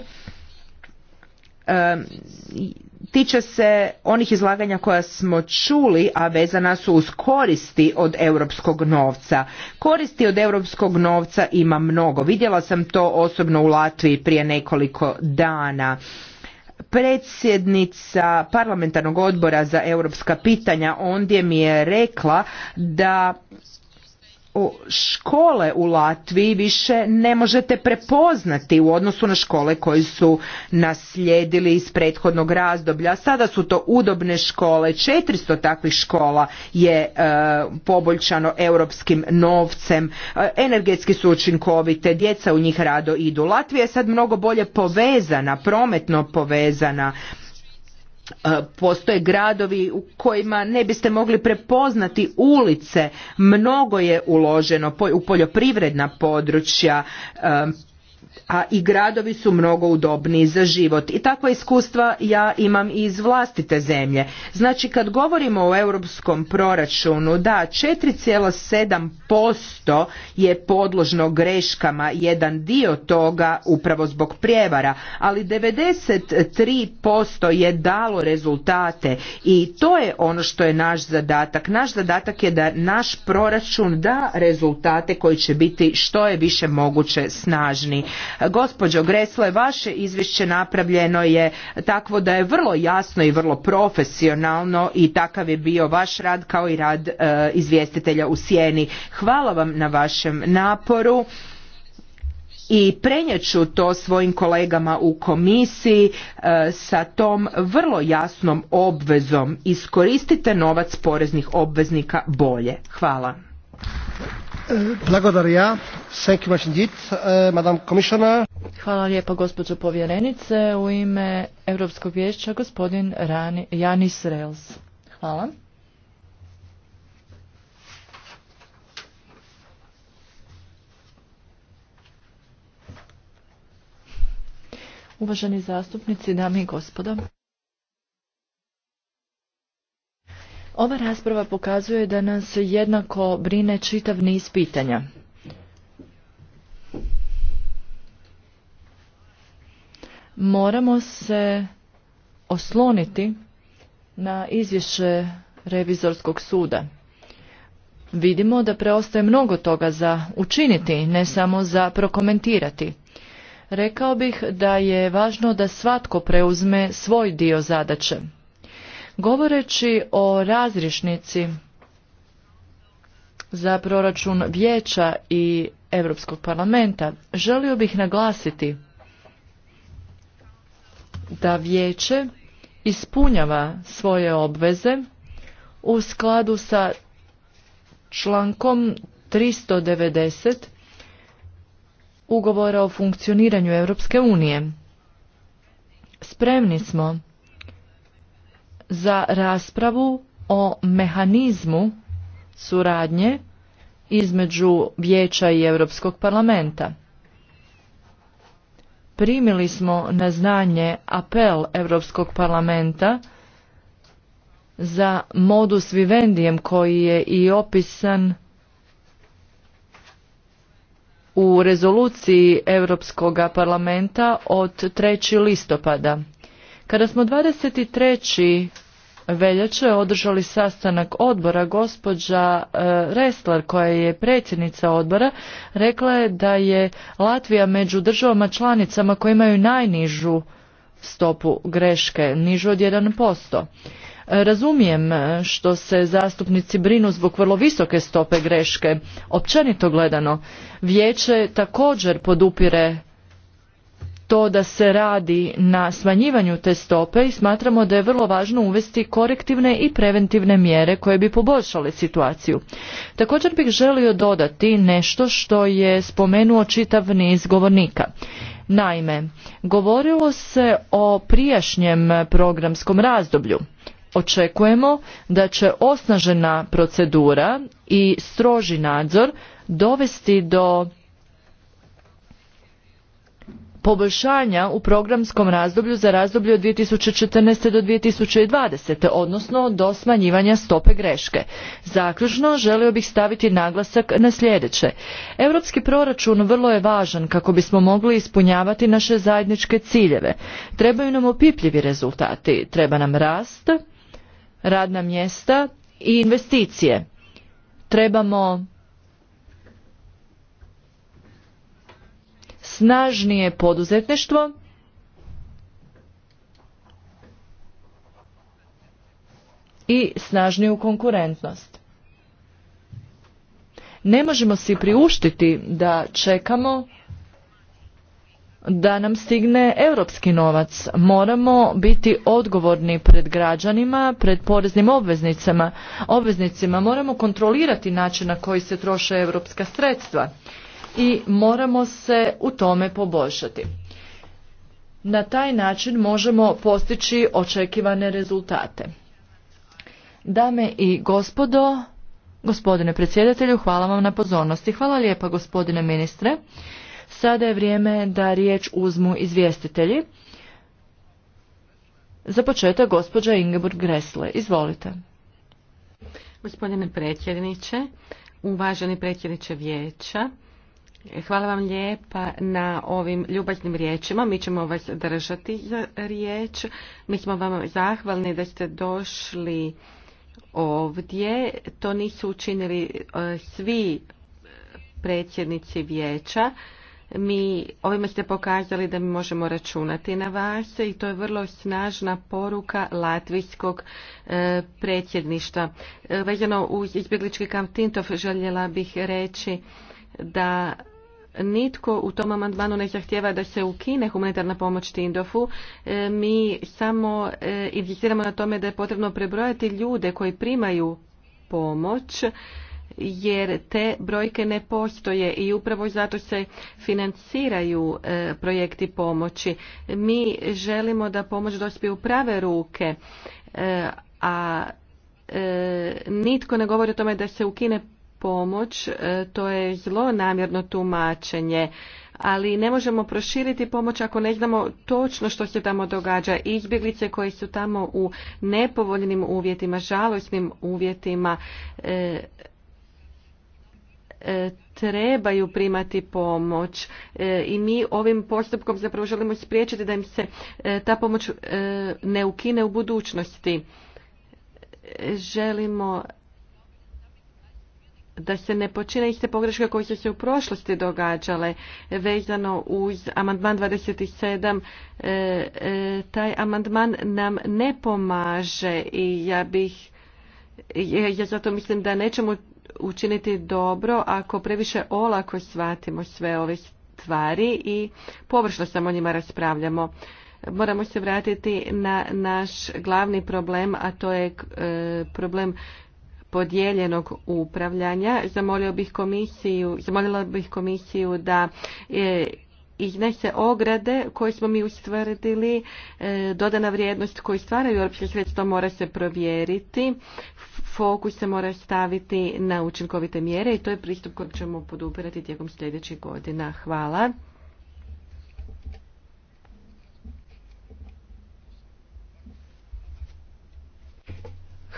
S3: tiče se onih izlaganja koja smo čuli, a vezana su uz koristi od europskog novca. Koristi od europskog novca ima mnogo. Vidjela sam to osobno u Latviji prije nekoliko dana predsjednica parlamentarnog odbora za europska pitanja ondje mi je rekla da u škole u Latviji više ne možete prepoznati u odnosu na škole koji su naslijedili iz prethodnog razdoblja. Sada su to udobne škole, 400 takvih škola je e, poboljšano europskim novcem, e, energetski su učinkovite, djeca u njih rado idu. Latvija je sad mnogo bolje povezana, prometno povezana, E, postoje gradovi u kojima ne biste mogli prepoznati ulice mnogo je uloženo u poljoprivredna područja e, a i gradovi su mnogo udobniji za život. I takva iskustva ja imam i iz vlastite zemlje. Znači kad govorimo o europskom proračunu, da 4,7% je podložno greškama, jedan dio toga upravo zbog prijevara, ali 93% je dalo rezultate i to je ono što je naš zadatak. Naš zadatak je da naš proračun da rezultate koji će biti što je više moguće snažni Gospođo Gresle, vaše izvješće napravljeno je takvo da je vrlo jasno i vrlo profesionalno i takav je bio vaš rad kao i rad e, izvjestitelja u sjeni. Hvala vam na vašem naporu i prenijet ću to svojim kolegama u komisiji e, sa tom vrlo jasnom obvezom iskoristite novac poreznih obveznika bolje. Hvala. E,
S1: Hvala lijepo gospođo povjerenice. U ime Europskog vijeća gospodin Rani, Janis Reels. Hvala. Uvaženi zastupnici, dame i gospodo. Ova rasprava pokazuje da nas jednako brine čitav niz pitanja. Moramo se osloniti na izvješće revizorskog suda. Vidimo da preostaje mnogo toga za učiniti, ne samo za prokomentirati. Rekao bih da je važno da svatko preuzme svoj dio zadaće. Govoreći o razrišnici za proračun vijeća i Europskog parlamenta, želio bih naglasiti da vijeće ispunjava svoje obveze u skladu sa člankom 390 ugovora o funkcioniranju Europske unije. Spremni smo za raspravu o mehanizmu suradnje između Vijeća i Europskog parlamenta. Primili smo na znanje apel Europskog parlamenta za modus vivendijem koji je i opisan u rezoluciji Europskog parlamenta od 3. listopada. Kada smo 23 veljače održali sastanak odbora. Gospođa e, Restler, koja je predsjednica odbora, rekla je da je Latvija među državama članicama koje imaju najnižu stopu greške, nižu od 1%. Razumijem što se zastupnici brinu zbog vrlo visoke stope greške. Općenito gledano, vijeće također podupire to da se radi na smanjivanju te stope i smatramo da je vrlo važno uvesti korektivne i preventivne mjere koje bi poboljšale situaciju. Također bih želio dodati nešto što je spomenuo čitav niz govornika. Naime, govorilo se o prijašnjem programskom razdoblju. Očekujemo da će osnažena procedura i stroži nadzor dovesti do poboljšanja u programskom razdoblju za razdoblje od 2014. do 2020. odnosno do smanjivanja stope greške. Zaključno želio bih staviti naglasak na sljedeće. Europski proračun vrlo je važan kako bismo mogli ispunjavati naše zajedničke ciljeve. Trebaju nam opipljivi rezultati, treba nam rast, radna mjesta i investicije. Trebamo snažnije poduzetništvo i snažniju konkurentnost. Ne možemo si priuštiti da čekamo da nam stigne europski novac. Moramo biti odgovorni pred građanima, pred poreznim Obveznicima moramo kontrolirati način na koji se troše europska sredstva i moramo se u tome poboljšati. Na taj način možemo postići očekivane rezultate. Dame i gospodo, gospodine predsjedatelju, hvala vam na pozornosti. Hvala lijepa gospodine ministre. Sada je vrijeme da riječ uzmu izvjestitelji. Za početak gospođa Ingeborg Gresle. Izvolite. Gospodine
S2: predsjedniče, uvaženi predsjedniče vijeća, Hvala vam lijepa na ovim ljubaznim riječima. Mi ćemo vas držati za riječ. Mi smo vam zahvalni da ste došli ovdje. To nisu učinili e, svi predsjednici vijeća. Mi ovime ste pokazali da mi možemo računati na vas i to je vrlo snažna poruka latvijskog e, predsjedništva. E, vezano uz izbjeglički kamp Tintov željela bih reći da nitko u tom amandmanu ne zahtjeva da se ukine humanitarna pomoć Tindofu. E, mi samo e, inzistiramo na tome da je potrebno prebrojati ljude koji primaju pomoć jer te brojke ne postoje i upravo zato se financiraju e, projekti pomoći. Mi želimo da pomoć dospije u prave ruke, a nitko ne govori o tome da se ukine pomoć, e, to je zlo namjerno tumačenje, ali ne možemo proširiti pomoć ako ne znamo točno što se tamo događa. Izbjeglice koje su tamo u nepovoljnim uvjetima, žalosnim uvjetima, e, e, trebaju primati pomoć i mi ovim postupkom zapravo želimo spriječiti da im se ta pomoć ne ukine u budućnosti. Želimo da se ne počine iste pogreške koje su se u prošlosti događale vezano uz amandman 27 e, e, taj amandman nam ne pomaže i ja bih ja, zato mislim da nećemo učiniti dobro ako previše olako shvatimo sve ove stvari i površno samo o njima raspravljamo moramo se vratiti na naš glavni problem a to je e, problem podijeljenog upravljanja. Zamolio bih komisiju, zamolila bih komisiju da e, iznese ograde koje smo mi ustvrdili, e, dodana vrijednost koju stvaraju europske sredstva mora se provjeriti, fokus se mora staviti na učinkovite mjere i to je pristup koji ćemo podupirati tijekom sljedećih godina. Hvala.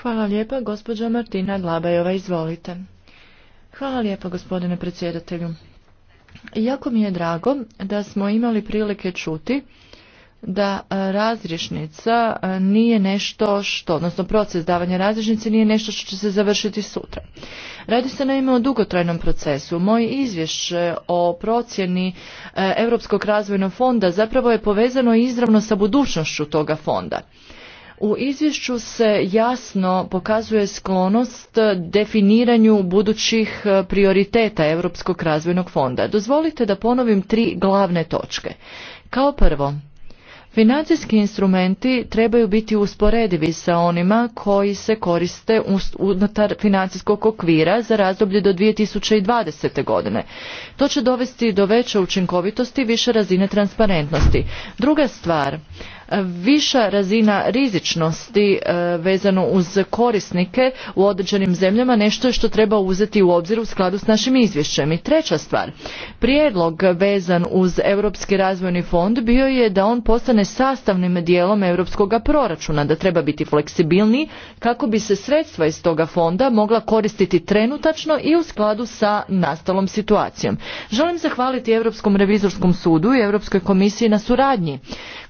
S1: Hvala lijepa, gospođa Martina Glabajova, izvolite. Hvala lijepa, gospodine predsjedatelju. Jako mi je drago da smo imali prilike čuti da e, razrješnica e, nije nešto što, odnosno proces davanja razrješnice nije nešto što će se završiti sutra. Radi se naime o dugotrajnom procesu. Moj izvješće o procjeni e, Europskog razvojnog fonda zapravo je povezano izravno sa budućnošću toga fonda. U izvješću se jasno pokazuje sklonost definiranju budućih e, prioriteta Europskog razvojnog fonda. Dozvolite da ponovim tri glavne točke. Kao prvo, Financijski instrumenti trebaju biti usporedivi sa onima koji se koriste unutar financijskog okvira za razdoblje do 2020. godine. To će dovesti do veće učinkovitosti i više razine transparentnosti. Druga stvar, viša razina rizičnosti e, vezano uz korisnike u određenim zemljama nešto je što treba uzeti u obzir u skladu s našim izvješćem. I treća stvar, prijedlog vezan uz Europski razvojni fond bio je da on postane sastavnim dijelom europskog proračuna, da treba biti fleksibilni kako bi se sredstva iz toga fonda mogla koristiti trenutačno i u skladu sa nastalom situacijom. Želim zahvaliti Europskom revizorskom sudu i Europskoj komisiji na suradnji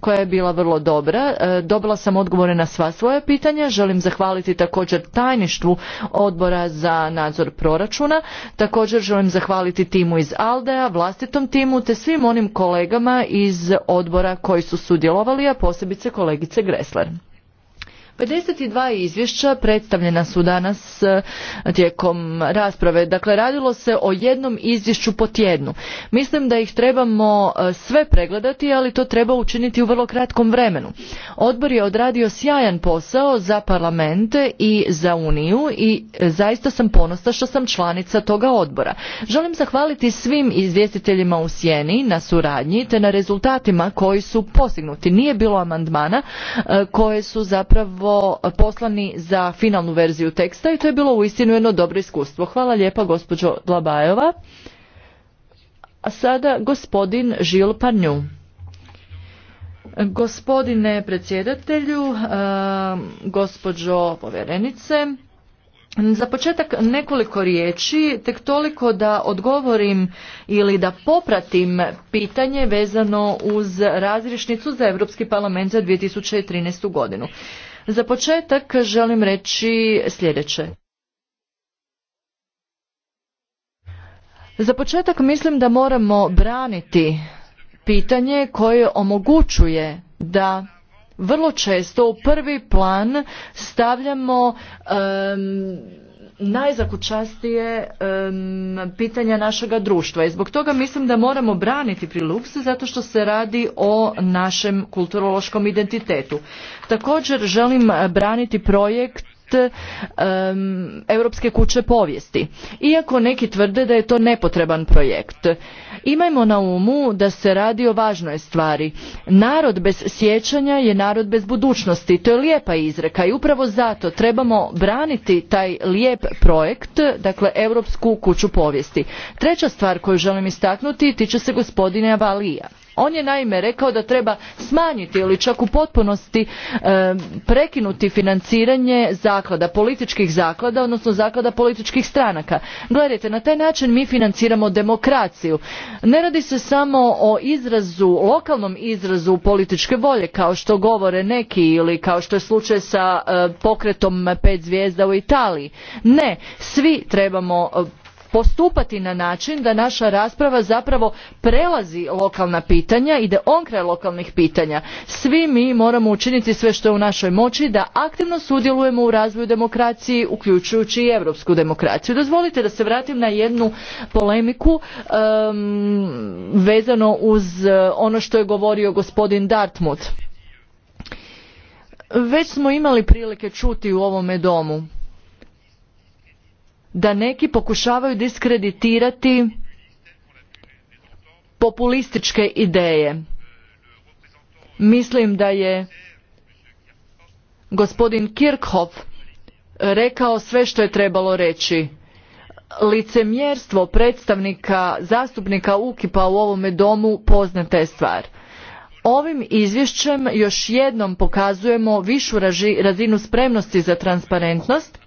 S1: koja je bila vrlo dobra. E, dobila sam odgovore na sva svoja pitanja. Želim zahvaliti također tajništvu odbora za nadzor proračuna. Također želim zahvaliti timu iz Aldea, vlastitom timu te svim onim kolegama iz odbora koji su sudjelovali, a posebice kolegice Gresler. 52 izvješća predstavljena su danas e, tijekom rasprave. Dakle, radilo se o jednom izvješću po tjednu. Mislim da ih trebamo e, sve pregledati, ali to treba učiniti u vrlo kratkom vremenu. Odbor je odradio sjajan posao za parlamente i za Uniju i e, zaista sam ponosna što sam članica toga odbora. Želim zahvaliti svim izvjestiteljima u Sjeni na suradnji te na rezultatima koji su postignuti. Nije bilo amandmana koje su zapravo poslani za finalnu verziju teksta i to je bilo uistinu jedno dobro iskustvo. Hvala lijepa gospođo Dlabajova. A sada gospodin Žil Parnju. Gospodine predsjedatelju, e, gospođo povjerenice, za početak nekoliko riječi, tek toliko da odgovorim ili da popratim pitanje vezano uz razrišnicu za Europski parlament za 2013. godinu. Za početak želim reći sljedeće. Za početak mislim da moramo braniti pitanje koje omogućuje da vrlo često u prvi plan stavljamo najzakučastije pitanja našega društva i zbog toga mislim da moramo braniti prilukse zato što se radi o našem kulturološkom identitetu. Također želim braniti projekt E, europske kuće povijesti. Iako neki tvrde da je to nepotreban projekt. Imajmo na umu da se radi o važnoj stvari. Narod bez sjećanja je narod bez budućnosti. To je lijepa izreka i upravo zato trebamo braniti taj lijep projekt, dakle Europsku kuću povijesti. Treća stvar koju želim istaknuti tiče se gospodina Avalija. On je naime rekao da treba smanjiti ili čak u potpunosti prekinuti financiranje zaklada, političkih zaklada, odnosno zaklada političkih stranaka. Gledajte, na taj način mi financiramo demokraciju. Ne radi se samo o izrazu, lokalnom izrazu političke volje, kao što govore neki ili kao što je slučaj sa pokretom pet zvijezda u Italiji. Ne, svi trebamo postupati na način da naša rasprava zapravo prelazi lokalna pitanja, ide onkraj lokalnih pitanja. Svi mi moramo učiniti sve što je u našoj moći da aktivno sudjelujemo u razvoju demokracije, uključujući i europsku demokraciju. Dozvolite da se vratim na jednu polemiku vezano uz eh, ono što je govorio gospodin Dartmouth. Već smo imali prilike čuti u ovome domu da neki pokušavaju diskreditirati populističke ideje. Mislim da je gospodin Kirchhoff rekao sve što je trebalo reći. Licemjerstvo predstavnika zastupnika Ukipa u ovome domu poznata je stvar. Ovim izvješćem još jednom pokazujemo višu razinu spremnosti za transparentnost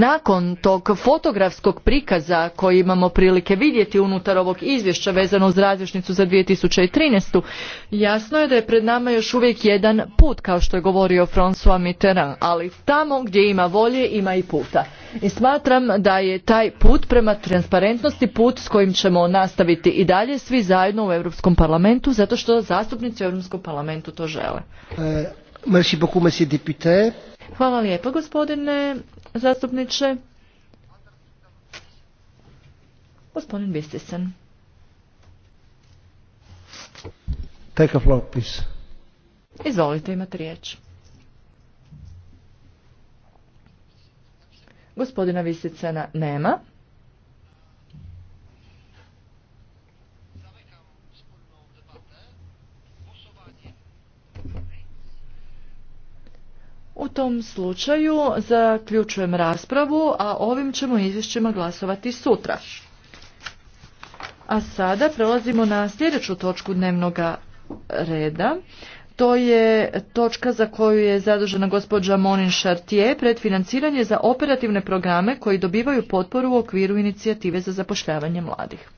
S1: nakon tog fotografskog prikaza koji imamo prilike vidjeti unutar ovog izvješća vezano uz različnicu za 2013. jasno je da je pred nama još uvijek jedan put kao što je govorio François Mitterrand, ali tamo gdje ima volje ima i puta. I smatram da je taj put prema transparentnosti put s kojim ćemo nastaviti i dalje svi zajedno u Europskom parlamentu zato što zastupnici u Europskom parlamentu to žele.
S4: Eh,
S1: Hvala lijepo, gospodine zastupniče. Gospodin Bistisen.
S4: Take a floor, please.
S1: Izvolite, imate riječ. Gospodina Visicena nema. U tom slučaju zaključujem raspravu, a ovim ćemo izvješćima glasovati sutra. A sada prelazimo na sljedeću točku dnevnog reda. To je točka za koju je zadužena gospođa Monin Chartier financiranje za operativne programe koji dobivaju potporu u okviru inicijative za zapošljavanje mladih.